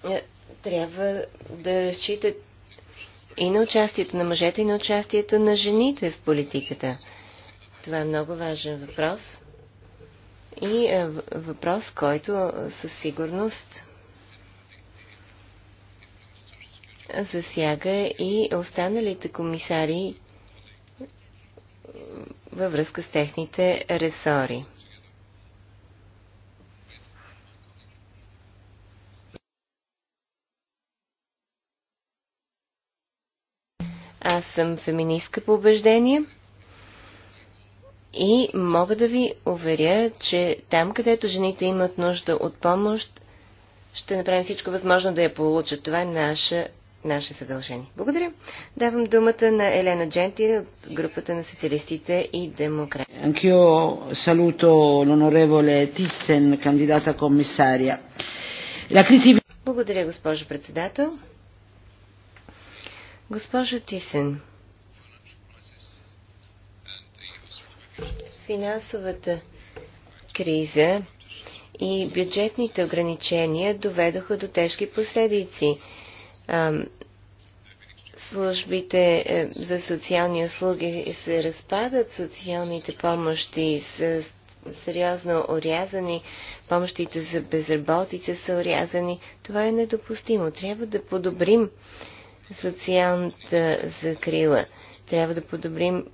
A: а, трябва да разчитат и на участието на мъжете, и на участието на жените в политиката. Това е много важен въпрос. И въпрос, който със сигурност засяга и останалите комисари във връзка с техните ресори. Аз съм феминистка по убеждение и мога да ви уверя, че там, където жените имат нужда от помощ, ще направим всичко възможно да я получат. Това е наша наше задължение. Благодаря. Давам думата на Елена Дженти от групата на социалистите и демократи. Анкио
C: салуто лонореволе Тисен, кандидата комисария.
A: Благодаря, госпожо председател. Госпожо Тисен, финансовата криза и бюджетните ограничения доведоха до тежки последици – службите е, за социални услуги се разпадат, социалните помощи са сериозно орязани, помощите за безработица са орязани. Това е недопустимо. Трябва да подобрим социалната закрила. Трябва да подобрим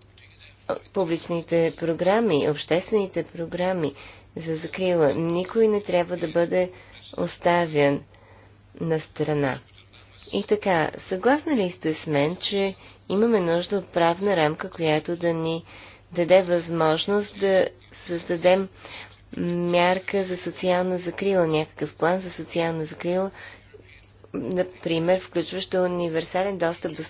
A: публичните програми, обществените програми за закрила. Никой не трябва да бъде оставен на страна. И така, съгласна ли сте с мен, че имаме нужда от правна рамка, която да ни даде възможност да създадем мярка за социална закрила, някакъв план за социална закрила, например, включваща универсален достъп до,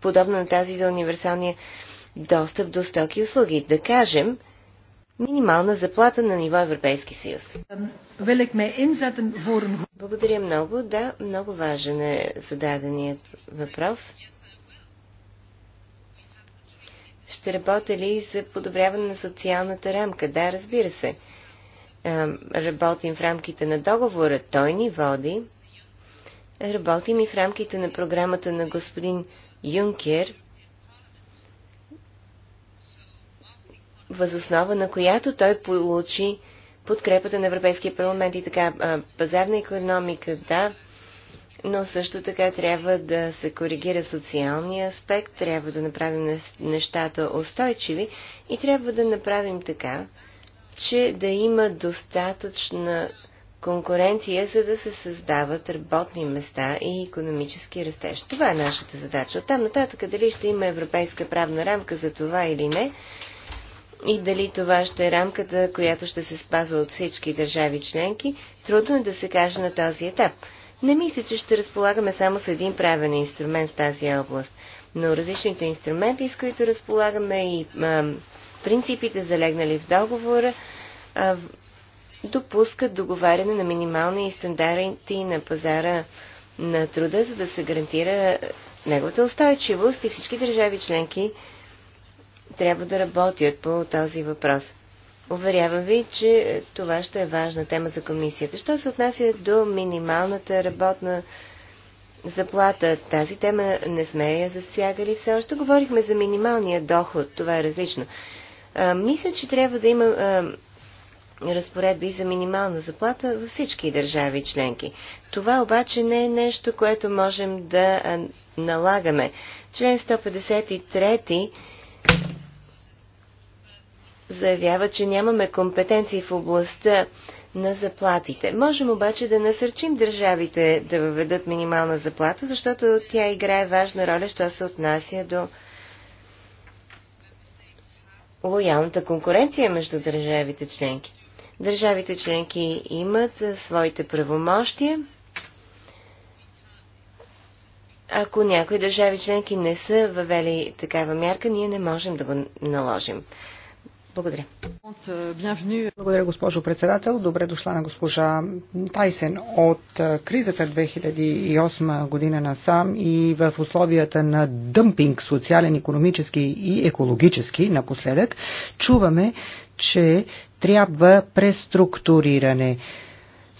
A: подобна на тази за универсалния достъп до стоки и услуги. Да кажем, минимална заплата на ниво Европейски съюз. Благодаря много. Да, много важен е зададеният въпрос. Ще работя ли за подобряване на социалната рамка? Да, разбира се. Работим в рамките на договора. Той ни води. Работим и в рамките на програмата на господин Юнкер – възоснова на която той получи подкрепата на Европейския парламент и така. Пазарна економика, да, но също така трябва да се коригира социалния аспект, трябва да направим нещата устойчиви и трябва да направим така, че да има достатъчна конкуренция, за да се създават работни места и економически растеж. Това е нашата задача. Оттам нататък дали ще има европейска правна рамка за това или не, и дали това ще е рамката, която ще се спазва от всички държави членки, трудно е да се каже на този етап. Не мисля, че ще разполагаме само с един правен инструмент в тази област, но различните инструменти, с които разполагаме и а, принципите, залегнали в договора, а, допускат договаряне на минимални стандарти на пазара на труда, за да се гарантира неговата устойчивост и всички държави членки трябва да работят по този въпрос. Уверявам ви, че това ще е важна тема за комисията. Що се отнася до минималната работна заплата, тази тема не сме я засягали. Все още говорихме за минималния доход. Това е различно. А, мисля, че трябва да има а, разпоредби за минимална заплата във всички държави членки. Това обаче не е нещо, което можем да налагаме. Член 153 заявява, че нямаме компетенции в областта на заплатите. Можем обаче да насърчим държавите да въведат минимална заплата, защото тя играе важна роля, що се отнася до лоялната конкуренция между държавите членки. Държавите членки имат своите правомощия. Ако някои държави членки не са въвели такава мярка, ние не можем да го наложим. Благодаря.
C: Благодаря, госпожо председател. Добре дошла на госпожа Тайсен. От кризата 2008 година насам и в условията на дъмпинг социален, економически и екологически напоследък, чуваме, че трябва преструктуриране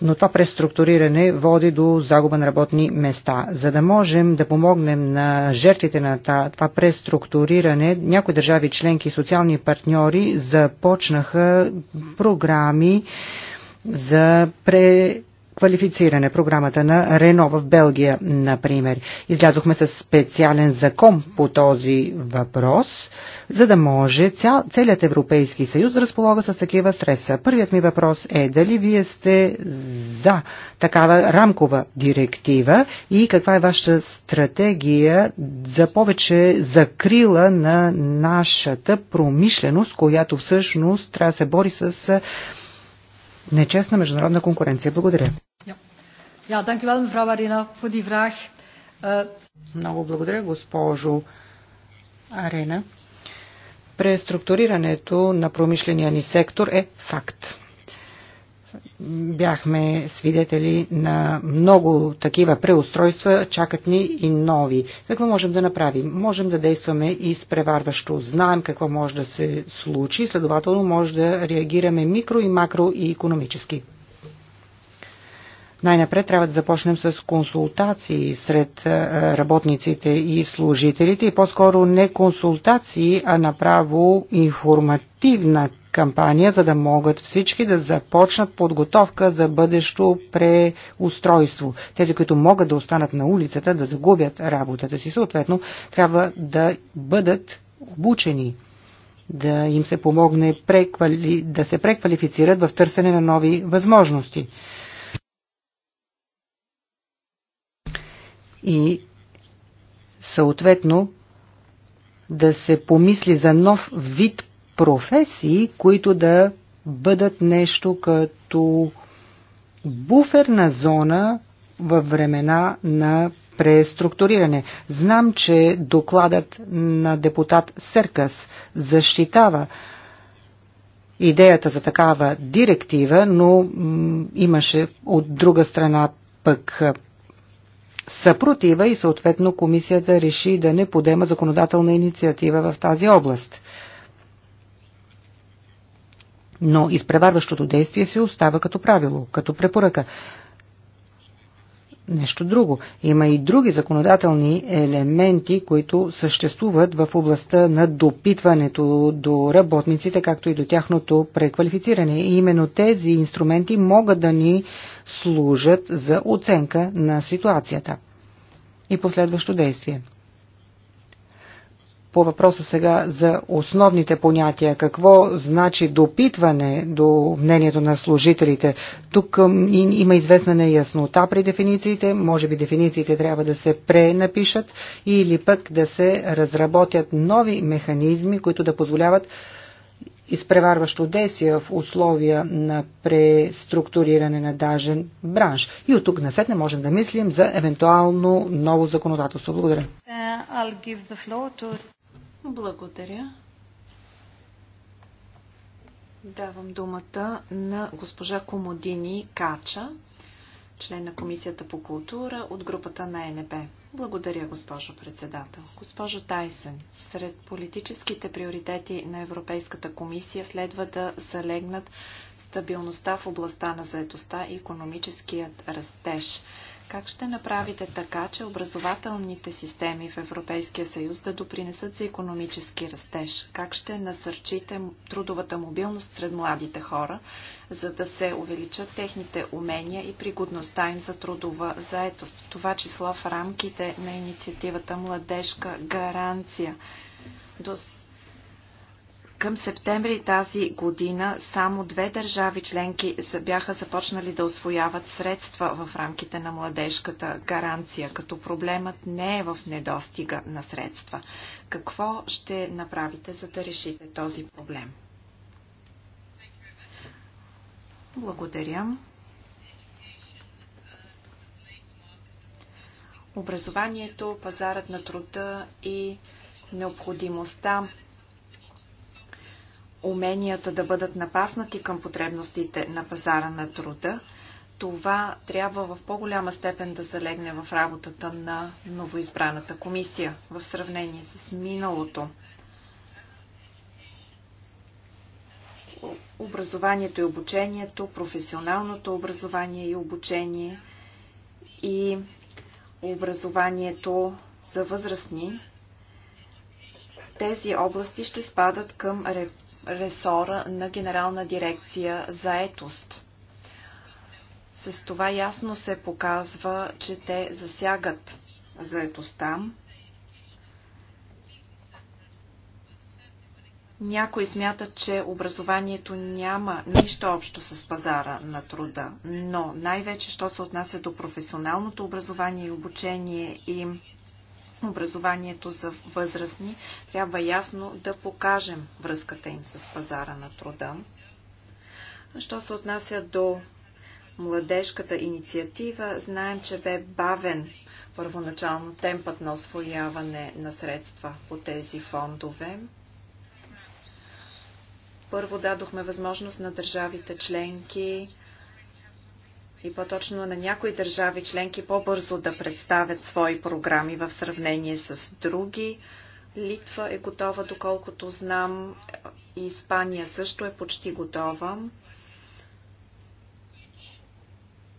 C: но това преструктуриране води до загуба на работни места. За да можем да помогнем на жертвите на това преструктуриране, някои държави членки и социални партньори започнаха програми за пре квалифициране, програмата на Рено в Белгия, например. Излязохме с специален закон по този въпрос, за да може цял, целият Европейски съюз да разполага с такива средства. Първият ми въпрос е дали вие сте за такава рамкова директива и каква е вашата стратегия за повече закрила на нашата промишленост, която всъщност трябва да се бори с нечестна международна конкуренция. Благодаря.
D: Ja, dankjewel mevrouw Arena voor die vraag. Eh,
C: Много благодаря, госпожо Арена. Преструктурирането на промишления ни сектор е факт бяхме свидетели на много такива преустройства, чакат ни и нови. Какво можем да направим? Можем да действаме и спреварващо. Знаем какво може да се случи, следователно може да реагираме микро и макро и економически. Най-напред трябва да започнем с консултации сред работниците и служителите и по-скоро не консултации, а направо информативна кампания, за да могат всички да започнат подготовка за бъдещо преустройство. Тези, които могат да останат на улицата, да загубят работата си, съответно, трябва да бъдат обучени да им се помогне преквали... да се преквалифицират в търсене на нови възможности. И съответно да се помисли за нов вид професии, които да бъдат нещо като буферна зона във времена на преструктуриране. Знам, че докладът на депутат Серкас защитава идеята за такава директива, но имаше от друга страна пък съпротива и съответно комисията реши да не подема законодателна инициатива в тази област но изпреварващото действие се остава като правило, като препоръка. Нещо друго. Има и други законодателни елементи, които съществуват в областта на допитването до работниците, както и до тяхното преквалифициране. И именно тези инструменти могат да ни служат за оценка на ситуацията и последващо действие по въпроса сега за основните понятия. Какво значи допитване до мнението на служителите? Тук има известна неяснота при дефинициите. Може би дефинициите трябва да се пренапишат или пък да се разработят нови механизми, които да позволяват изпреварващо действие в условия на преструктуриране на дажен бранш. И от тук насетне можем да мислим за евентуално ново законодателство. Благодаря.
D: Uh, to... Благодаря.
B: Давам думата на госпожа Комодини Кача, член на Комисията по култура от групата на е НП. Благодаря, госпожо председател. Госпожо Тайсен, сред политическите приоритети на Европейската комисия следва да залегнат стабилността в областта на заедостта и економическият растеж. Как ще направите така, че образователните системи в Европейския съюз да допринесат за економически растеж? Как ще насърчите трудовата мобилност сред младите хора, за да се увеличат техните умения и пригодността им за трудова заетост? това число в рамките на инициативата Младежка гаранция. До към септември тази година само две държави членки бяха започнали да освояват средства в рамките на младежката гаранция, като проблемът не е в недостига на средства. Какво ще направите, за да решите този проблем? Благодаря. Образованието, пазарът на труда и необходимостта уменията да бъдат напаснати към потребностите на пазара на труда, това трябва в по-голяма степен да залегне в работата на новоизбраната комисия в сравнение с миналото. Образованието и обучението, професионалното образование и обучение и образованието за възрастни, тези области ще спадат към ресора на Генерална дирекция заетост. С това ясно се показва, че те засягат заетостта. Някои смятат, че образованието няма нищо общо с пазара на труда, но най-вече, що се отнася до професионалното образование и обучение и образованието за възрастни, трябва ясно да покажем връзката им с пазара на труда. Що се отнася до младежката инициатива, знаем, че бе бавен първоначално темпът на освояване на средства по тези фондове. Първо дадохме възможност на държавите членки и по-точно на някои държави членки по-бързо да представят свои програми в сравнение с други. Литва е готова, доколкото знам, и Испания също е почти готова.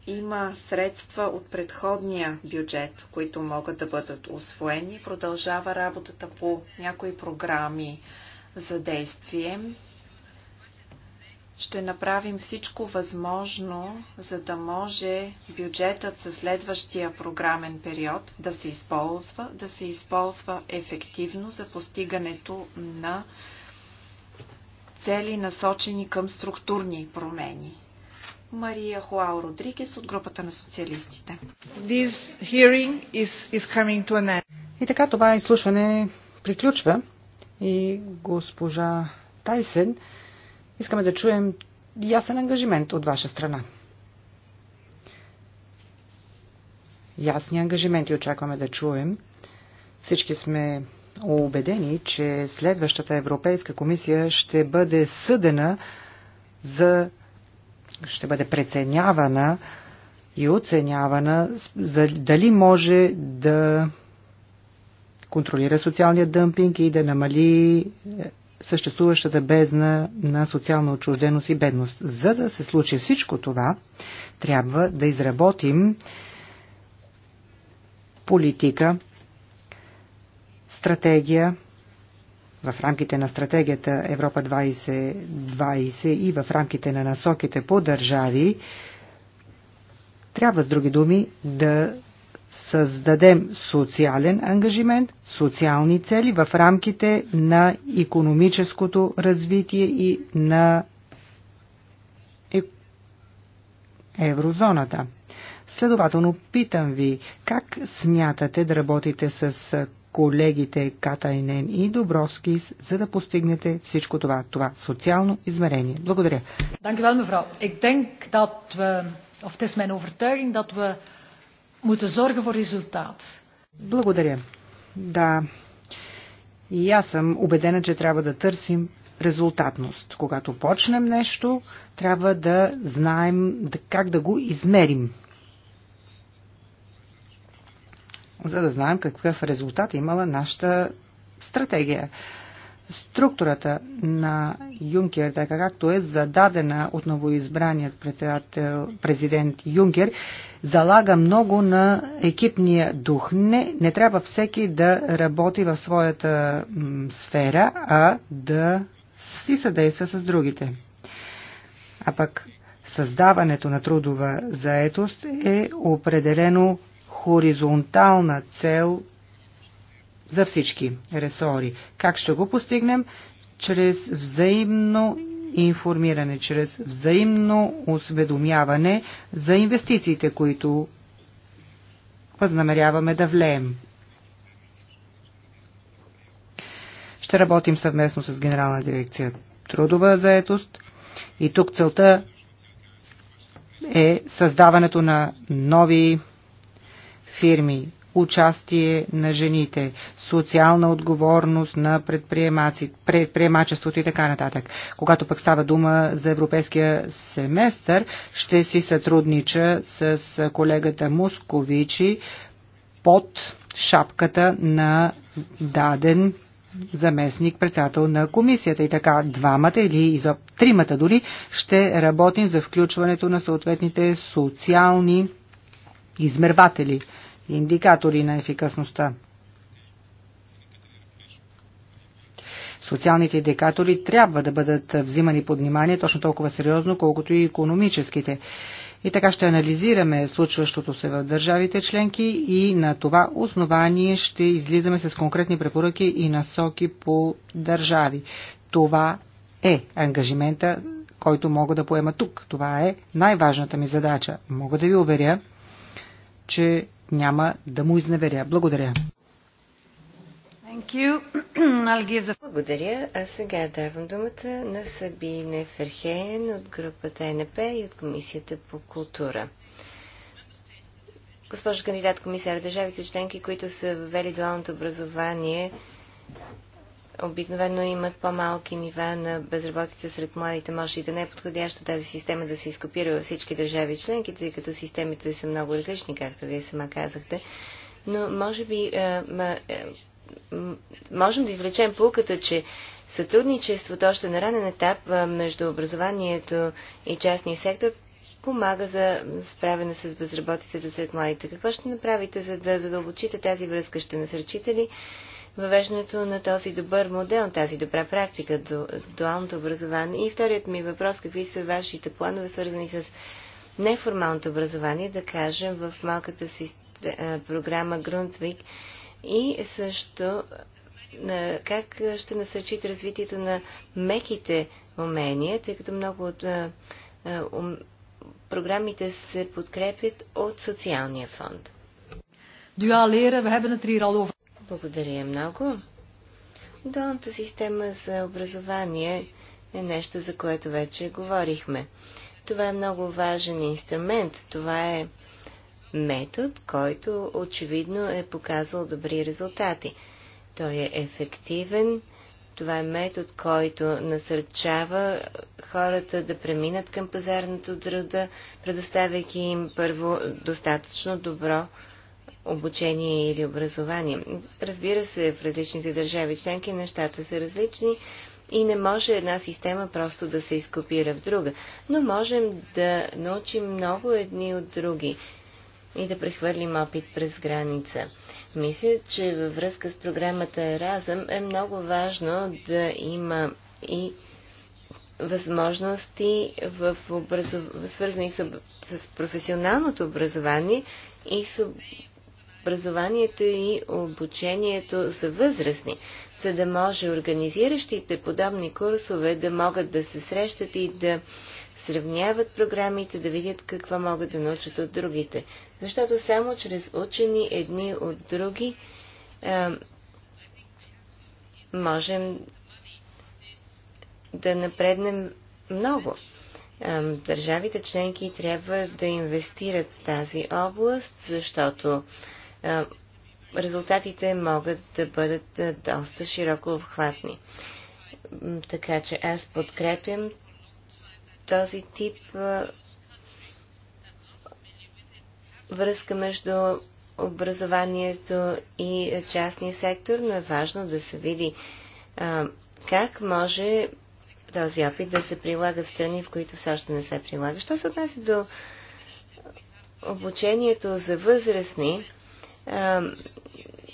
B: Има средства от предходния бюджет, които могат да бъдат освоени. Продължава работата по някои програми за действие ще направим всичко възможно, за да може бюджетът за следващия програмен период да се използва, да се използва ефективно за постигането на цели насочени към структурни промени. Мария Хуао Родригес от групата на социалистите.
C: This hearing is, is coming to an end. И така това изслушване приключва и госпожа Тайсен Искаме да чуем ясен ангажимент от ваша страна. Ясни ангажименти очакваме да чуем. Всички сме убедени, че следващата Европейска комисия ще бъде съдена за ще бъде преценявана и оценявана за дали може да контролира социалния дъмпинг и да намали съществуващата бездна на социална отчужденост и бедност. За да се случи всичко това, трябва да изработим политика, стратегия, в рамките на стратегията Европа 2020 и в рамките на насоките по държави, трябва с други думи да създадем социален ангажимент, социални цели в рамките на економическото развитие и на еврозоната. Следователно питам ви, как смятате да работите с колегите Катайнен и Добровски, за да постигнете всичко това, това социално измерение? Благодаря.
D: Dank u wel, mevrouw. Ik denk dat we, of het is mijn overtuiging, dat we moeten zorgen voor резултат.
C: Благодаря. Да, и аз съм убедена, че трябва да търсим резултатност. Когато почнем нещо, трябва да знаем как да го измерим. За да знаем какъв резултат е имала нашата стратегия. Структурата на Юнкер, така както е зададена от новоизбраният президент Юнкер, залага много на екипния дух. Не, не трябва всеки да работи в своята м, сфера, а да си съдейства с другите. А пък създаването на трудова заетост е определено хоризонтална цел за всички ресори. Как ще го постигнем? Чрез взаимно информиране, чрез взаимно осведомяване за инвестициите, които възнамеряваме да влеем. Ще работим съвместно с Генерална дирекция Трудова заетост и тук целта е създаването на нови фирми участие на жените, социална отговорност на предприемачеството и така нататък. Когато пък става дума за европейския семестър, ще си сътруднича с колегата Московичи под шапката на даден заместник председател на комисията. И така двамата или тримата дори ще работим за включването на съответните социални измерватели – индикатори на ефикасността. Социалните индикатори трябва да бъдат взимани под внимание точно толкова сериозно, колкото и економическите. И така ще анализираме случващото се в държавите членки и на това основание ще излизаме с конкретни препоръки и насоки по държави. Това е ангажимента, който мога да поема тук. Това е най-важната ми задача. Мога да ви уверя, че няма да му изневеря. Благодаря.
A: The... Благодаря. А сега давам думата на Сабине Ферхен от групата НП и от Комисията по култура. Госпожа кандидат комисар, държавите членки, които са въвели дуалното образование, обикновено имат по-малки нива на безработица сред младите. Може и да не е подходящо тази система да се изкопира във всички държави членки, тъй като системите са много различни, както вие сама казахте. Но може би е, е, можем да извлечем полката, че сътрудничеството още на ранен етап е, между образованието и частния сектор помага за справяне с безработицата сред младите. Какво ще направите, за да задълбочите тази връзка? Ще насърчите ли въвеждането на този добър модел, тази добра практика, дуалното образование. И вторият ми въпрос, какви са вашите планове, свързани с неформалното образование, да кажем, в малката си е, програма Грунтвик и също е, как ще насърчите развитието на меките умения, тъй като много от е, програмите се подкрепят от социалния фонд.
D: Duaal leren, we hebben het er hier al over. Благодаря
A: много. Долната система за образование е нещо, за което вече говорихме. Това е много важен инструмент. Това е метод, който очевидно е показал добри резултати. Той е ефективен. Това е метод, който насърчава хората да преминат към пазарната труда, предоставяйки им първо достатъчно добро обучение или образование. Разбира се, в различните държави членки нещата са различни и не може една система просто да се изкопира в друга, но можем да научим много едни от други и да прехвърлим опит през граница. Мисля, че във връзка с програмата Еразъм е много важно да има и възможности в образов... свързани с... с професионалното образование и с образованието и обучението за възрастни, за да може организиращите подобни курсове да могат да се срещат и да сравняват програмите, да видят какво могат да научат от другите. Защото само чрез учени едни от други а, можем да напреднем много. държавите членки трябва да инвестират в тази област, защото е, резултатите могат да бъдат е, доста широко обхватни. Така че аз подкрепям този тип е, връзка между образованието и частния сектор, но е важно да се види а, как може този опит да се прилага в страни, в които все още не се прилага. Що се отнася до обучението за възрастни,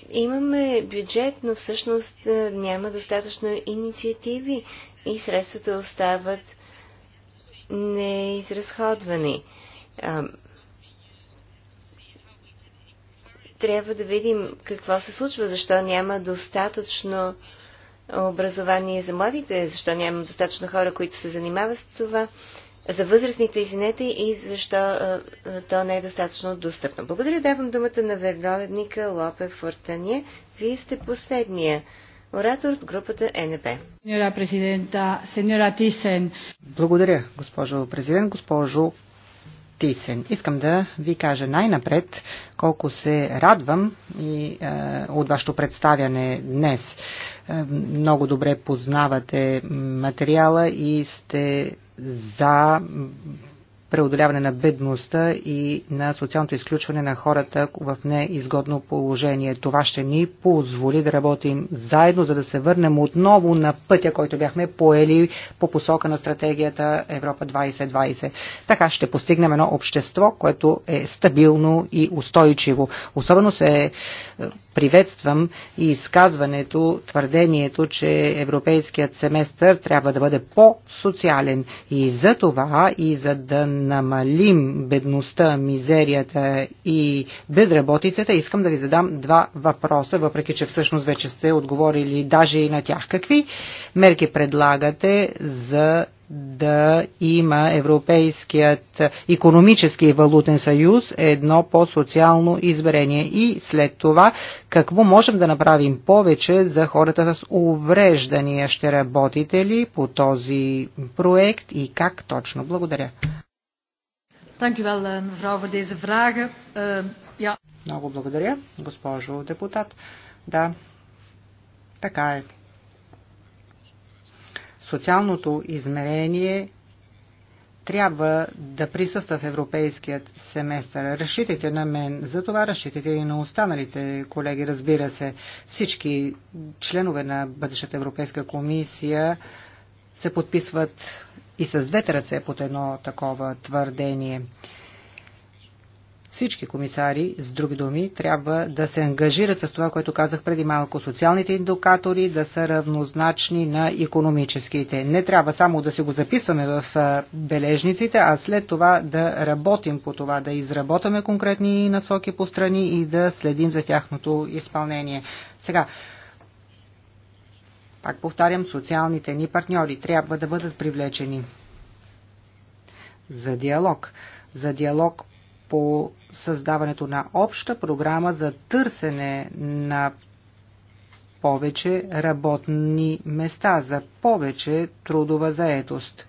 A: имаме бюджет, но всъщност няма достатъчно инициативи и средствата остават неизразходвани. трябва да видим какво се случва, защо няма достатъчно образование за младите, защо няма достатъчно хора, които се занимават с това за възрастните, извинете, и защо а, то не е достатъчно достъпно. Благодаря, давам думата на Вероника Лопе Фортания. Вие сте последния оратор от групата НП.
C: Благодаря, госпожо президент, госпожо Тисен. Искам да ви кажа най-напред колко се радвам и е, от вашето представяне днес. Е, много добре познавате материала и сте за преодоляване на бедността и на социалното изключване на хората в неизгодно положение. Това ще ни позволи да работим заедно, за да се върнем отново на пътя, който бяхме поели по посока на стратегията Европа 2020. Така ще постигнем едно общество, което е стабилно и устойчиво. Особено се е, приветствам и изказването, твърдението, че европейският семестър трябва да бъде по-социален. И за това, и за да намалим бедността, мизерията и безработицата, искам да ви задам два въпроса, въпреки че всъщност вече сте отговорили даже и на тях. Какви мерки предлагате за да има Европейският економически и валутен съюз едно по-социално измерение и след това какво можем да направим повече за хората с увреждания? Ще работите ли по този проект и как точно? Благодаря.
D: Eh, eh,
C: Много благодаря, госпожо депутат. Да, така е. Социалното измерение трябва да присъства в европейският семестър. Разчитайте на мен, за това разчитайте и на останалите колеги, разбира се. Всички членове на бъдещата Европейска комисия се подписват и с двете ръце под едно такова твърдение. Всички комисари, с други думи, трябва да се ангажират с това, което казах преди малко. Социалните индикатори да са равнозначни на економическите. Не трябва само да си го записваме в бележниците, а след това да работим по това, да изработваме конкретни насоки по страни и да следим за тяхното изпълнение. Сега, пак повтарям, социалните ни партньори трябва да бъдат привлечени за диалог. За диалог по създаването на обща програма за търсене на повече работни места, за повече трудова заетост.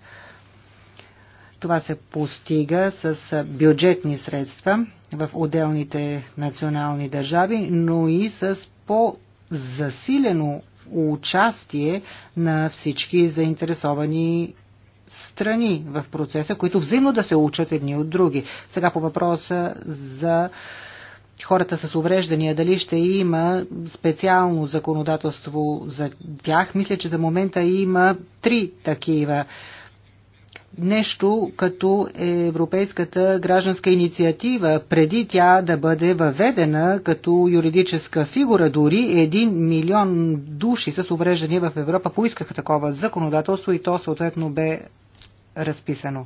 C: Това се постига с бюджетни средства в отделните национални държави, но и с по-засилено участие на всички заинтересовани страни в процеса, които взаимно да се учат едни от други. Сега по въпроса за хората с увреждания, дали ще има специално законодателство за тях. Мисля, че за момента има три такива нещо като Европейската гражданска инициатива, преди тя да бъде въведена като юридическа фигура. Дори един милион души с увреждания в Европа поискаха такова законодателство и то съответно бе разписано.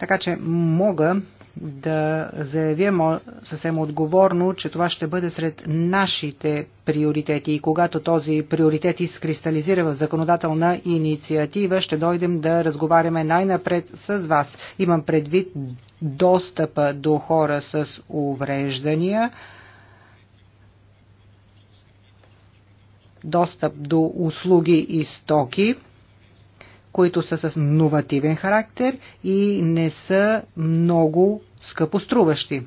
C: Така че мога да заявя съвсем отговорно, че това ще бъде сред нашите приоритети и когато този приоритет изкристализира в законодателна инициатива, ще дойдем да разговаряме най-напред с вас. Имам предвид достъпа до хора с увреждания, достъп до услуги и стоки, които са с новативен характер и не са много скъпоструващи.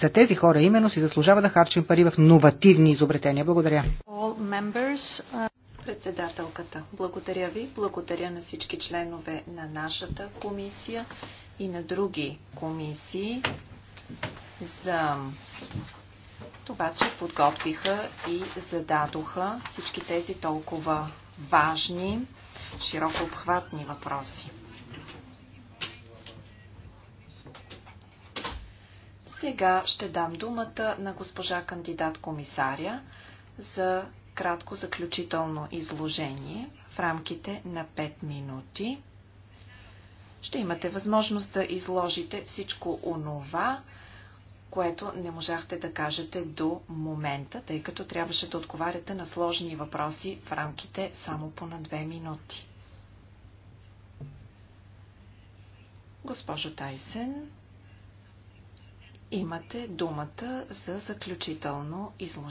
C: За тези хора именно си заслужава да харчим пари в новативни изобретения. Благодаря.
B: Uh, председателката, благодаря ви, благодаря на всички членове на нашата комисия и на други комисии за това, че подготвиха и зададоха всички тези толкова важни широко обхватни въпроси. Сега ще дам думата на госпожа кандидат комисаря за кратко заключително изложение в рамките на 5 минути. Ще имате възможност да изложите всичко онова, което не можахте да кажете до момента, тъй като трябваше да отговаряте на сложни въпроси в рамките само по на две минути. Госпожо Тайсен, имате думата за заключително изложение.